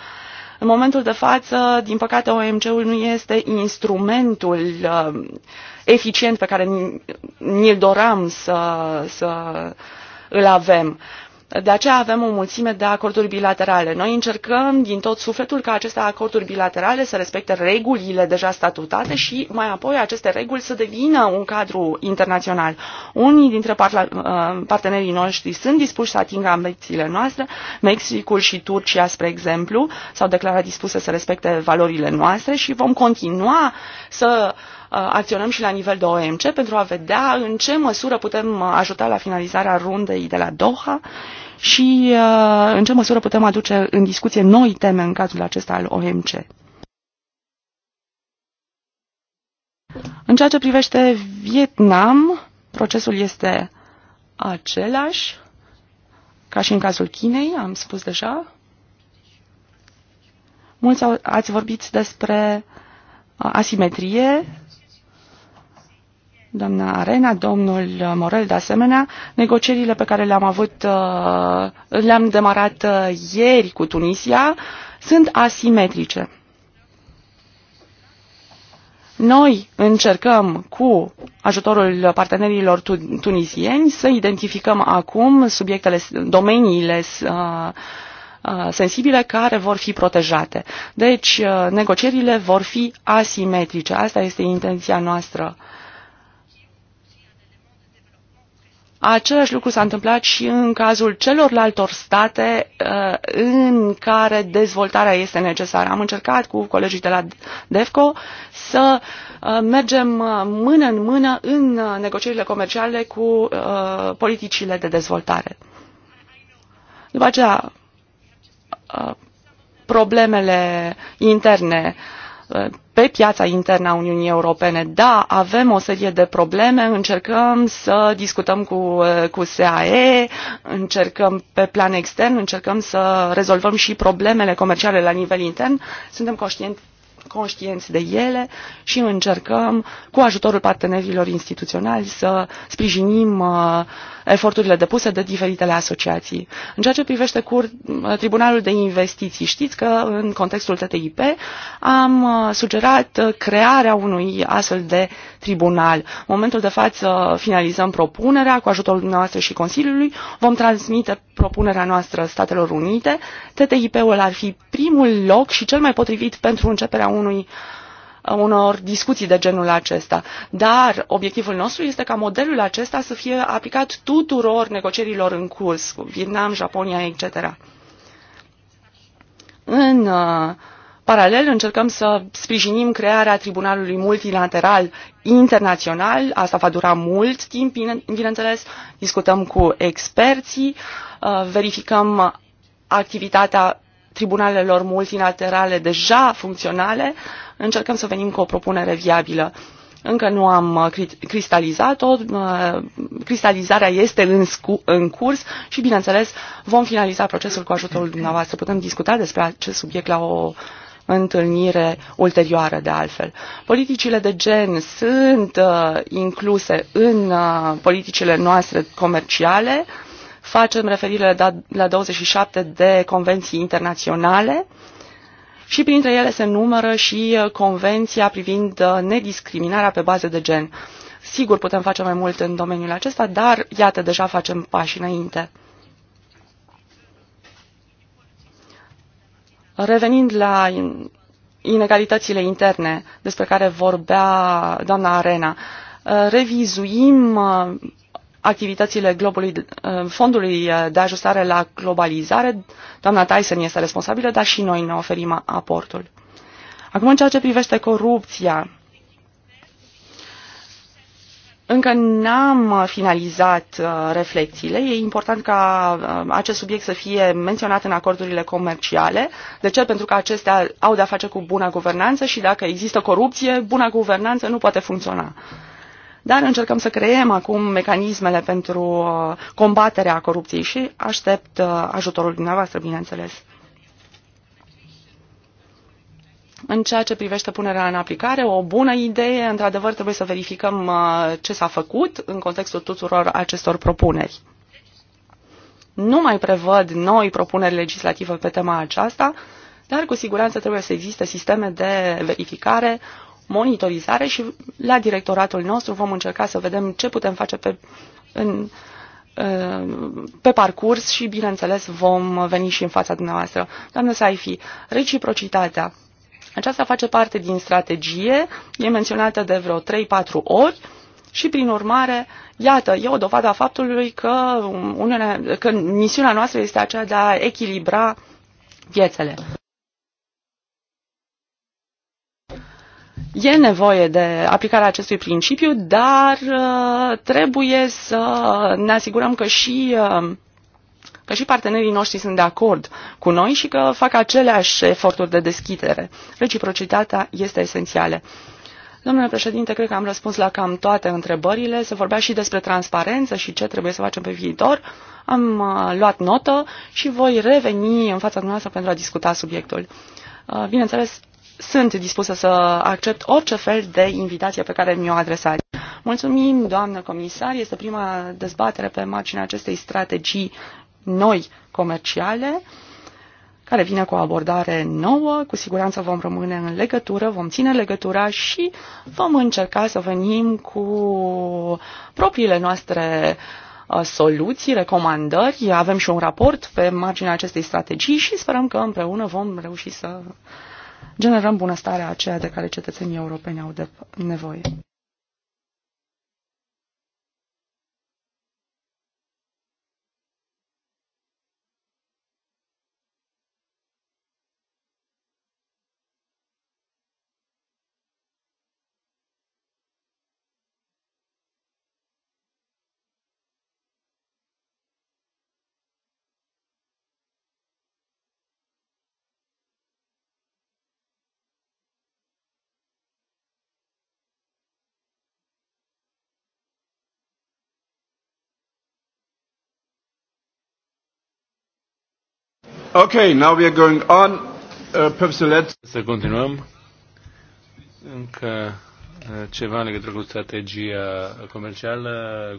În momentul de față, din păcate, OMC-ul nu este instrumentul uh, eficient pe care ni-l doram să, să îl avem. Uh, de aceea avem o mulțime de acorduri bilaterale. Noi încercăm din tot sufletul ca aceste acorduri bilaterale să respecte regulile deja statutate și mai apoi aceste reguli să devină un cadru internațional. Unii dintre uh, partenerii noștri sunt dispuși să atingă ambițiile noastre. Mexicul și Turcia, spre exemplu, s-au declarat dispuse să respecte valorile noastre și vom continua să uh, acționăm și la nivel de OMC pentru a vedea în ce măsură putem ajuta la finalizarea rundei de la Doha și uh, în ce măsură putem aduce în discuție noi teme în cazul acesta al OMC. În ceea ce privește Vietnam, procesul este același ca și în cazul Chinei, am spus deja. Mulți au, ați vorbit despre uh, asimetrie doamna Arena, domnul Morel de asemenea, negocierile pe care le-am avut, uh, le-am demarat uh, ieri cu Tunisia sunt asimetrice. Noi încercăm cu ajutorul partenerilor tunisieni să identificăm acum subiectele, domeniile uh, sensibile care vor fi protejate. Deci, negocierile vor fi asimetrice. Asta este intenția noastră. Uh, Același lucru s-a întâmplat și în cazul celorlaltor state uh, în care dezvoltarea este necesară. Am încercat cu colegii de la DEFCO să uh, mergem uh, mână în mână în negocierile comerciale cu politicile de dezvoltare. După aceea, problemele interne pe piața internă a Uniunii Europene. Da, avem o serie de probleme, încercăm să discutăm cu, cu SAE, încercăm pe plan extern, încercăm să rezolvăm și problemele comerciale la nivel intern. Suntem conștienți conștienți de ele și încercăm, cu ajutorul partenerilor instituționali, să sprijinim uh, eforturile depuse de diferitele asociații. În ceea ce privește cur, Tribunalul de Investiții, știți că în contextul TTIP am uh, sugerat uh, crearea unui astfel de tribunal. În momentul de față uh, finalizăm propunerea cu ajutorul dumneavoastră și Consiliului. Vom transmite propunerea noastră Statelor Unite. TTIP-ul ar fi primul loc și cel mai potrivit pentru începerea unui uh, unor discuții de genul acesta. Dar obiectivul nostru este ca modelul acesta să fie aplicat tuturor negocierilor în curs, cu Vietnam, Japonia, etc. În uh, paralel încercăm să sprijinim crearea tribunalului multilateral internațional. Asta va dura mult timp, bineînțeles. Discutăm cu experții, uh, verificăm activitatea tribunalelor multilaterale deja funcționale, încercăm să venim cu o propunere viabilă. Încă nu am uh, cristalizat-o, uh, cristalizarea este în, în curs și, bineînțeles, vom finaliza procesul cu ajutorul dumneavoastră. Putem discuta despre acest subiect la o întâlnire ulterioară, de altfel. Politicile de gen sunt uh, incluse în uh, politicile noastre comerciale, uh, facem referire la 27 de convenții internaționale și printre ele se numără și uh, convenția privind uh, nediscriminarea pe bază de gen. Sigur, putem face mai mult în domeniul acesta, dar iată, deja facem pași înainte. Revenind la inegalitățile interne despre care vorbea doamna Arena, uh, revizuim activitățile globului, uh, fondului uh, de ajustare la globalizare. Doamna Tyson este responsabilă, dar și noi ne oferim aportul. Acum, în ceea ce privește corupția, încă n-am finalizat uh, reflexiile. E important ca acest subiect să fie menționat în acordurile comerciale. De ce? Pentru că acestea au de-a face cu buna guvernanță și dacă există corupție, buna guvernanță nu poate funcționa dar încercăm să creăm acum mecanismele pentru uh, combaterea corupției și aștept uh, ajutorul dumneavoastră, bineînțeles. În ceea ce privește punerea în aplicare, o bună idee, într-adevăr, trebuie să verificăm uh, ce s-a făcut în contextul tuturor acestor propuneri. Nu mai prevăd noi propuneri legislative pe tema aceasta, dar cu siguranță trebuie să existe sisteme de verificare monitorizare și la directoratul nostru vom încerca să vedem ce putem face pe, în, ă, pe parcurs și, bineînțeles, vom veni și în fața dumneavoastră. Doamnă fi reciprocitatea. Aceasta face parte din strategie, e menționată de vreo 3-4 ori și, prin urmare, iată, e o dovadă a faptului că, unele, că misiunea noastră este aceea de a echilibra viețele. E nevoie de aplicarea acestui principiu, dar uh, trebuie să ne asigurăm că și, uh, că și partenerii noștri sunt de acord cu noi și că fac aceleași eforturi de deschidere. Reciprocitatea este esențială. Domnule președinte, cred că am răspuns la cam toate întrebările. Se vorbea și despre transparență și ce trebuie să facem pe viitor. Am uh, luat notă și voi reveni în fața dumneavoastră pentru a discuta subiectul. Bineînțeles, sunt dispusă să accept orice fel de invitație pe care mi-o adresați. Mulțumim, doamnă comisar. Este prima dezbatere pe marginea acestei strategii noi comerciale care vine cu o abordare nouă. Cu siguranță vom rămâne în legătură, vom ține legătura și vom încerca să venim cu propriile noastre uh, soluții, recomandări. Avem și un raport pe marginea acestei strategii și sperăm că împreună vom reuși să generăm bunăstarea aceea de care cetățenii europeni au de nevoie. Okay, now we are going on. Uh, să, let's... Să continuăm. Încă uh, ceva în legătură cu strategia comercială,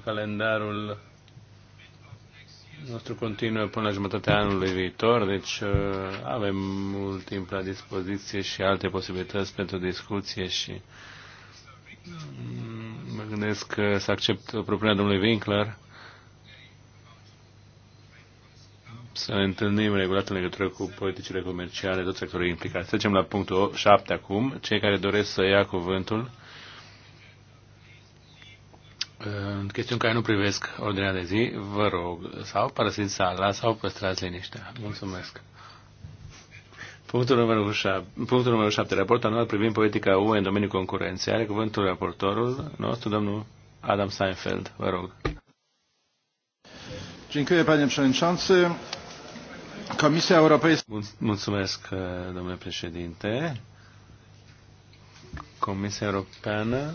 calendarul nostru continuă până la jumătatea anului viitor, deci uh, avem mult timp la dispoziție și alte posibilități pentru discuție și mm, mă gândesc că să accept propunerea domnului Winkler să ne întâlnim regulat în legătură cu politicile comerciale, toți actorii implicați. Trecem la punctul 7 acum. Cei care doresc să ia cuvântul în chestiuni care nu privesc ordinea de zi, vă rog, sau părăsiți sala sau păstrați liniștea. Mulțumesc. Punctul numărul, șap- punctul numărul 7. Raport anual privind politica UE în domeniul concurenței. Are cuvântul raportorul nostru, domnul Adam Seinfeld. Vă rog. Dziękuję, panie przewodniczący. Comisia Europeană... Mulțumesc, uh, domnule președinte. Comisia Europeană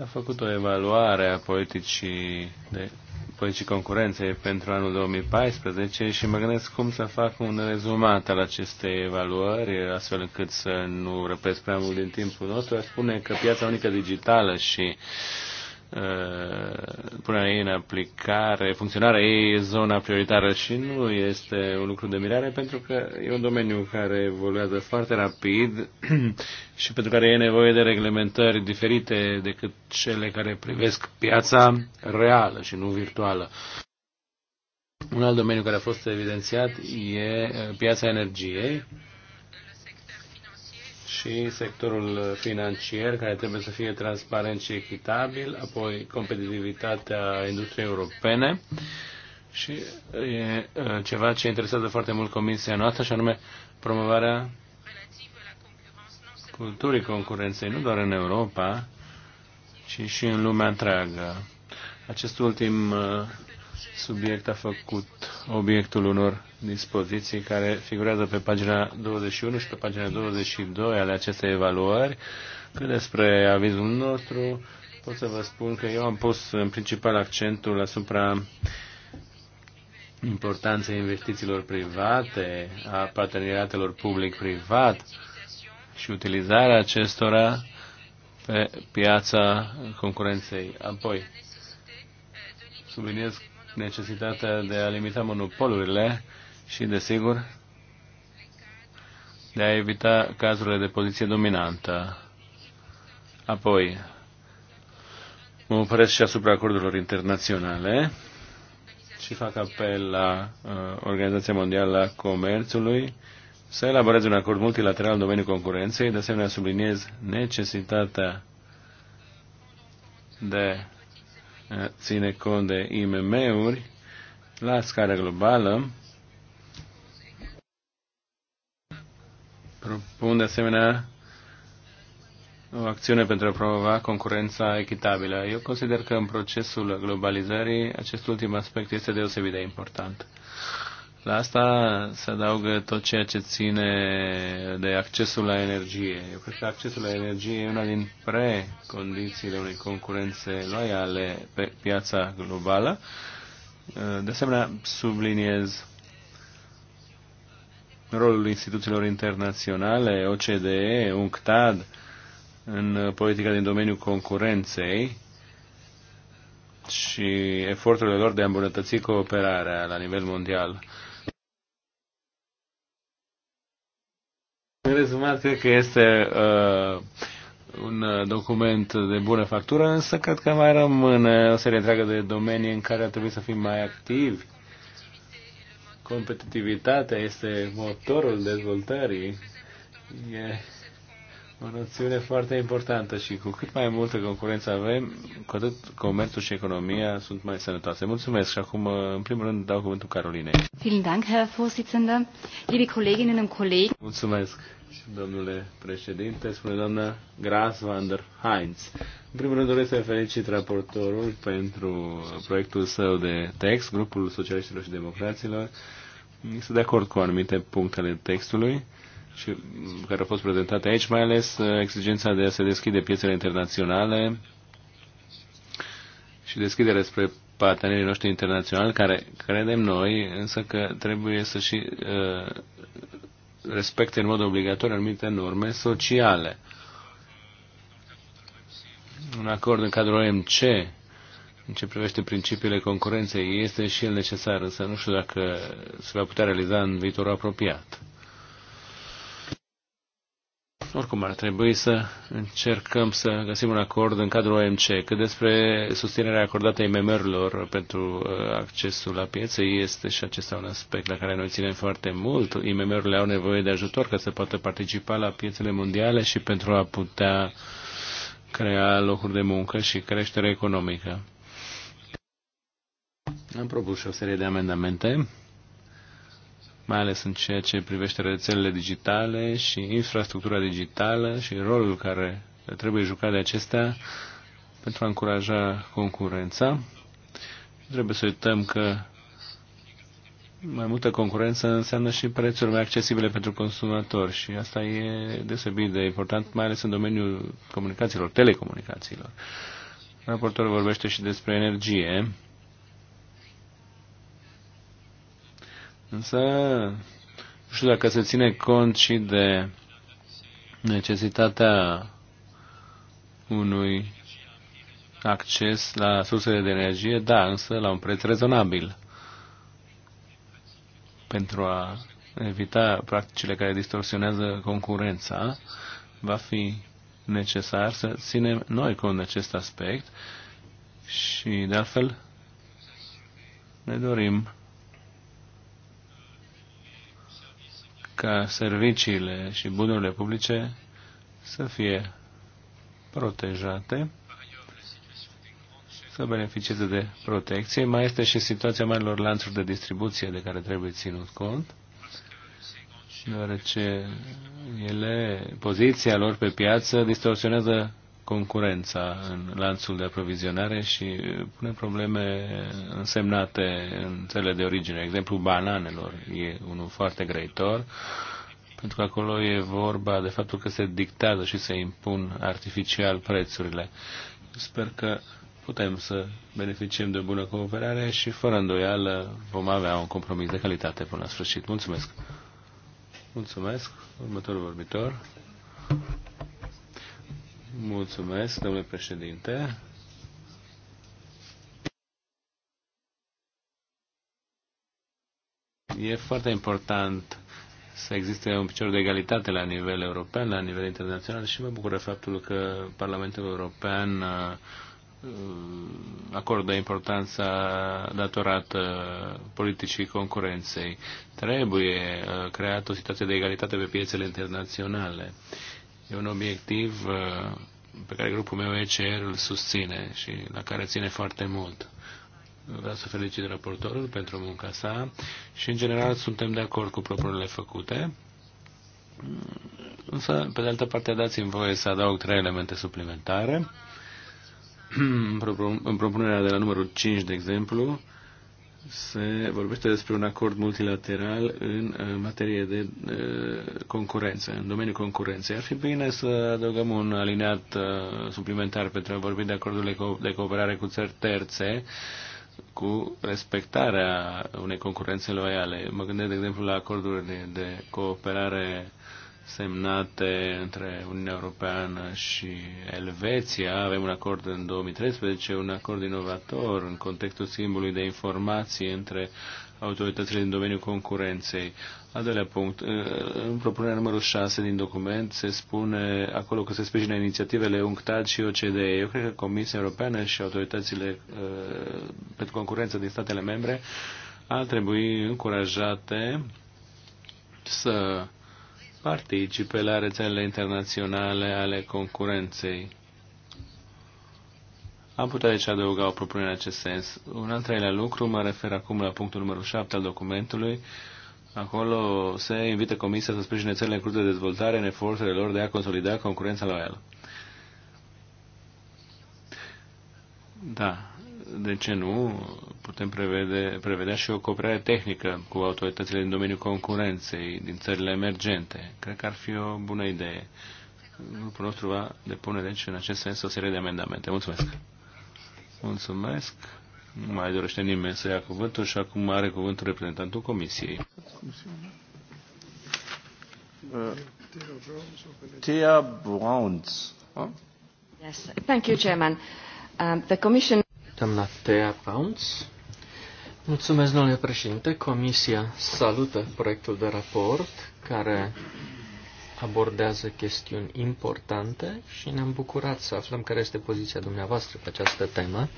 a făcut o evaluare a politicii de politicii concurenței pentru anul 2014 și mă gândesc cum să fac un rezumat al acestei evaluări, astfel încât să nu răpesc prea mult din timpul nostru. Aș spune că piața unică digitală și uh, Uh, punerea ei în aplicare, funcționarea ei e zona prioritară și nu este un lucru de mirare pentru că e un domeniu care evoluează foarte rapid [CLEARS THROAT] și pentru care e nevoie de reglementări diferite decât cele care privesc piața reală și nu virtuală. Un alt domeniu care a fost evidențiat e uh, piața energiei și sectorul financiar, care trebuie să fie transparent și echitabil, apoi competitivitatea industriei europene și e ceva ce interesează foarte mult Comisia noastră, și anume promovarea culturii concurenței, nu doar în Europa, ci și în lumea întreagă. Acest ultim uh, subiect a făcut obiectul unor dispoziții care figurează pe pagina 21 și pe pagina 22 ale acestei evaluări. Cât despre avizul nostru, pot să vă spun că eu am pus în principal accentul asupra importanței investițiilor private, a parteneriatelor public-privat și utilizarea acestora pe piața concurenței. Apoi, subliniez necesitatea de a limita monopolurile și, desigur, de a evita cazurile de poziție dominantă. Apoi, mă opresc și asupra acordurilor internaționale și fac apel la uh, Organizația Mondială a Comerțului să elaboreze un acord multilateral în domeniul concurenței. De asemenea, subliniez necesitatea de a uh, ține cont de IMM-uri la scară globală propun de asemenea o acțiune pentru a promova concurența echitabilă. Eu consider că în procesul globalizării acest ultim aspect este deosebit de important. La asta se adaugă tot ceea ce ține de accesul la energie. Eu cred că accesul la energie e una din precondițiile unei concurențe loiale pe piața globală. De asemenea, subliniez rolul instituțiilor internaționale, OCDE, UNCTAD, în politica din domeniul concurenței și eforturile lor de a îmbunătăți cooperarea la nivel mondial. În rezumat, cred că este uh, un uh, document de bună factură, însă cred că mai rămâne o serie întreagă de domenii în care ar trebui să fim mai activi competitivitatea este motorul dezvoltării, e o noțiune foarte importantă și cu cât mai multă concurență avem, cu atât comerțul și economia sunt mai sănătoase. Mulțumesc și acum, în primul rând, dau cuvântul Carolinei. Vielen Dank, Herr Vorsitzender. Liebe Kolleginnen und Kollegen. Mulțumesc, domnule președinte, spune doamna Gras van der Heinz. În primul rând doresc să felicit raportorul pentru proiectul său de text, grupul socialiștilor și democraților. Sunt de acord cu anumite punctele textului și mm, care au fost prezentate aici, mai ales uh, exigența de a se deschide piețele internaționale și deschiderea spre partenerii noștri internaționali, care credem noi, însă că trebuie să și uh, respecte în mod obligatoriu anumite norme sociale. Uh, un acord în cadrul OMC în ce privește principiile concurenței este și el necesar, însă nu știu dacă se va putea realiza în viitorul apropiat. Oricum ar trebui să încercăm să găsim un acord în cadrul OMC, că despre susținerea acordată IMM-urilor pentru uh, accesul la piețe este și acesta un aspect la care noi ținem foarte mult. IMM-urile au nevoie de ajutor ca să poată participa la piețele mondiale și pentru a putea uh, crea locuri de muncă și creștere economică. Am propus și o serie de amendamente, mai ales în ceea ce privește rețelele digitale și infrastructura digitală și rolul care trebuie jucat de acestea pentru a încuraja concurența. Trebuie să uităm că mai multă concurență înseamnă și prețuri mai accesibile pentru consumatori și asta e deosebit de important, mai ales în domeniul comunicațiilor, telecomunicațiilor. Raportorul vorbește și despre energie. Însă, nu știu dacă se ține cont și de necesitatea unui acces la sursele de energie, da, însă la un preț rezonabil pentru a evita practicile care distorsionează concurența, va fi necesar să ținem noi cont de acest aspect și, de altfel, ne dorim ca serviciile și bunurile publice să fie protejate să beneficieze de protecție. Mai este și situația marilor lanțuri de distribuție de care trebuie ținut cont, deoarece ele, poziția lor pe piață distorsionează concurența în lanțul de aprovizionare și pune probleme însemnate în țările de origine. Exemplul bananelor e unul foarte greitor, pentru că acolo e vorba de faptul că se dictează și se impun artificial prețurile. Sper că putem să beneficiem de o bună cooperare și fără îndoială vom avea un compromis de calitate până la sfârșit. Mulțumesc! Mulțumesc! Următorul vorbitor. Mulțumesc, domnule președinte. E foarte important să existe un picior de egalitate la nivel european, la nivel internațional și mă bucură faptul că Parlamentul European Uh, acordă importanța datorată politicii concurenței. Trebuie uh, creată o situație de egalitate pe piețele internaționale. E un obiectiv uh, pe care grupul meu ECR îl susține și la care ține foarte mult. Vreau să felicit raportorul pentru munca sa și, în general, suntem de acord cu propunerile făcute. Însă, pe de altă parte, dați-mi voie să adaug trei elemente suplimentare în propunerea de la numărul 5, de exemplu, se vorbește despre un acord multilateral în uh, materie de uh, concurență, în domeniul concurenței. Ar fi bine să adăugăm un alineat uh, suplimentar pentru a vorbi de acordurile de cooperare cu țări terțe cu respectarea unei concurențe loiale. Mă gândesc, de exemplu, la acordurile de cooperare semnate între Uniunea Europeană și Elveția. Avem un acord în 2013, un acord inovator în contextul schimbului de informații între autoritățile din domeniul concurenței. Al doilea punct, în propunerea numărul 6 din document se spune acolo că se sprijină inițiativele UNCTAD și OCDE. Eu cred că Comisia Europeană și autoritățile uh, pentru concurență din statele membre ar trebui încurajate să participe la rețelele internaționale ale concurenței. Am putea deci adăuga o propunere în acest sens. Un al treilea lucru, mă refer acum la punctul numărul 7 al documentului. Acolo se invită Comisia să sprijine țările în curs de dezvoltare în eforturile lor de a consolida concurența loială. Da, de ce nu? putem prevede, prevedea și o cooperare tehnică cu autoritățile din domeniul concurenței din țările emergente. Cred că ar fi o bună idee. Grupul nostru va depune, deci, în acest sens, o serie de amendamente. Mulțumesc! Mulțumesc! Nu mai dorește nimeni să ia cuvântul și acum are cuvântul reprezentantul Comisiei. Uh, Tia Browns. Yes, thank you, Chairman. Um, the Commission... Doamna Tea Browns Mulțumesc, domnule președinte. Comisia salută proiectul de raport care abordează chestiuni importante și ne-am bucurat să aflăm care este poziția dumneavoastră pe această temă.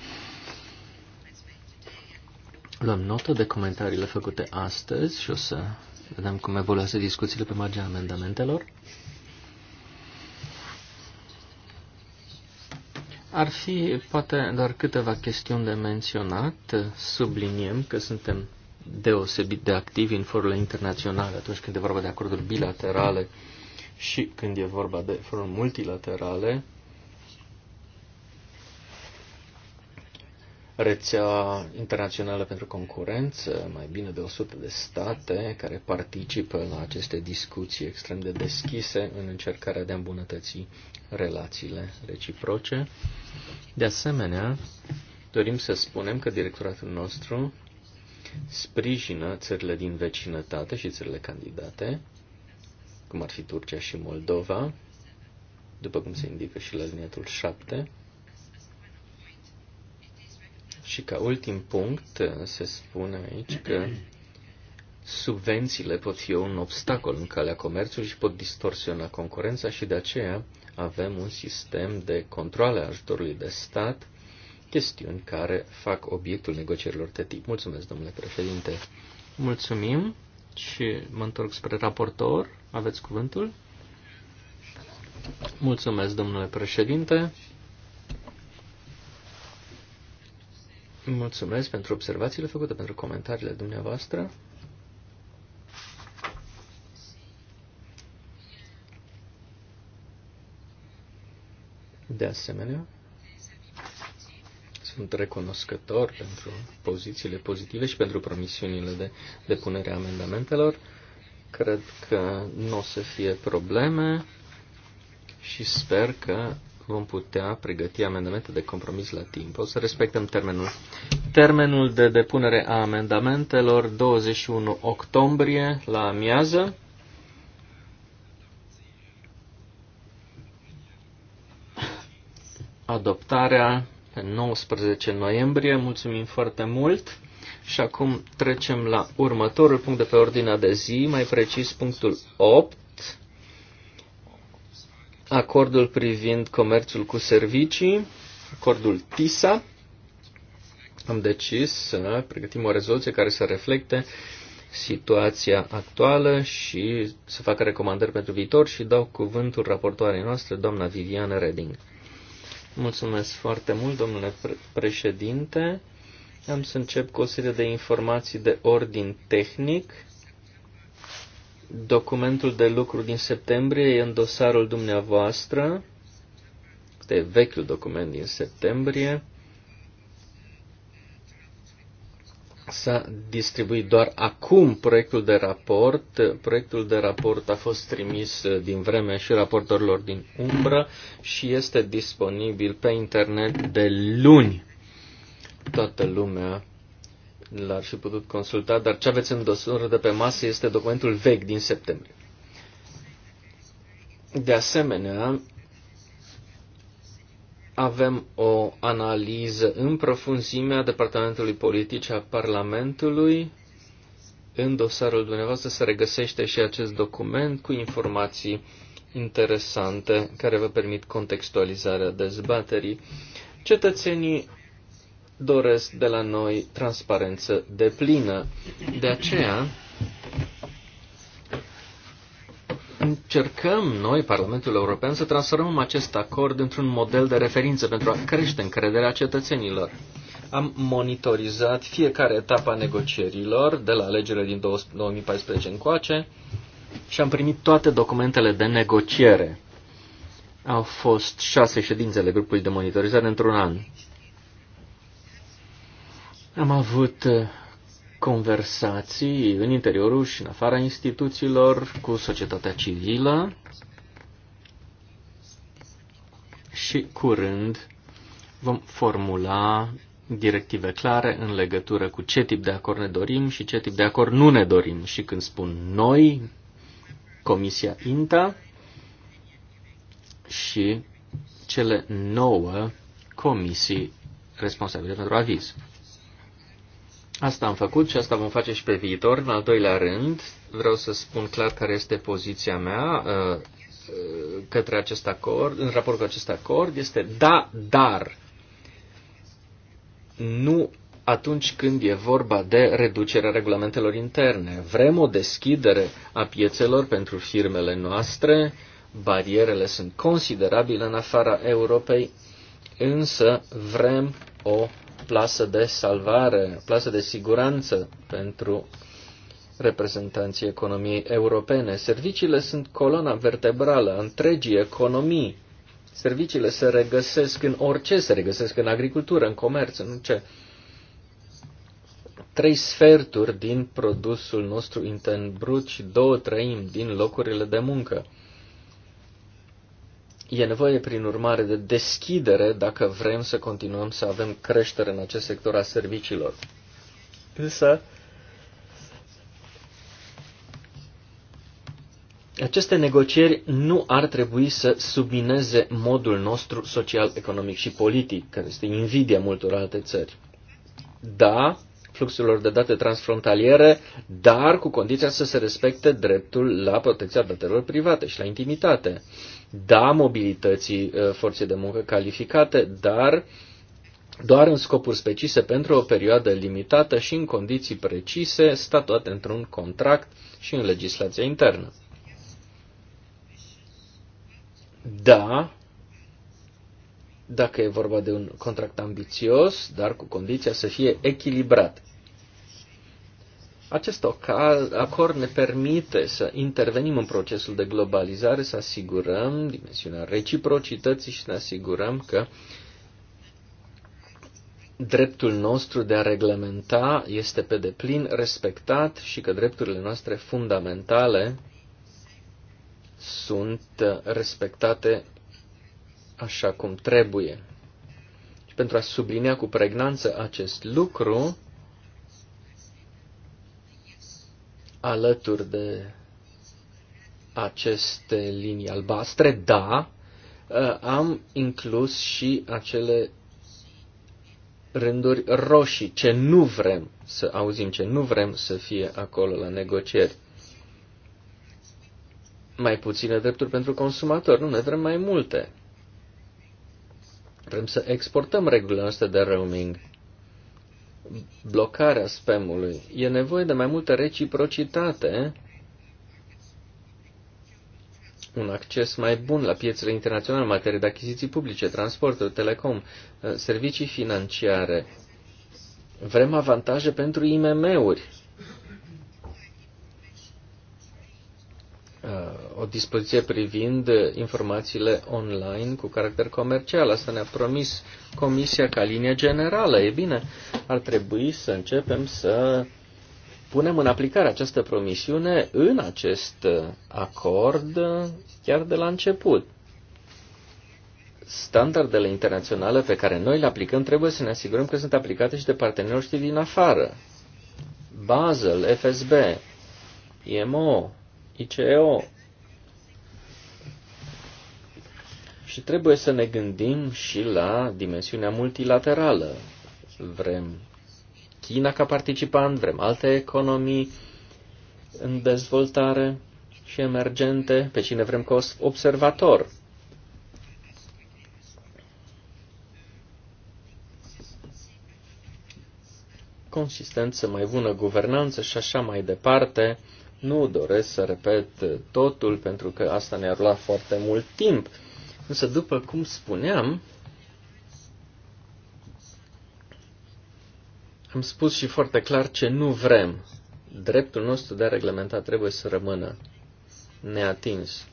Luăm notă de comentariile făcute astăzi și o să vedem cum evoluează discuțiile pe marginea amendamentelor. Ar fi poate doar câteva chestiuni de menționat. Subliniem că suntem deosebit de activi în forurile internaționale atunci când e vorba de acorduri bilaterale și când e vorba de foruri multilaterale. rețea internațională pentru concurență, mai bine de 100 de state care participă la aceste discuții extrem de deschise în încercarea de a îmbunătăți relațiile reciproce. De asemenea, dorim să spunem că directoratul nostru sprijină țările din vecinătate și țările candidate, cum ar fi Turcia și Moldova, după cum se indică și la liniatul 7, și ca ultim punct se spune aici că subvențiile pot fi un obstacol în calea comerțului și pot distorsiona concurența și de aceea avem un sistem de controle a ajutorului de stat, chestiuni care fac obiectul negocierilor de tip. Mulțumesc, domnule președinte. Mulțumim și mă întorc spre raportor. Aveți cuvântul? Mulțumesc, domnule președinte. Mulțumesc pentru observațiile făcute, pentru comentariile dumneavoastră. De asemenea, sunt recunoscător pentru pozițiile pozitive și pentru promisiunile de depunere a amendamentelor. Cred că nu o să fie probleme și sper că vom putea pregăti amendamente de compromis la timp. O să respectăm termenul. Termenul de depunere a amendamentelor 21 octombrie la amiază. Adoptarea pe 19 noiembrie. Mulțumim foarte mult. Și acum trecem la următorul punct de pe ordinea de zi, mai precis punctul 8 acordul privind comerțul cu servicii, acordul TISA. Am decis să pregătim o rezoluție care să reflecte situația actuală și să facă recomandări pentru viitor și dau cuvântul raportoarei noastre, doamna Viviana Reding. Mulțumesc foarte mult, domnule președinte. Am să încep cu o serie de informații de ordin tehnic Documentul de lucru din septembrie e în dosarul dumneavoastră. Este vechiul document din septembrie. S-a distribuit doar acum proiectul de raport. Proiectul de raport a fost trimis din vremea și raportorilor din umbră și este disponibil pe internet de luni. Toată lumea l-ar fi putut consulta, dar ce aveți în dosarul de pe masă este documentul vechi din septembrie. De asemenea, avem o analiză în profunzime a Departamentului Politice a Parlamentului. În dosarul dumneavoastră se regăsește și acest document cu informații interesante care vă permit contextualizarea dezbaterii. Cetățenii doresc de la noi transparență deplină. De aceea, încercăm noi, Parlamentul European, să transformăm acest acord într-un model de referință pentru a crește încrederea cetățenilor. Am monitorizat fiecare etapă a negocierilor de la alegerile din 2014 încoace și am primit toate documentele de negociere. Au fost șase ședințele ale grupului de monitorizare într-un an. Am avut uh, conversații în interiorul și în afara instituțiilor cu societatea civilă și curând vom formula directive clare în legătură cu ce tip de acord ne dorim și ce tip de acord nu ne dorim. Și când spun noi, Comisia INTA și cele nouă comisii responsabile pentru aviz. Asta am făcut și asta vom face și pe viitor. În al doilea rând, vreau să spun clar care este poziția mea uh, uh, către acest acord, în raport cu acest acord, este da, dar nu atunci când e vorba de reducerea regulamentelor interne. Vrem o deschidere a piețelor pentru firmele noastre, barierele sunt considerabile în afara Europei, însă vrem o plasă de salvare, plasă de siguranță pentru reprezentanții economiei europene. Serviciile sunt coloana vertebrală a întregii economii. Serviciile se regăsesc în orice, se regăsesc în agricultură, în comerț, în ce. Trei sferturi din produsul nostru intern brut și două treimi din locurile de muncă. E nevoie, prin urmare, de deschidere dacă vrem să continuăm să avem creștere în acest sector a serviciilor. Însă, aceste negocieri nu ar trebui să submineze modul nostru social, economic și politic, care este invidia multor alte țări. Da, fluxurilor de date transfrontaliere, dar cu condiția să se respecte dreptul la protecția datelor private și la intimitate da mobilității uh, forței de muncă calificate, dar doar în scopuri specise pentru o perioadă limitată și în condiții precise statuate într-un contract și în legislația internă. Da, dacă e vorba de un contract ambițios, dar cu condiția să fie echilibrat. Acest acord ne permite să intervenim în procesul de globalizare, să asigurăm dimensiunea reciprocității și să ne asigurăm că dreptul nostru de a reglementa este pe deplin respectat și că drepturile noastre fundamentale sunt respectate așa cum trebuie. Și pentru a sublinia cu pregnanță acest lucru, alături de aceste linii albastre, da, uh, am inclus și acele rânduri roșii, ce nu vrem să auzim, ce nu vrem să fie acolo la negocieri. Mai puține drepturi pentru consumatori, nu ne vrem mai multe. Vrem să exportăm regulile astea de roaming blocarea spamului. E nevoie de mai multă reciprocitate, un acces mai bun la piețele internaționale în materie de achiziții publice, transporturi, telecom, eh, servicii financiare. Vrem avantaje pentru IMM-uri o dispoziție privind informațiile online cu caracter comercial. Asta ne-a promis Comisia ca linie generală. E bine, ar trebui să începem să punem în aplicare această promisiune în acest acord chiar de la început. Standardele internaționale pe care noi le aplicăm trebuie să ne asigurăm că sunt aplicate și de partenerii din afară. Basel, FSB, IMO, ICEO, Și trebuie să ne gândim și la dimensiunea multilaterală. Vrem China ca participant, vrem alte economii în dezvoltare și emergente, pe cine vrem ca observator. Consistență mai bună, guvernanță și așa mai departe. Nu doresc să repet totul pentru că asta ne-ar lua foarte mult timp Însă, după cum spuneam, am spus și foarte clar ce nu vrem. Dreptul nostru de a reglementa trebuie să rămână neatins.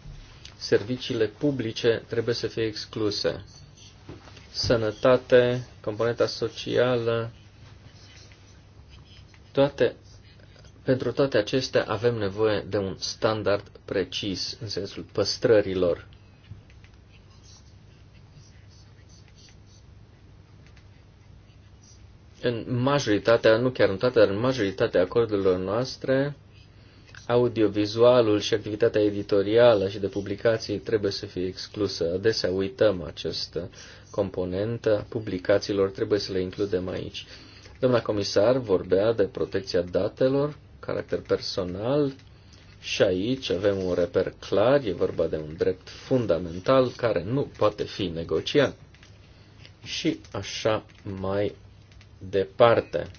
Serviciile publice trebuie să fie excluse. Sănătate, componenta socială, toate, pentru toate acestea avem nevoie de un standard precis în sensul păstrărilor în majoritatea, nu chiar în toate, dar în majoritatea acordurilor noastre, audiovizualul și activitatea editorială și de publicații trebuie să fie exclusă. Adesea uităm această componentă, publicațiilor trebuie să le includem aici. Doamna comisar vorbea de protecția datelor, caracter personal, și aici avem un reper clar, e vorba de un drept fundamental care nu poate fi negociat. Și așa mai departe.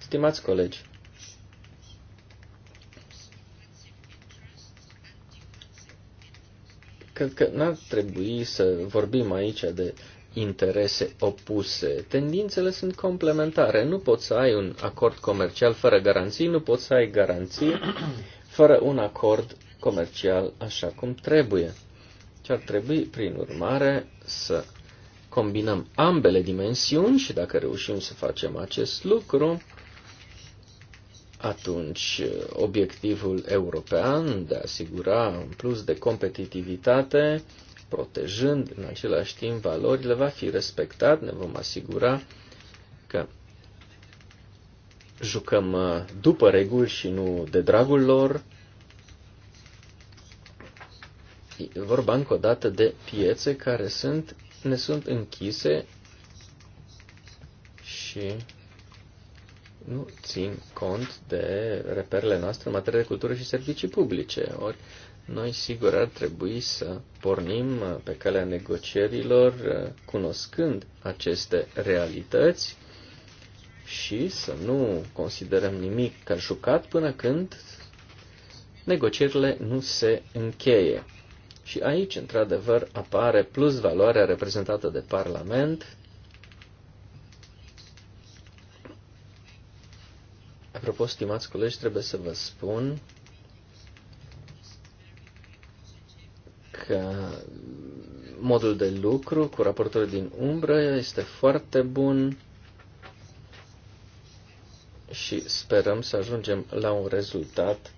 Stimați colegi, cred că n-ar trebui să vorbim aici de interese opuse. Tendințele sunt complementare. Nu poți să ai un acord comercial fără garanții, nu poți să ai garanții fără un acord comercial așa cum trebuie. Ce ar trebui, prin urmare, să combinăm ambele dimensiuni și dacă reușim să facem acest lucru, atunci obiectivul european de a asigura un plus de competitivitate, protejând în același timp valorile, va fi respectat. Ne vom asigura că jucăm uh, după reguli și nu de dragul lor. E vorba încă o dată de piețe care sunt ne sunt închise și nu țin cont de reperele noastre în materie de cultură și servicii publice. Ori noi sigur ar trebui să pornim pe calea negocierilor cunoscând aceste realități și să nu considerăm nimic ca jucat până când negocierile nu se încheie. Și aici, într-adevăr, apare plus valoarea reprezentată de Parlament. Apropo, stimați colegi, trebuie să vă spun că modul de lucru cu raportorii din umbră este foarte bun și sperăm să ajungem la un rezultat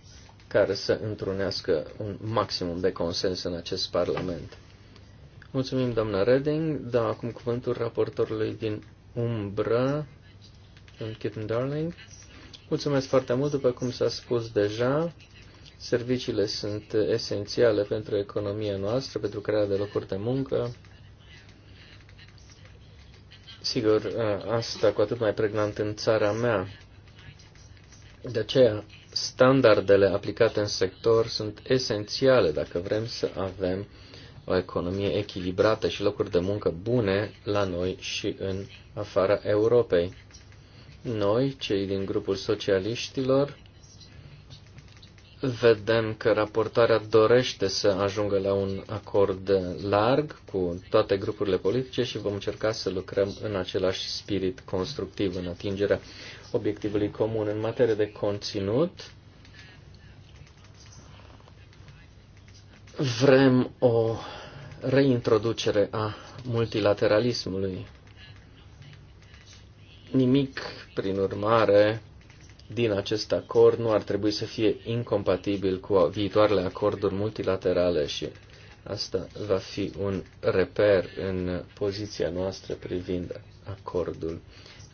care să întrunească un maximum de consens în acest Parlament. Mulțumim, doamna Reding. Da, acum cuvântul raportorului din umbră, Kitten Darling. Mulțumesc foarte mult, după cum s-a spus deja. Serviciile sunt esențiale pentru economia noastră, pentru crearea de locuri de muncă. Sigur, ă, asta cu atât mai pregnant în țara mea. De aceea standardele aplicate în sector sunt esențiale dacă vrem să avem o economie echilibrată și locuri de muncă bune la noi și în afara Europei. Noi, cei din grupul socialiștilor, vedem că raportarea dorește să ajungă la un acord larg cu toate grupurile politice și vom încerca să lucrăm în același spirit constructiv în atingerea obiectivului comun în materie de conținut. Vrem o reintroducere a multilateralismului. Nimic, prin urmare, din acest acord nu ar trebui să fie incompatibil cu viitoarele acorduri multilaterale și asta va fi un reper în poziția noastră privind acordul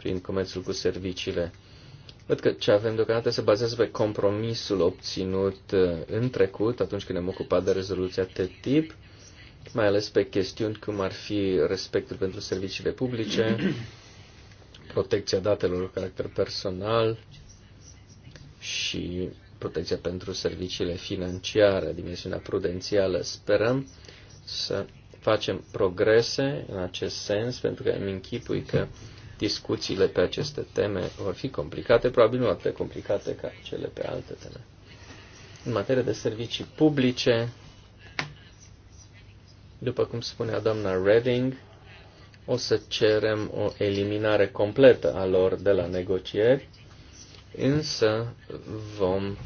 prin comerțul cu serviciile. Văd că ce avem deocamdată se bazează pe compromisul obținut uh, în trecut, atunci când ne-am ocupat de rezoluția TTIP, mai ales pe chestiuni cum ar fi respectul pentru serviciile publice, [CLEARS THROAT] protecția datelor cu caracter personal și protecția pentru serviciile financiare, dimensiunea prudențială. Sperăm să facem progrese în acest sens, pentru că îmi închipui că discuțiile pe aceste teme vor fi complicate, probabil nu atât de complicate ca cele pe alte teme. În materie de servicii publice, după cum spunea doamna Redding, o să cerem o eliminare completă a lor de la negocieri, însă vom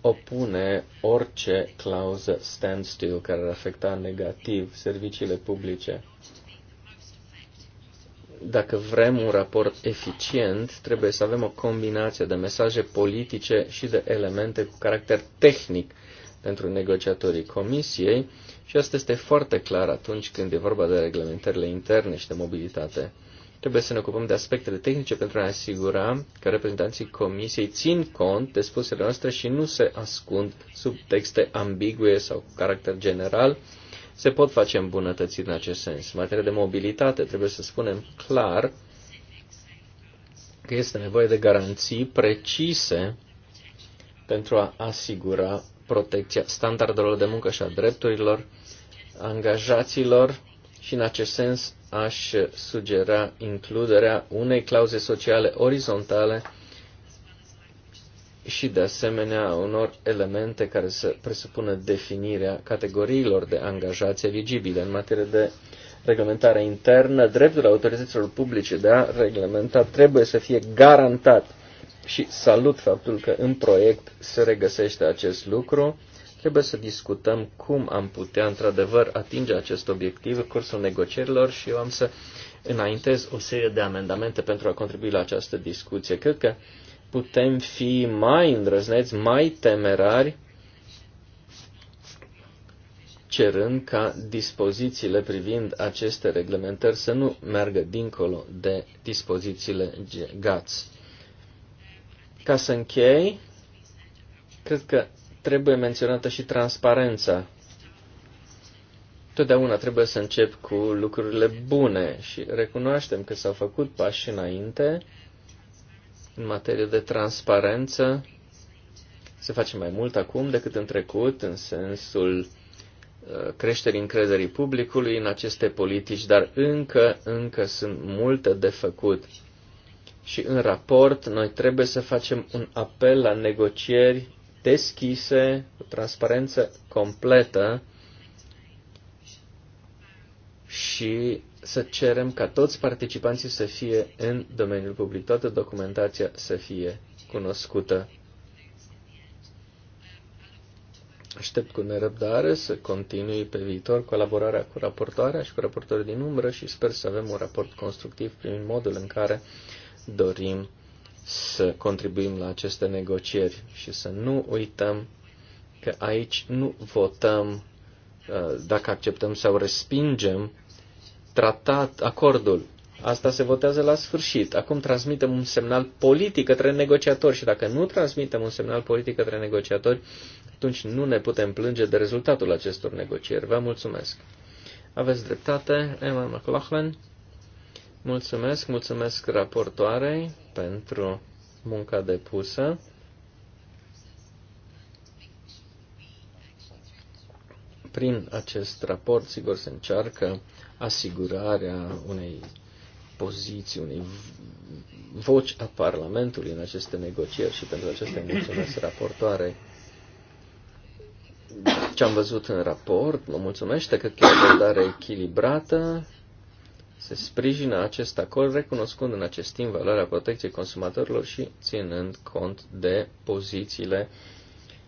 opune orice clauză standstill care ar afecta negativ serviciile publice dacă vrem un raport eficient, trebuie să avem o combinație de mesaje politice și de elemente cu caracter tehnic pentru negociatorii comisiei și asta este foarte clar atunci când e vorba de reglementările interne și de mobilitate. Trebuie să ne ocupăm de aspectele tehnice pentru a ne asigura că reprezentanții comisiei țin cont de spusele noastre și nu se ascund sub texte ambigue sau cu caracter general, se pot face îmbunătățiri în acest sens. În materie de mobilitate, trebuie să spunem clar că este nevoie de garanții precise pentru a asigura protecția standardelor de muncă și a drepturilor angajaților și în acest sens aș sugera includerea unei clauze sociale orizontale și de asemenea unor elemente care să presupună definirea categoriilor de angajați eligibile în materie de reglementare internă. Dreptul autorităților publice de a reglementa trebuie să fie garantat și salut faptul că în proiect se regăsește acest lucru. Trebuie să discutăm cum am putea într-adevăr atinge acest obiectiv în cursul negocierilor și eu am să înaintez o serie de amendamente pentru a contribui la această discuție. Cred că putem fi mai îndrăzneți, mai temerari, cerând ca dispozițiile privind aceste reglementări să nu meargă dincolo de dispozițiile GATS. Ca să închei, cred că trebuie menționată și transparența. Totdeauna trebuie să încep cu lucrurile bune și recunoaștem că s-au făcut pași înainte, în materie de transparență. Se face mai mult acum decât în trecut, în sensul uh, creșterii încrederii publicului în aceste politici, dar încă, încă sunt multe de făcut. Și în raport noi trebuie să facem un apel la negocieri deschise, cu transparență completă, și să cerem ca toți participanții să fie în domeniul public, toată documentația să fie cunoscută. Aștept cu nerăbdare să continui pe viitor colaborarea cu raportoarea și cu raportorii din umbră și sper să avem un raport constructiv prin modul în care dorim să contribuim la aceste negocieri și să nu uităm că aici nu votăm uh, dacă acceptăm sau respingem tratat, acordul. Asta se votează la sfârșit. Acum transmitem un semnal politic către negociatori și dacă nu transmitem un semnal politic către negociatori, atunci nu ne putem plânge de rezultatul acestor negocieri. Vă mulțumesc. Aveți dreptate, Emma McLaughlin. Mulțumesc, mulțumesc raportoarei pentru munca depusă. Prin acest raport, sigur, se încearcă asigurarea unei poziții, unei voci a Parlamentului în aceste negocieri și pentru aceste mulțumesc raportoare. Ce am văzut în raport mă mulțumește, că chiar o abordare echilibrată, se sprijină acest acord recunoscând în acest timp valoarea protecției consumatorilor și ținând cont de pozițiile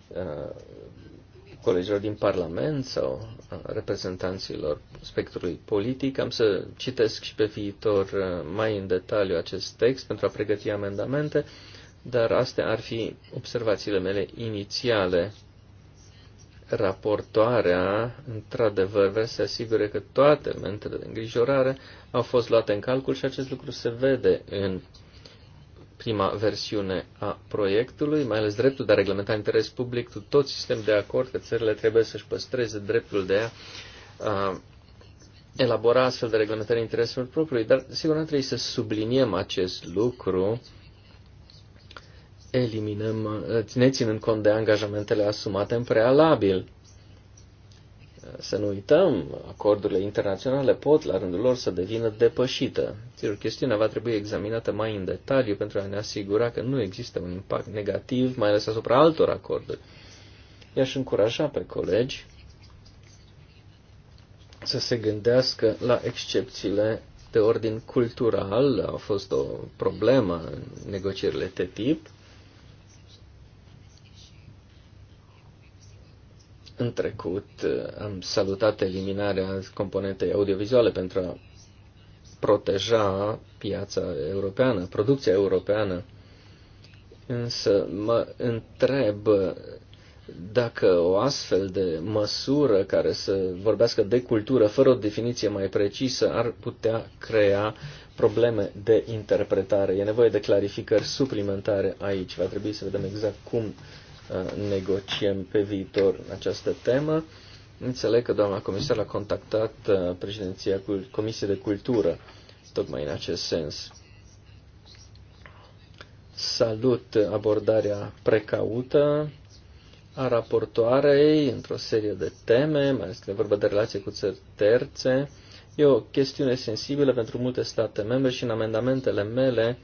uh, colegilor din Parlament sau reprezentanților spectrului politic. Am să citesc și pe viitor uh, mai în detaliu acest text pentru a pregăti amendamente, dar astea ar fi observațiile mele inițiale. Raportoarea, într-adevăr, vrea să se asigure că toate elementele de îngrijorare au fost luate în calcul și acest lucru se vede în prima versiune a proiectului, mai ales dreptul de a reglementa interes public, cu tot sistem de acord că țările trebuie să-și păstreze dreptul de a, a elabora astfel de reglementare intereselor propriu, dar sigur nu trebuie să subliniem acest lucru, eliminăm, ne ținând cont de angajamentele asumate în prealabil să nu uităm, acordurile internaționale pot, la rândul lor, să devină depășită. Sigur, chestiunea va trebui examinată mai în detaliu pentru a ne asigura că nu există un impact negativ, mai ales asupra altor acorduri. I-aș încuraja pe colegi să se gândească la excepțiile de ordin cultural. A fost o problemă în negocierile TTIP În trecut eh, am salutat eliminarea componentei audiovizuale pentru a proteja piața europeană, producția europeană. Însă mă întreb eh, dacă o astfel de măsură care să vorbească de cultură fără o definiție mai precisă ar putea crea probleme de interpretare. E nevoie de clarificări suplimentare aici. Va trebui să vedem exact cum Uh, negociem pe viitor în această temă. Înțeleg că doamna comisar a contactat uh, președinția Comisiei de Cultură tocmai în acest sens. Salut abordarea precaută a raportoarei într-o serie de teme, mai ales că vorba de relație cu țări terțe. E o chestiune sensibilă pentru multe state membre și în amendamentele mele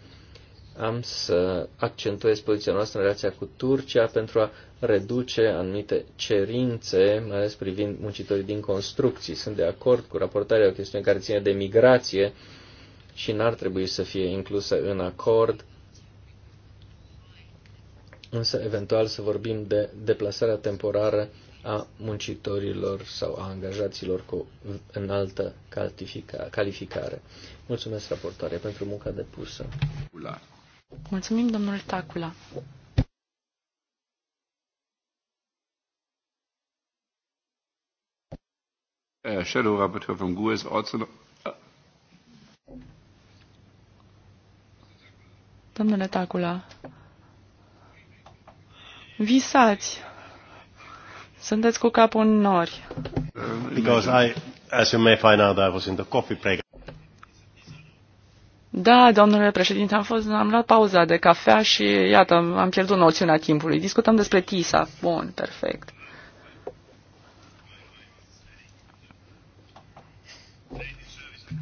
am să accentuez poziția noastră în relația cu Turcia pentru a reduce anumite cerințe, mai ales privind muncitorii din construcții. Sunt de acord cu raportarea o chestiune care ține de migrație și n-ar trebui să fie inclusă în acord, însă eventual să vorbim de deplasarea temporară a muncitorilor sau a angajaților cu înaltă calificare. Mulțumesc raportoare pentru munca depusă. Mulțumim, domnul Tacula. Äh, Shadow Rapporteur vom GUE ist Domnule Tacula, visați. Sunteți cu capul în nori. Because I, as you may find out, I was in the coffee break. Da, domnule președinte, am, fost, am luat pauza de cafea și iată, am pierdut noțiunea timpului. Discutăm despre TISA. Bun, perfect.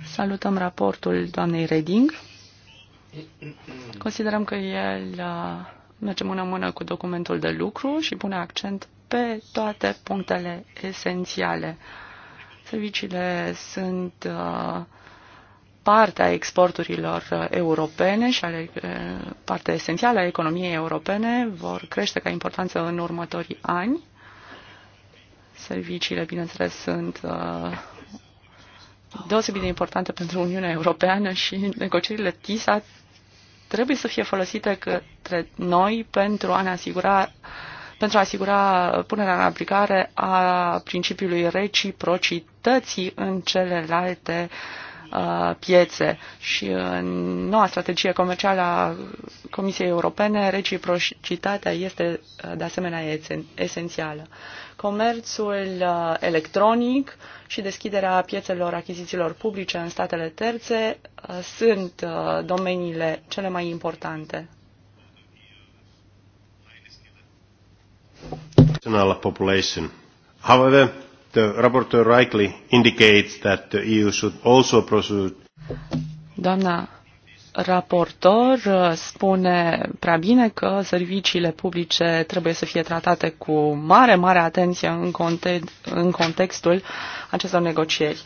Salutăm raportul doamnei Reding. Considerăm că el uh, merge mână-mână cu documentul de lucru și pune accent pe toate punctele esențiale. Serviciile sunt uh, parte a exporturilor uh, europene și ale, uh, parte esențială a economiei europene vor crește ca importanță în următorii ani. Serviciile, bineînțeles, sunt uh, deosebit de importante pentru Uniunea Europeană și negocierile TISA trebuie să fie folosite către noi pentru a ne asigura pentru a asigura punerea în aplicare a principiului reciprocității în celelalte uh, Uh, piețe și în uh, noua strategie comercială a Comisiei Europene, reciprocitatea este uh, de asemenea esențială. Comerțul electronic și deschiderea piețelor achizițiilor publice în statele terțe sunt domeniile cele mai importante. However, Uh, rapporteur rightly indicates that the EU should also pursue. Doamna raportor uh, spune prea bine că serviciile publice trebuie să fie tratate cu mare, mare atenție în, în contextul acestor negocieri.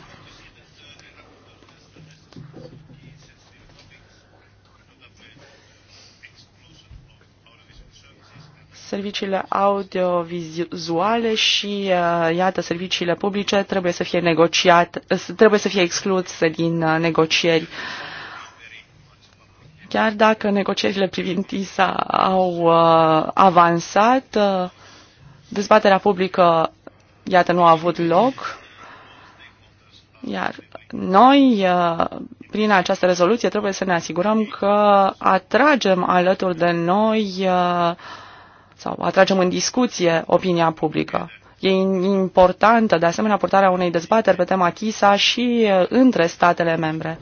serviciile audiovizuale și, uh, iată, serviciile publice trebuie să fie negociat trebuie să fie excluse din uh, negocieri. Chiar dacă negocierile privind TISA au uh, avansat, dezbaterea publică, iată, nu a avut loc. Iar noi, prin această rezoluție, trebuie să ne asigurăm că atragem alături de noi sau atragem în discuție opinia publică. E importantă, de asemenea, portarea unei dezbateri pe tema Chisa și uh, între statele membre.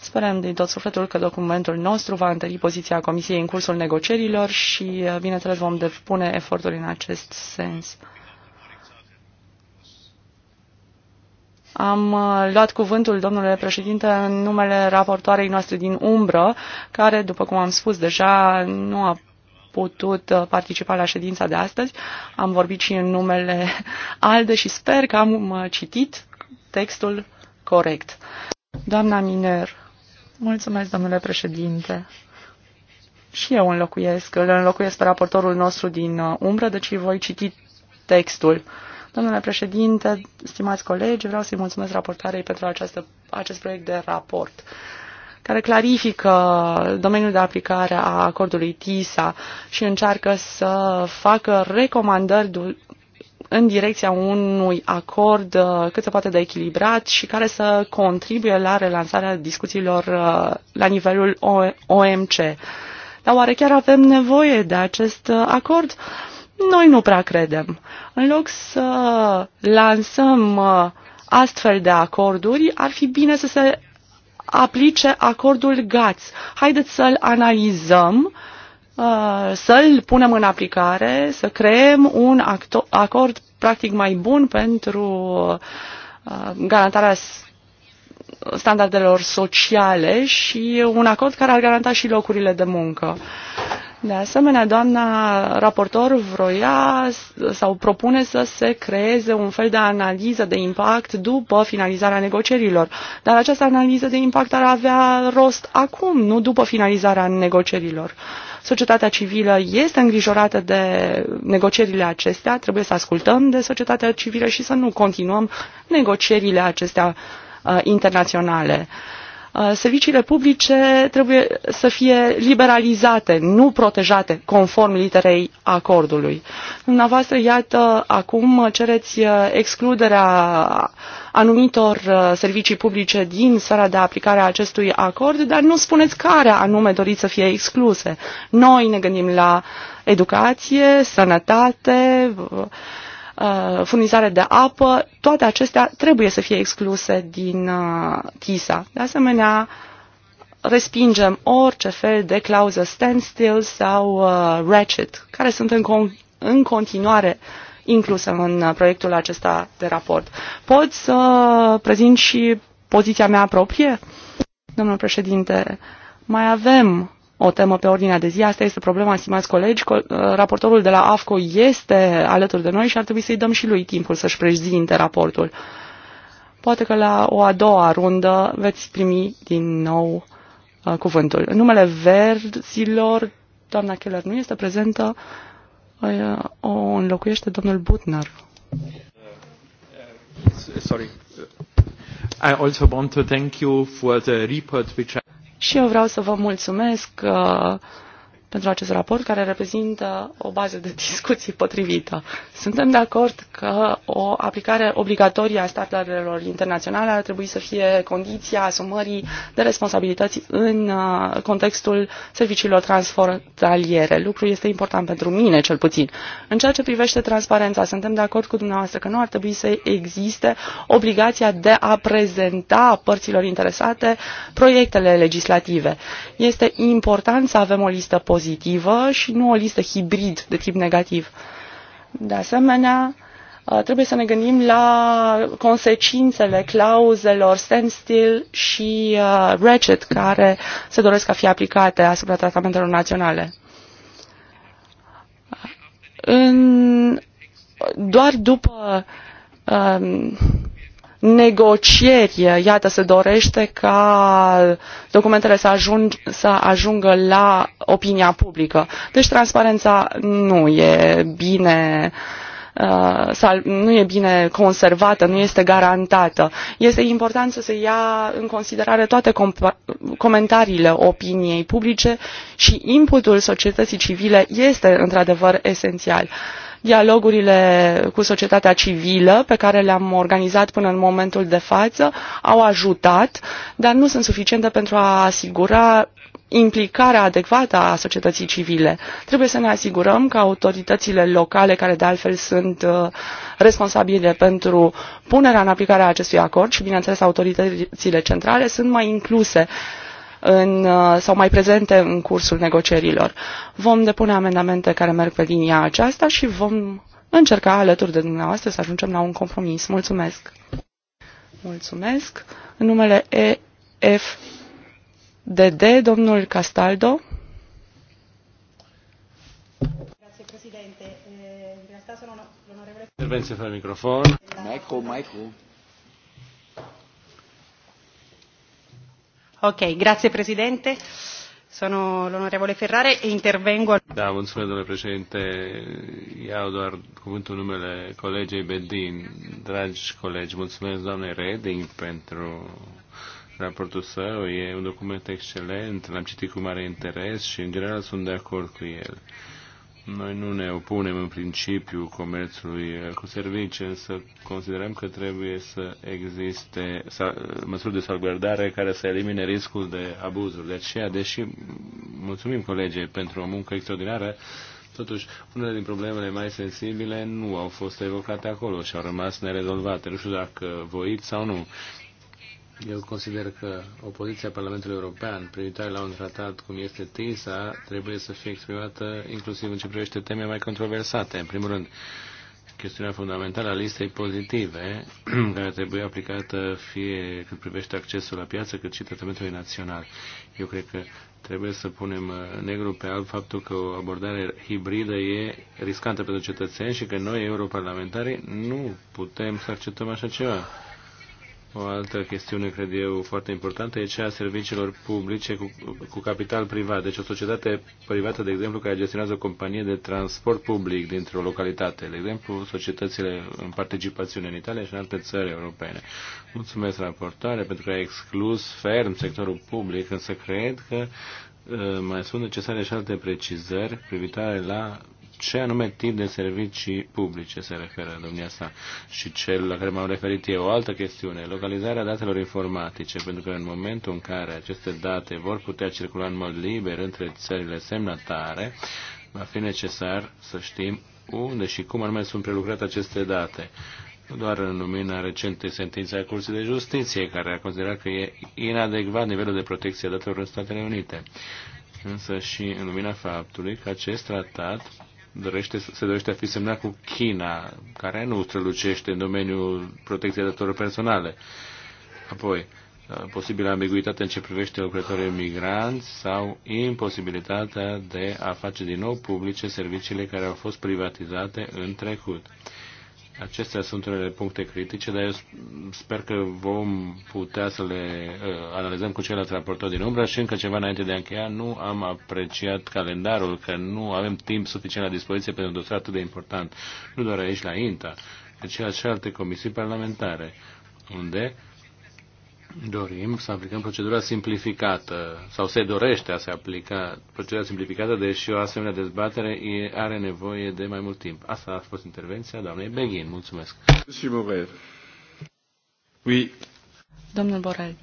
Sperăm din tot sufletul că documentul nostru va întări poziția Comisiei în cursul negocierilor și, uh, bineînțeles, vom depune eforturi în acest sens. Am uh, luat cuvântul, domnule președinte, în numele raportoarei noastre din umbră, care, după cum am spus deja, nu a putut uh, participa la ședința de astăzi. Am vorbit și în numele [LAUGHS] ALDE și sper că am uh, citit textul corect. Doamna Miner, mulțumesc, domnule președinte. Și eu înlocuiesc, îl înlocuiesc pe raportorul nostru din uh, umbră, deci voi citi textul. Domnule președinte, stimați colegi, vreau să-i mulțumesc raportarei pentru această, acest proiect de raport care clarifică domeniul de aplicare a acordului TISA și încearcă să facă recomandări în direcția unui acord uh, cât se poate de echilibrat și care să contribuie la relansarea discuțiilor uh, la nivelul OMC. Dar oare chiar avem nevoie de acest uh, acord? Noi nu prea credem. În loc să lansăm astfel de acorduri, ar fi bine să se aplice acordul GATS. Haideți să-l analizăm, uh, să-l punem în aplicare, să creăm un acord practic mai bun pentru uh, garantarea standardelor sociale și un acord care ar garanta și locurile de muncă. De asemenea, doamna raportor vroia sau propune să se creeze un fel de analiză de impact după finalizarea negocierilor. Dar această analiză de impact ar avea rost acum, nu după finalizarea negocierilor. Societatea civilă este îngrijorată de negocierile acestea, trebuie să ascultăm de societatea civilă și să nu continuăm negocierile acestea uh, internaționale. Uh, Uh, serviciile publice trebuie să fie liberalizate, nu protejate conform literei acordului. Dumneavoastră, iată, acum cereți uh, excluderea anumitor uh, servicii publice din sfera de aplicare a acestui acord, dar nu spuneți care anume doriți să fie excluse. Noi ne gândim la educație, sănătate, Uh, furnizare de apă, toate acestea trebuie să fie excluse din uh, TISA. De asemenea, respingem orice fel de clauză standstill sau uh, ratchet, care sunt în, con în continuare incluse în proiectul acesta de raport. Pot să prezint și poziția mea proprie? Domnul președinte, mai avem o temă pe ordinea de zi. Asta este problema, stimați colegi. Uh, raportorul de la AFCO este alături de noi și ar trebui să-i dăm și lui timpul să-și prezinte raportul. Poate că la o a doua rundă veți primi din nou uh, cuvântul. În numele verzilor, doamna Keller nu este prezentă, uh, o înlocuiește domnul Butner. Uh, uh, sorry. I also want to thank you for the report which I și eu vreau să vă mulțumesc uh, pentru acest raport, care reprezintă o bază de [LAUGHS] discuții potrivită. Suntem de acord că o aplicare obligatorie a standardelor internaționale ar trebui să fie condiția asumării de responsabilități în uh, contextul serviciilor transfrontaliere. Lucru este important pentru mine, cel puțin. În ceea ce privește transparența, suntem de acord cu dumneavoastră că nu ar trebui să existe obligația de a prezenta părților interesate proiectele legislative. Este important să avem o listă pozitivă pozitivă și nu o listă hibrid de tip negativ. De asemenea, uh, trebuie să ne gândim la consecințele clauzelor standstill și uh, ratchet care se doresc a fi aplicate asupra tratamentelor naționale. În, doar după uh, negocieri, iată, se dorește ca documentele să, ajung, să ajungă la opinia publică. Deci transparența nu e bine uh, nu e bine conservată, nu este garantată. Este important să se ia în considerare toate comentariile opiniei publice și inputul societății civile este într-adevăr esențial. Uh, Dialogurile cu societatea civilă pe care le-am organizat până în momentul de față au ajutat, dar nu sunt suficiente pentru a asigura implicarea adecvată a societății civile. Trebuie să ne asigurăm că autoritățile locale, care de altfel sunt uh, responsabile pentru punerea în aplicare a acestui acord și, bineînțeles, autoritățile centrale, sunt mai incluse Uh, sau mai prezente în cursul negocierilor. Vom depune amendamente care merg pe linia aceasta și vom încerca alături de dumneavoastră să ajungem la un compromis. Mulțumesc! Mulțumesc! În numele EFDD, domnul Castaldo. Eh, Intervenție fără microfon. Michael, Michael. Ok, grazie Presidente. Sono l'onorevole Ferrare e intervengo. Da, mulțumesc, domnule președinte. Iau doar cuvântul numele colegei Bedin. Dragi colegi, mulțumesc doamnei Reding pentru raportul său. E un document excelent, l-am citit cu mare interes și, în general, sunt de acord cu el. Noi nu ne opunem în principiu comerțului cu servicii, însă considerăm că trebuie să existe măsuri de salvgardare care să elimine riscul de abuzuri. De aceea, deși mulțumim colegii pentru o muncă extraordinară, Totuși, unele din problemele mai sensibile nu au fost evocate acolo și au rămas nerezolvate. Nu știu dacă voiți sau nu. Eu consider că opoziția Parlamentului European privitoare la un tratat cum este TISA trebuie să fie exprimată inclusiv în ce privește teme mai controversate. În primul rând, chestiunea fundamentală a listei pozitive, [CLEARS THROAT] care trebuie aplicată fie cât privește accesul la piață, cât și tratamentului național. Eu cred că trebuie să punem negru pe alb faptul că o abordare hibridă e riscantă pentru cetățeni și că noi, europarlamentarii, nu putem să acceptăm așa ceva. O altă chestiune, cred eu, foarte importantă e cea a serviciilor publice cu, cu capital privat. Deci o societate privată, de exemplu, care gestionează o companie de transport public dintr-o localitate. De exemplu, societățile în participațiune în Italia și în alte țări europene. Mulțumesc raportoare pentru că a exclus ferm sectorul public, însă cred că uh, mai sunt necesare și alte precizări privitoare la ce anume tip de servicii publice se referă domnia sa și cel la care m-am referit e o altă chestiune, localizarea datelor informatice, pentru că în momentul în care aceste date vor putea circula în mod liber între țările semnatare, va fi necesar să știm unde și cum anume sunt prelucrate aceste date doar în lumina recentei sentințe a Curții de Justiție, care a considerat că e inadecvat nivelul de protecție a datelor în Statele Unite, însă și în lumina faptului că acest tratat dorește, se dorește a fi semnat cu China, care nu strălucește în domeniul protecției datorilor personale. Apoi, uh, posibilă ambiguitate în ce privește lucrătorii migranți sau imposibilitatea de a face din nou publice serviciile care au fost privatizate în trecut. Acestea sunt unele puncte critice, dar eu sper că vom putea să le uh, analizăm cu ceilalți raportori din umbră și încă ceva înainte de a încheia, nu am apreciat calendarul, că nu avem timp suficient la dispoziție pentru un dosar atât de important, nu doar aici la INTA, ci la și alte comisii parlamentare, unde uh, Dorim să aplicăm procedura simplificată sau se dorește a se aplica procedura simplificată, deși o asemenea dezbatere are nevoie de mai mult timp. Asta a fost intervenția doamnei Beghin. Mulțumesc. Oui. Domnul Borel.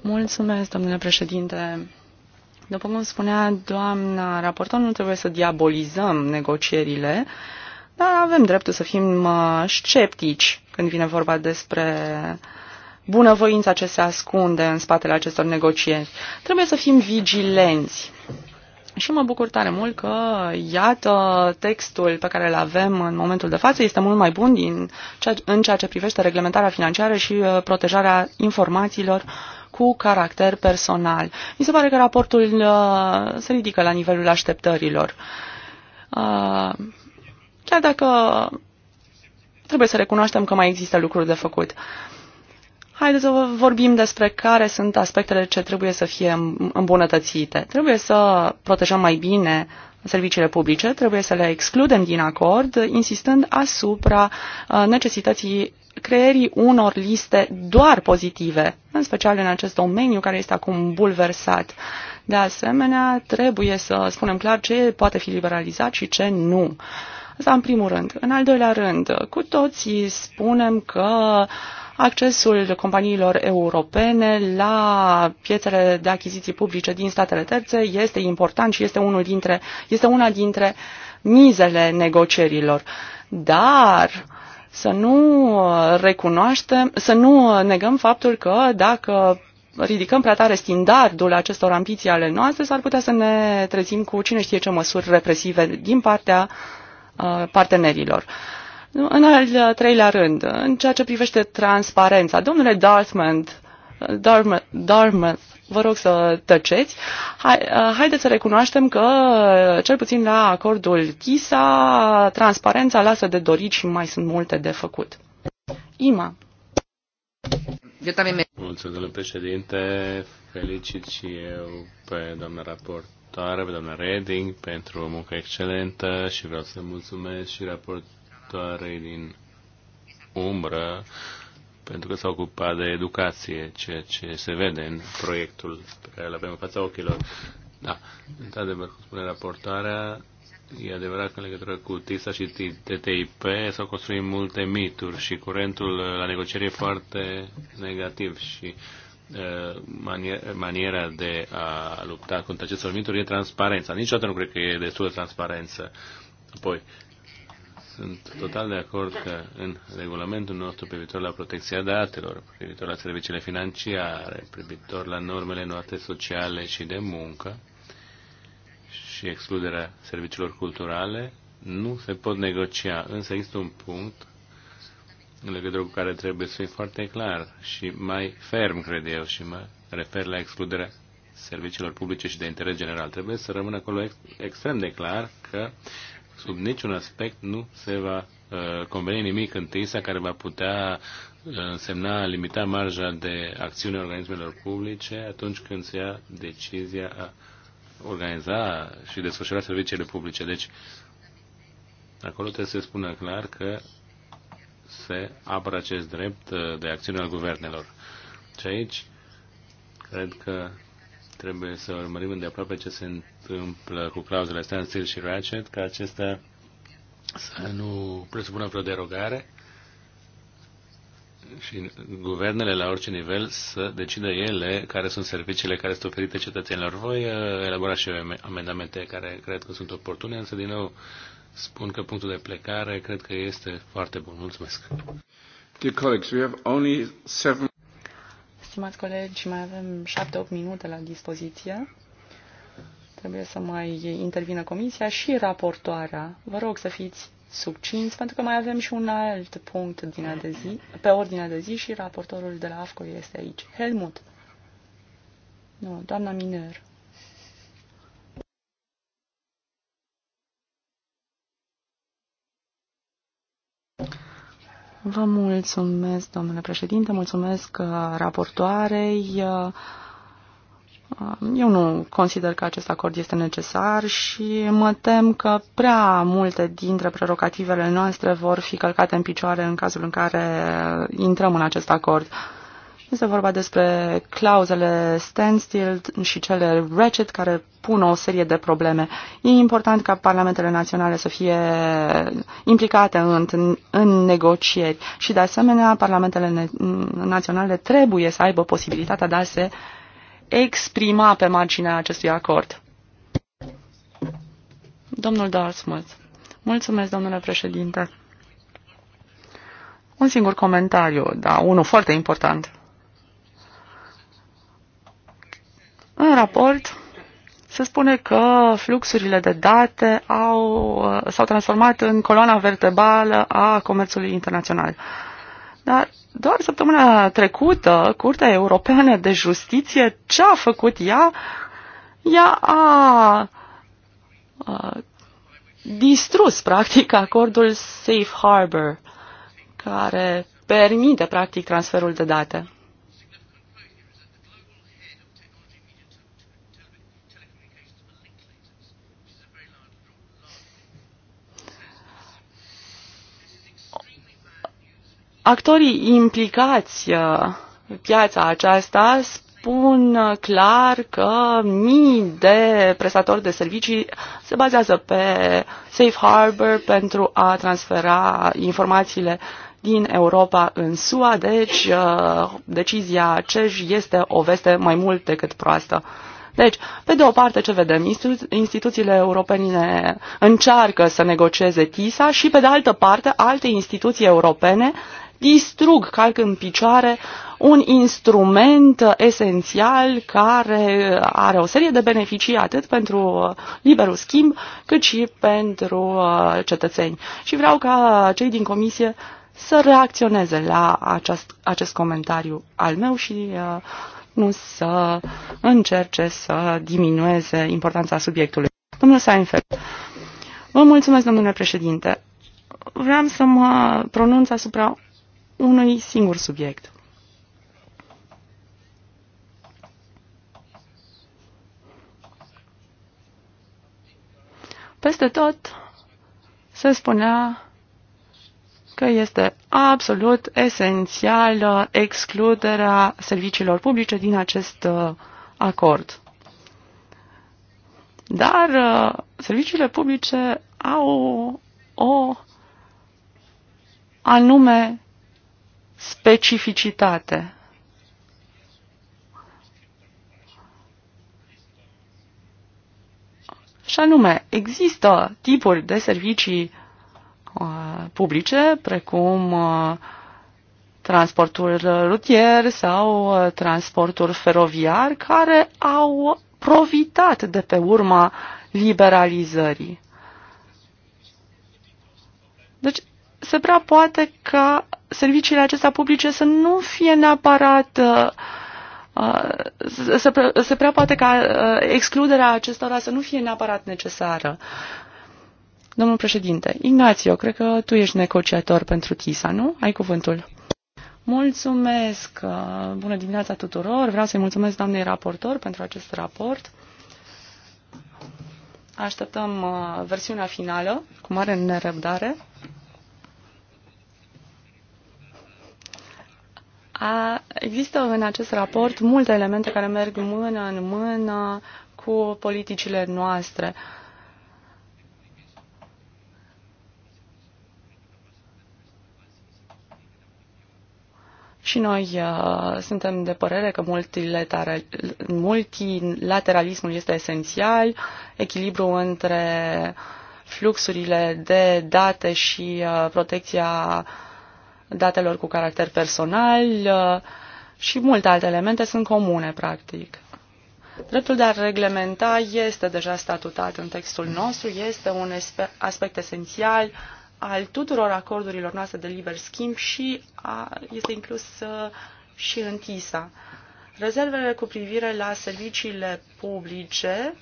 Mulțumesc, domnule președinte. După cum spunea doamna raportor, nu trebuie să diabolizăm negocierile, dar avem dreptul să fim uh, sceptici când vine vorba despre uh, bunăvoința ce se ascunde în spatele acestor negocieri. Trebuie să fim vigilenți. Și mă bucur tare mult că, iată, textul pe care îl avem în momentul de față este mult mai bun din ceea, în ceea ce privește reglementarea financiară și uh, protejarea informațiilor cu caracter personal. Mi se pare că raportul uh, se ridică la nivelul așteptărilor. Uh, chiar dacă trebuie să recunoaștem că mai există lucruri de făcut. Uh, Haideți să vorbim despre care sunt aspectele ce trebuie să fie îmbunătățite. Trebuie să protejăm mai bine serviciile publice, trebuie să le excludem din acord, insistând asupra uh, necesității creierii unor liste doar pozitive, în special în acest domeniu care este acum bulversat. De asemenea, trebuie să spunem clar ce poate fi liberalizat și ce nu. Asta în primul rând. În al doilea rând, cu toții spunem că uh, accesul companiilor europene la piețele de achiziții publice din statele terțe este important și este, unul dintre, este una dintre mizele negocierilor. Dar să nu recunoaștem, să nu negăm faptul că dacă ridicăm prea tare standardul acestor ambiții ale noastre, s-ar putea să ne trezim cu cine știe ce măsuri represive din partea uh, partenerilor. În al treilea rând, în ceea ce privește transparența, domnule Dartmouth, Dartmouth, Dartmouth vă rog să tăceți, uh, haideți să recunoaștem că, uh, cel puțin la acordul TISA, transparența lasă de dorit și mai sunt multe de făcut. Ima. Mulțumesc, domnule președinte. Felicit și eu pe doamna raportoare, pe doamna Reding, pentru o muncă excelentă și vreau să mulțumesc și raport raportoarei din umbră pentru că s-a ocupat de educație, ceea ce se vede în proiectul pe care îl avem în fața ochilor. Da, într-adevăr, cum spune raportarea, e adevărat că în legătură cu TISA și TTIP s-au construit multe mituri și curentul la negociere e foarte negativ și uh, maniera de a lupta contra acestor mituri e transparența. Niciodată nu cred că e destul de transparență. Apoi, sunt total de acord că în regulamentul nostru privitor la protecția datelor, privitor la serviciile financiare, privitor la normele noastre sociale și de muncă și excluderea serviciilor culturale, nu se pot negocia. Însă există un punct în legătură cu care trebuie să fim foarte clar și mai ferm, cred eu, și mă refer la excluderea serviciilor publice și de interes general. Trebuie să rămână acolo ex extrem de clar că sub niciun aspect nu se va uh, conveni nimic în TISA care va putea uh, însemna limita marja de acțiune a organismelor publice atunci când se ia decizia a organiza și desfășura serviciile publice. Deci, acolo trebuie să se spună clar că se apără acest drept uh, de acțiune al guvernelor. Și aici, cred că trebuie să urmărim aproape ce se întâmplă cu clauzele standstill și ratchet, ca acestea să nu presupună vreo derogare și guvernele la orice nivel să decidă ele care sunt serviciile care sunt oferite cetățenilor. Voi uh, elabora și eu amendamente care cred că sunt oportune, însă din nou spun că punctul de plecare cred că este foarte bun. Mulțumesc. Dear colleagues, we have only seven... Stimați colegi, mai avem 7-8 minute la dispoziție. Trebuie să mai intervină comisia și raportoarea. Vă rog să fiți succinți, pentru că mai avem și un alt punct din de zi, pe ordinea de zi și raportorul de la AFCO este aici. Helmut. Nu, doamna Miner. Vă mulțumesc, domnule președinte, mulțumesc uh, raportoarei. Uh, uh, eu nu consider că acest acord este necesar și mă tem că prea multe dintre prerogativele noastre vor fi călcate în picioare în cazul în care intrăm în acest acord. Este vorba despre clauzele standstill și cele ratchet care pun o serie de probleme. E important ca parlamentele naționale să fie implicate în, în negocieri și, de asemenea, parlamentele naționale trebuie să aibă posibilitatea de a se exprima pe marginea acestui acord. Domnul Dartmouth. Mulțumesc, domnule președinte. Un singur comentariu, dar unul foarte important. În raport se spune că fluxurile de date au, s-au transformat în coloana vertebrală a comerțului internațional. Dar doar săptămâna trecută, Curtea Europeană de Justiție, ce a făcut ea? Ea a, a distrus, practic, acordul Safe Harbor, care permite, practic, transferul de date. Actorii implicați uh, piața aceasta spun uh, clar că mii de prestatori de servicii se bazează pe Safe Harbor pentru a transfera informațiile din Europa în SUA, deci uh, decizia CEJ este o veste mai mult decât proastă. Deci, pe de o parte, ce vedem? instituțiile europene încearcă să negocieze TISA și, pe de altă parte, alte instituții europene distrug, calc în picioare un instrument esențial care are o serie de beneficii atât pentru uh, liberul schimb cât și pentru uh, cetățeni. Și vreau ca cei din comisie să reacționeze la aceast, acest comentariu al meu și uh, nu să încerce să diminueze importanța subiectului. Domnul Seinfeld, vă mulțumesc, domnule președinte. Vreau să mă pronunț asupra unui singur subiect. Peste tot se spunea că este absolut esențială excluderea serviciilor publice din acest uh, acord. Dar uh, serviciile publice au o anume specificitate. Și anume, există tipuri de servicii uh, publice, precum uh, transportul rutier sau uh, transportul feroviar, care au profitat de pe urma liberalizării. Deci se prea poate ca serviciile acestea publice să nu fie neapărat uh, uh, se, se prea poate ca uh, excluderea acestora să nu fie neapărat necesară. Domnul președinte, Ignațio, cred că tu ești negociator pentru TISA, nu? Ai cuvântul. Mulțumesc! Bună dimineața tuturor! Vreau să-i mulțumesc doamnei raportor pentru acest raport. Așteptăm versiunea finală cu mare nerăbdare. A, există în acest raport multe elemente care merg mână în mână cu politicile noastre. Și noi uh, suntem de părere că multilateralismul este esențial, echilibru între fluxurile de date și uh, protecția uh, datelor cu caracter personal uh, și multe alte elemente sunt comune, practic. Dreptul de a reglementa este deja statutat în textul nostru, este un aspect esențial al tuturor acordurilor noastre de liber schimb și a, este inclus uh, și în TISA. Rezervele cu privire la serviciile publice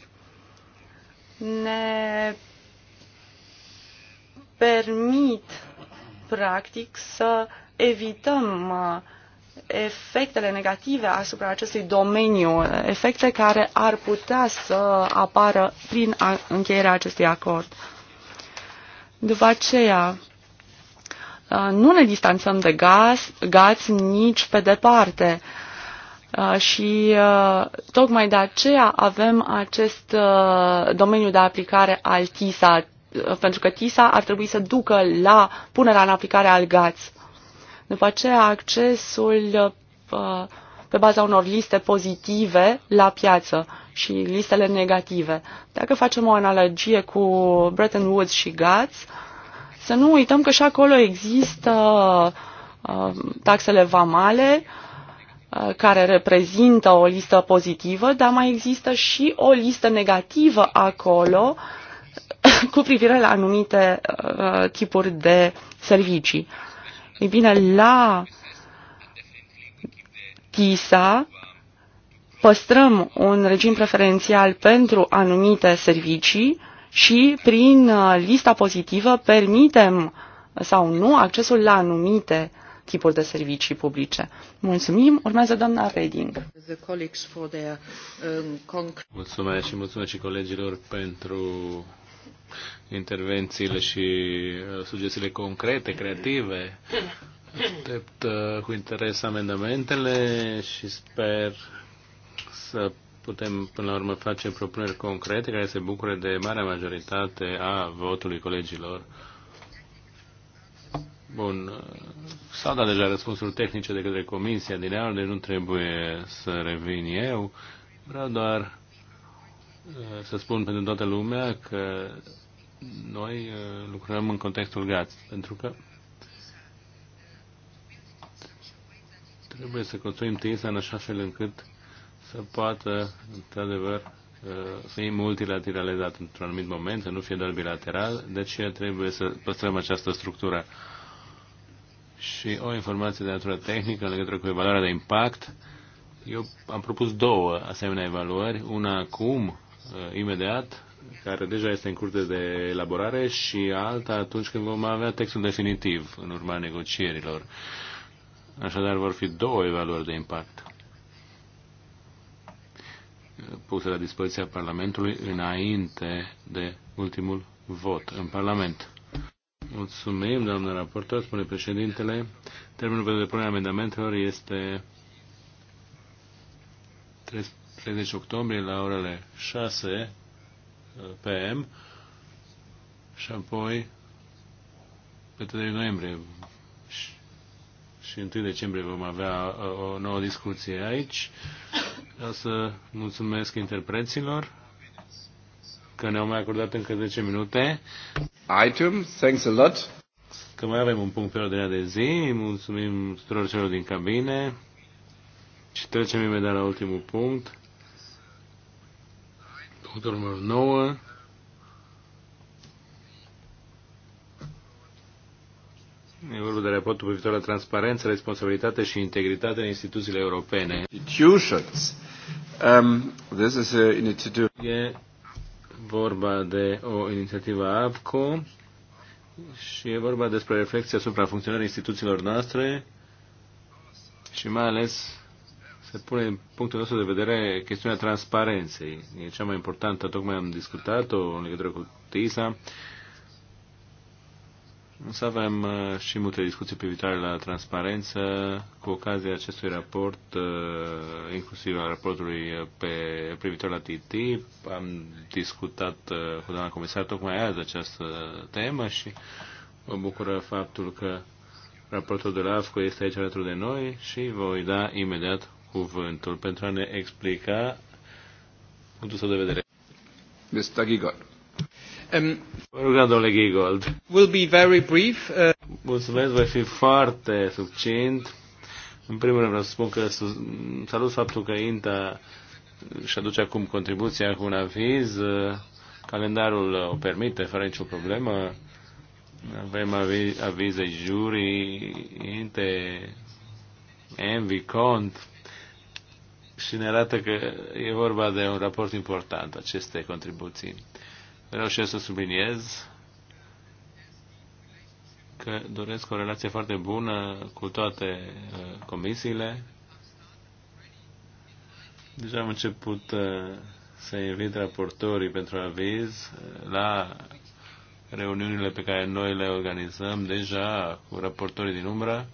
ne permit practic, să evităm uh, efectele negative asupra acestui domeniu, efecte care ar putea să apară prin încheierea acestui acord. După aceea, uh, nu ne distanțăm de gaz, gaz nici pe departe. Uh, și tocmai de aceea avem acest domeniu de aplicare al TISA, pentru că TISA ar trebui să ducă la punerea în aplicare al GATS. După aceea, accesul uh, pe baza unor liste pozitive la piață și listele negative. Dacă facem o analogie cu Bretton Woods și GATS, să nu uităm că și acolo există uh, taxele vamale, uh, care reprezintă o listă pozitivă, dar mai există și o listă negativă acolo [LAUGHS] cu privire la anumite uh, tipuri de servicii. Ei bine, la TISA păstrăm un regim preferențial pentru anumite servicii și prin uh, lista pozitivă permitem sau nu accesul la anumite tipuri de servicii publice. Mulțumim. Urmează doamna Reding. Um, mulțumesc și mulțumesc și colegilor pentru intervențiile și uh, sugestiile concrete, creative. Aștept uh, cu interes amendamentele și sper să putem până la urmă face propuneri concrete care se bucure de marea majoritate a votului colegilor. Bun. Uh, s-au dat deja răspunsuri tehnice de către Comisia din aur, deci nu trebuie să revin eu. Vreau doar Eh, să spun pentru toată lumea că noi eh, lucrăm în contextul GATS, pentru că trebuie să construim TISA în așa fel încât să poată, într-adevăr, să eh, fie multilateralizat într-un anumit moment, să nu fie doar bilateral, de trebuie să păstrăm această structură. Și o informație de natură tehnică în legătură cu evaluarea de impact. Eu am propus două asemenea evaluări, una acum, Uh, imediat, care deja este în curte de elaborare, și alta atunci când vom avea textul definitiv în urma negocierilor. Așadar, vor fi două evaluări de impact puse la dispoziția Parlamentului înainte de ultimul vot în Parlament. Mulțumim, doamnă raportor, spune președintele. Termenul pentru depunerea amendamentelor este 30 octombrie la orele 6 eh, PM și apoi pe 3 noiembrie și 1 decembrie vom avea eh, o nouă discuție aici. Vreau să mulțumesc interpreților că ne-au mai acordat încă 10 minute. Item, thanks a lot. Că mai avem un punct pe ordinea de zi. Mulțumim tuturor celor din cabine. Și trecem imediat la ultimul punct. Punctul numărul 9. E vorba de raportul privitor la transparență, responsabilitate și integritate în instituțiile europene. Institutions. Um, this is a initiative. E vorba de o inițiativă APCO și e vorba despre reflexia asupra funcționării instituțiilor noastre și mai ales se pune din punctul nostru de vedere chestiunea transparenței. E cea mai importantă, tocmai am discutat-o în legătură cu TISA. să avem uh, și multe discuții privitoare la transparență cu ocazia acestui raport, uh, inclusiv al raportului uh, pe, privitor la TT. Am discutat cu doamna comisar tocmai azi această temă și mă bucură faptul că raportul de la AFCO este aici alături de noi și voi da imediat cuvântul pentru a ne explica punctul său de vedere. Mr. Gigold. Um, Vă rog, domnule Gigold. Will be very brief. Uh... Mulțumesc, voi fi foarte succint. În primul rând vreau să spun că salut faptul că INTA și aduce acum contribuția cu un aviz. Calendarul o permite, fără nicio problemă. Avem avize jurii, inte, Envy, cont și ne arată că e vorba de un raport important, aceste contribuții. Vreau și eu să subliniez că doresc o relație foarte bună cu toate uh, comisiile. Deja am început uh, să invit raportorii pentru aviz uh, la reuniunile pe care noi le organizăm deja cu raportorii din umbră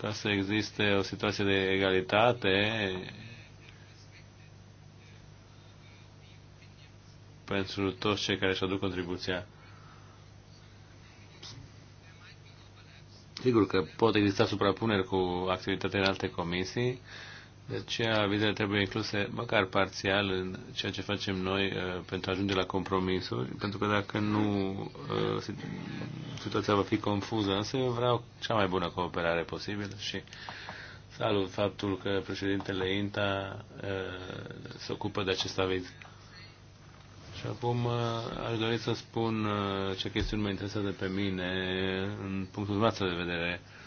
ca să existe o situație de egalitate pentru toți cei care își aduc contribuția. Sigur că pot exista suprapuneri cu activitatea în alte comisii, de aceea, vizele trebuie incluse, măcar parțial, în ceea ce facem noi uh, pentru a ajunge la compromisuri, pentru că dacă nu, uh, situația va fi confuză. Însă eu vreau cea mai bună cooperare posibilă și salut faptul că președintele INTA uh, se ocupă de acest aviz. Și acum uh, aș dori să spun uh, ce chestiuni mă interesează pe mine în punctul dumneavoastră de vedere. Uh,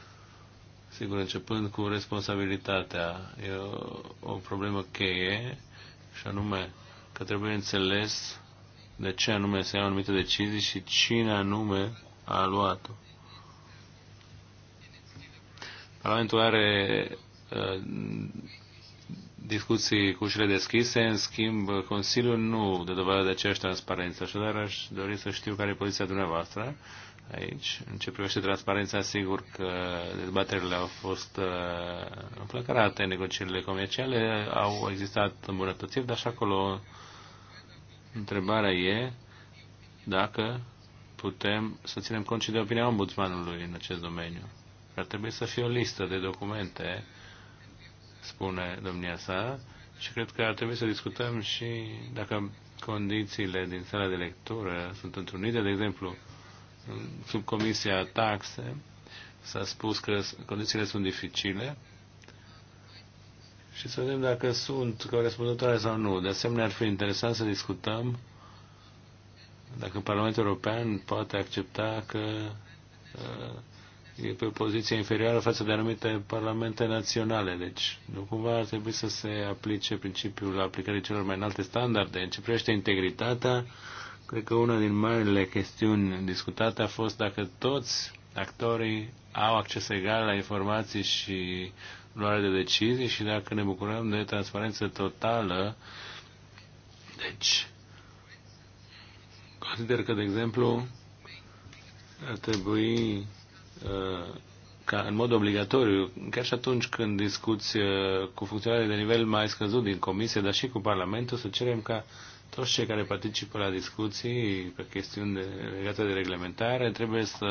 Sigur, începând cu responsabilitatea, e o, o problemă cheie și anume că trebuie înțeles de ce anume se iau anumite decizii și cine anume a luat-o. Parlamentul are uh, discuții cu ușile deschise, în schimb Consiliul nu de dovadă de aceeași transparență. Așadar, aș dori să știu care e poziția dumneavoastră aici. În ce privește transparența, sigur că dezbaterile au fost uh, înflăcărate, negocierile comerciale au existat îmbunătățiri, dar și acolo întrebarea e dacă putem să ținem cont și de opinia ombudsmanului în acest domeniu. Ar trebui să fie o listă de documente, spune domnia sa, și cred că ar trebui să discutăm și dacă condițiile din sala de lectură sunt întrunite, de exemplu, sub comisia taxe s-a spus că condițiile sunt dificile și să vedem dacă sunt corespunzătoare sau nu. De asemenea, ar fi interesant să discutăm dacă Parlamentul European poate accepta că uh, e pe o poziție inferioară față de anumite parlamente naționale. Deci, nu cumva ar trebui să se aplice principiul aplicării celor mai înalte standarde. În ce privește integritatea, Cred că una din marile chestiuni discutate a fost dacă toți actorii au acces egal la informații și luare de decizii și dacă ne bucurăm de transparență totală. Deci, consider că, de exemplu, ar trebui uh, ca în mod obligatoriu, chiar și atunci când discuți uh, cu funcționarii de nivel mai scăzut din comisie, dar și cu Parlamentul, să cerem ca toți cei care participă la discuții pe chestiuni de, legate de reglementare trebuie să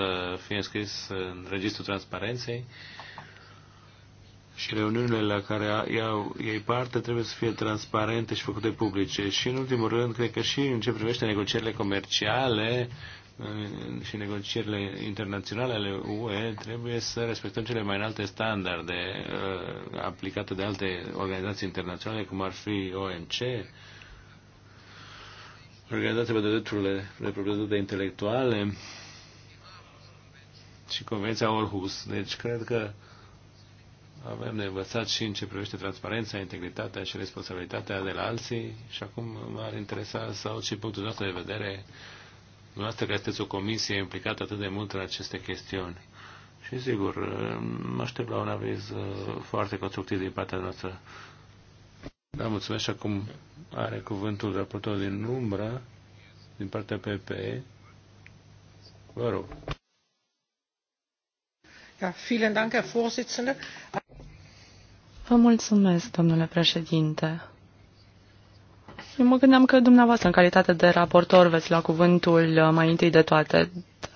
fie înscris în Registrul Transparenței și reuniunile la care iau ei parte trebuie să fie transparente și făcute publice. Și în ultimul rând, cred că și în ce privește negocierile comerciale și negocierile internaționale ale UE, trebuie să respectăm cele mai înalte standarde uh, aplicate de alte organizații internaționale, cum ar fi OMC, Organizația pentru Drepturile de Proprietate Intelectuale și Convenția Orhus. Deci cred că avem de învățat și în ce privește transparența, integritatea și responsabilitatea de la alții și acum m-ar interesa aud ce punctul nostru de vedere dumneavoastră că sunteți o comisie implicată atât de mult în aceste chestiuni. Și sigur, mă aștept la un aviz uh, foarte constructiv din partea noastră. Da, mulțumesc și acum are cuvântul raportor din umbră, din partea PPE. Vă rog. Ja, vielen Dank, Herr Vă mulțumesc, domnule președinte. Eu mă gândeam că dumneavoastră, în calitate de raportor, veți lua cuvântul uh, mai întâi de toate,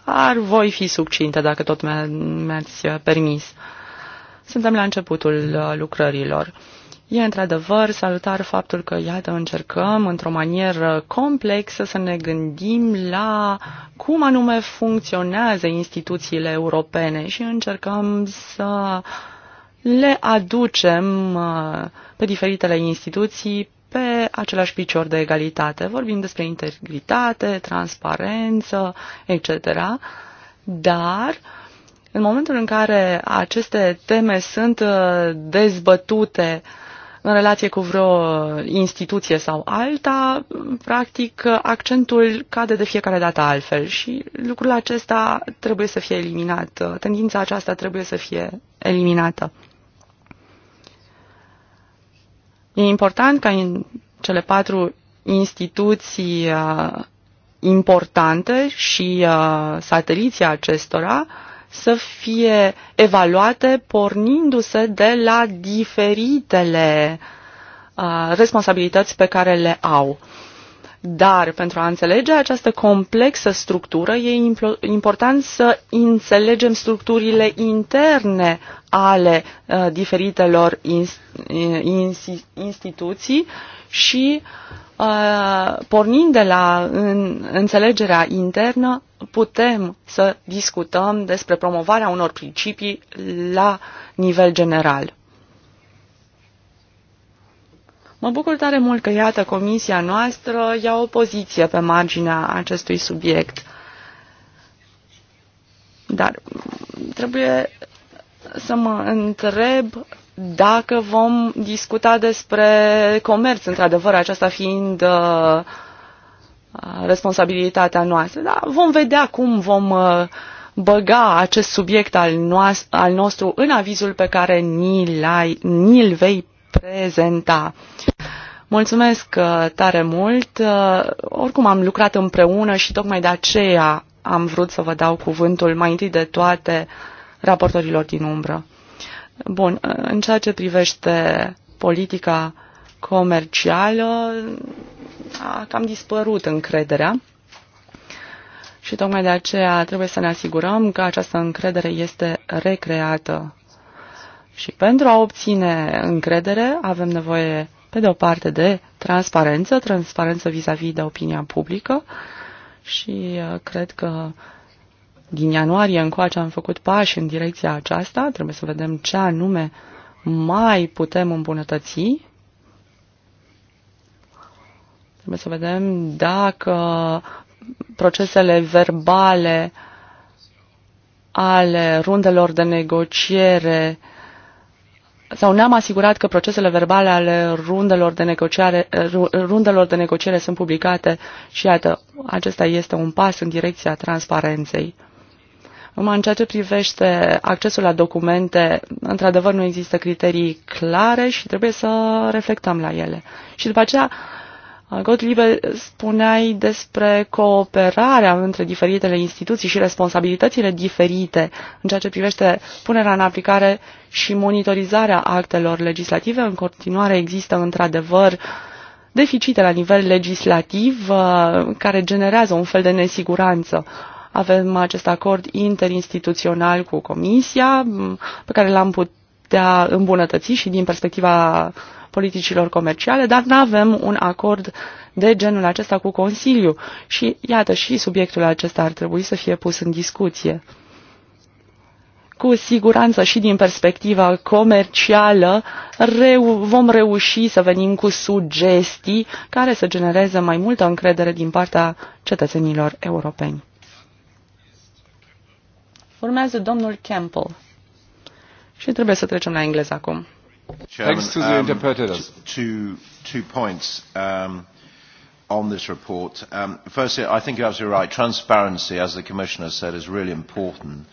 dar voi fi succinte, dacă tot mi-ați permis. Suntem la începutul uh, lucrărilor. E într-adevăr salutar faptul că, iată, încercăm într-o manieră complexă să ne gândim la cum anume funcționează instituțiile europene și încercăm să le aducem uh, pe diferitele instituții pe același picior de egalitate. Vorbim despre integritate, transparență, etc. Dar în momentul în care aceste teme sunt uh, dezbătute uh, în relație cu vreo instituție sau alta, practic accentul cade de fiecare dată altfel și lucrul acesta trebuie să fie eliminat. Tendința aceasta trebuie să fie eliminată. E important ca în cele patru instituții uh, importante și uh, sateliții acestora să fie evaluate pornindu-se de la diferitele uh, responsabilități pe care le au. Dar pentru a înțelege această complexă structură, e important să înțelegem structurile interne ale uh, diferitelor in, uh, in, instituții și uh, Uh, pornind de la înțelegerea internă, putem să discutăm despre promovarea unor principii la nivel general. Mă bucur tare mult că, iată, comisia noastră ia o poziție pe marginea acestui subiect. Dar trebuie să mă întreb dacă vom discuta despre comerț, într-adevăr, aceasta fiind uh, responsabilitatea noastră. Dar vom vedea cum vom uh, băga acest subiect al, noas- al nostru în avizul pe care ni-l, ai, ni-l vei prezenta. Mulțumesc uh, tare mult. Oricum am lucrat împreună și tocmai de aceea am vrut să vă dau cuvântul mai întâi de toate raportorilor din umbră. Bun, în ceea ce privește politica comercială, a cam dispărut încrederea. Și tocmai de aceea trebuie să ne asigurăm că această încredere este recreată. Și pentru a obține încredere avem nevoie, pe de o parte, de transparență, transparență vis-a-vis -vis de opinia publică și uh, cred că din ianuarie încoace am făcut pași în direcția aceasta, trebuie să vedem ce anume mai putem îmbunătăți. Trebuie să vedem dacă procesele verbale ale rundelor de negociere sau ne-am asigurat că procesele verbale ale rundelor de negociere, rundelor de negociere sunt publicate și iată, acesta este un pas în direcția transparenței. Numai în ceea ce privește accesul la documente, într-adevăr nu există criterii clare și trebuie să reflectăm la ele. Și după aceea, Gottliebe, spuneai despre cooperarea între diferitele instituții și responsabilitățile diferite în ceea ce privește punerea în aplicare și monitorizarea actelor legislative. În continuare există, într-adevăr, deficite la nivel legislativ uh, care generează un fel de nesiguranță avem acest acord interinstituțional cu Comisia, pe care l-am putea îmbunătăți și din perspectiva politicilor comerciale, dar nu avem un acord de genul acesta cu Consiliu. Și iată, și subiectul acesta ar trebui să fie pus în discuție. Cu siguranță și din perspectiva comercială reu vom reuși să venim cu sugestii care să genereze mai multă încredere din partea cetățenilor europeni. Urmează domnul Campbell. Și trebuie să trecem la engleză acum. Thanks to the um, interpreters. two, two points um, on this report. Um, firstly, I think you're absolutely right. Transparency, as the Commissioner said, is really important.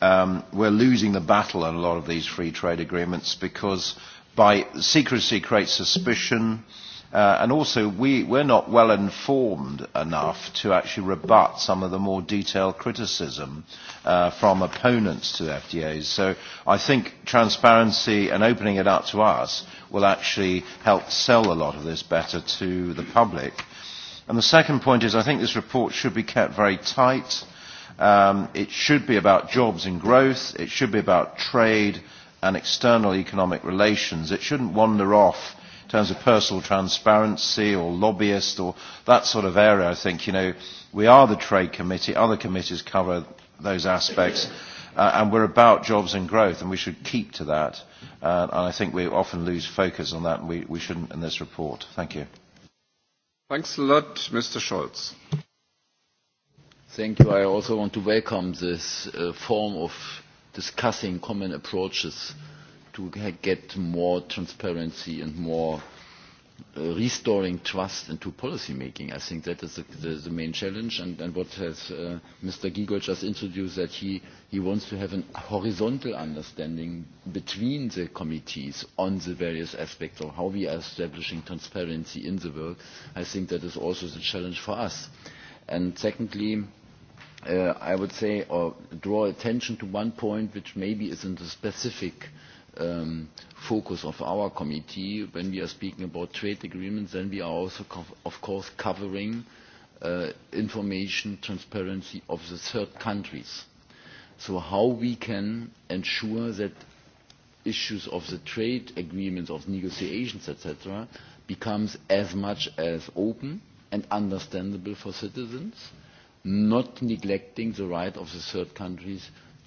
Um, we're losing the battle on a lot of these free trade agreements because by secrecy creates suspicion. Mm-hmm Uh, and also, we, we're not well informed enough to actually rebut some of the more detailed criticism uh, from opponents to FDAs. So I think transparency and opening it up to us will actually help sell a lot of this better to the public. And the second point is I think this report should be kept very tight. Um, it should be about jobs and growth. It should be about trade and external economic relations. It shouldn't wander off in terms of personal transparency or lobbyist or that sort of area, I think, you know, we are the trade committee. Other committees cover those aspects. Uh, and we're about jobs and growth, and we should keep to that. Uh, and I think we often lose focus on that, and we, we shouldn't in this report. Thank you. Thanks a lot, Mr. Scholz. Thank you. I also want to welcome this uh, form of discussing common approaches. Mm -hmm to get more transparency and more uh, restoring trust into policy making. I think that is the, the, the main challenge, and, and what has uh, Mr. Giegold just introduced, that he, he wants to have a horizontal understanding between the committees on the various aspects of how we are establishing transparency in the world. I think that is also the challenge for us. And secondly, uh, I would say, or draw attention to one point which maybe isn't a specific um, focus of our committee when we are speaking about trade agreements, then we are also, of course, covering uh, information transparency of the third countries. So how we can ensure that issues of the trade agreements, of negotiations, etc., becomes as much as open and understandable for citizens, not neglecting the right of the third countries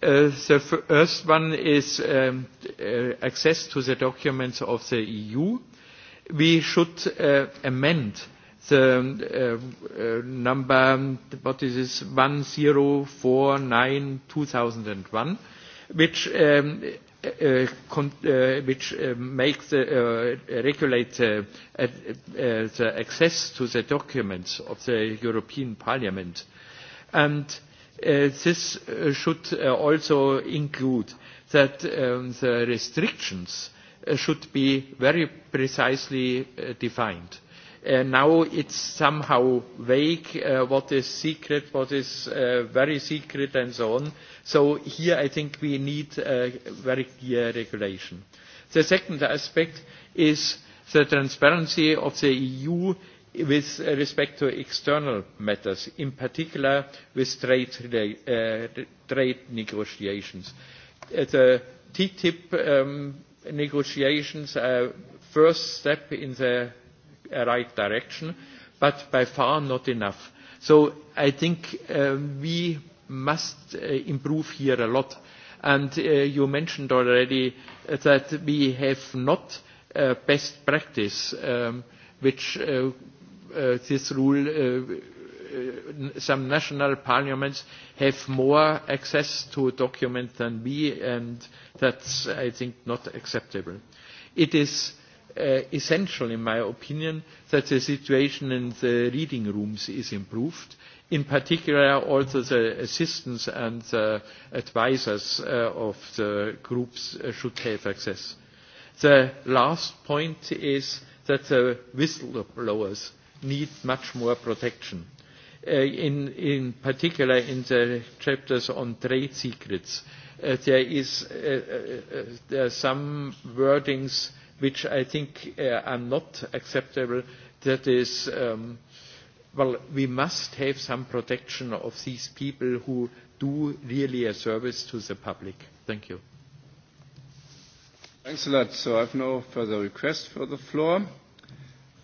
Uh, the first one is um, uh, access to the documents of the EU. We should uh, amend the uh, uh, number, what is this, 1049-2001, which, um, uh, uh, con uh, which uh, makes the, uh, regulate the, uh, uh, the access to the documents of the European Parliament. And Uh, this uh, should uh, also include that um, the restrictions should be very precisely defined. Uh, now it's somehow vague uh, what is secret, what is uh, very secret and so on. So here I think we need a very clear regulation. The second aspect is the transparency of the EU with respect to external matters, in particular with trade, uh, trade negotiations. Uh, the TTIP um, negotiations are first step in the right direction, but by far not enough. So I think um, we must uh, improve here a lot. And uh, you mentioned already that we have not uh, best practice um, which uh, Uh, this rule, uh, uh, some national parliaments have more access to documents than we, and that's, I think, not acceptable. It is uh, essential, in my opinion, that the situation in the reading rooms is improved. In particular, also the assistants and uh, advisors uh, of the groups uh, should have access. The last point is that the whistleblowers need much more protection, uh, in, in particular in the chapters on trade secrets. Uh, there is uh, uh, uh, there are some wordings which I think uh, are not acceptable. That is, um, well, we must have some protection of these people who do really a service to the public. Thank you. Thanks a lot. So I have no further request for the floor.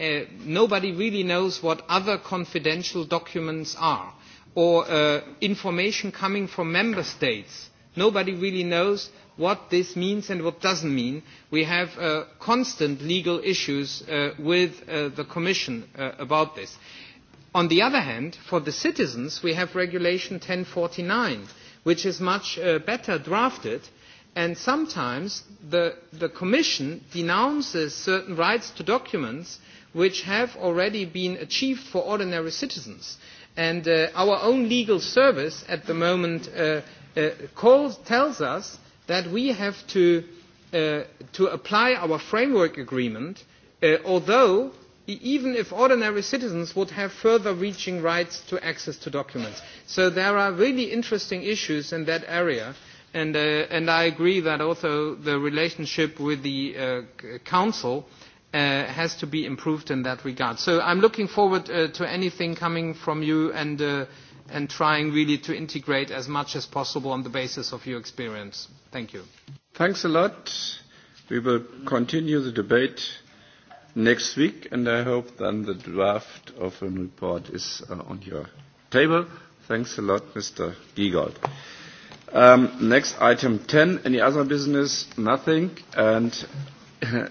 Uh, nobody really knows what other confidential documents are or uh, information coming from member states. Nobody really knows what this means and what doesn't mean. We have uh, constant legal issues uh, with uh, the Commission uh, about this. On the other hand, for the citizens, we have Regulation 1049, which is much uh, better drafted and sometimes the, the Commission denounces certain rights to documents which have already been achieved for ordinary citizens. And uh, our own legal service at the moment uh, uh, calls, tells us that we have to, uh, to apply our framework agreement, uh, although even if ordinary citizens would have further reaching rights to access to documents. So there are really interesting issues in that area. And, uh, and I agree that also the relationship with the uh, Council uh, uh, has to be improved in that regard. So I'm looking forward uh, to anything coming from you and, uh, and trying really to integrate as much as possible on the basis of your experience. Thank you. Thanks a lot. We will continue the debate next week, and I hope then the draft of a report is uh, on your table. Thanks a lot, Mr. Giegold. Um, next item 10, any other business? Nothing. And [LAUGHS]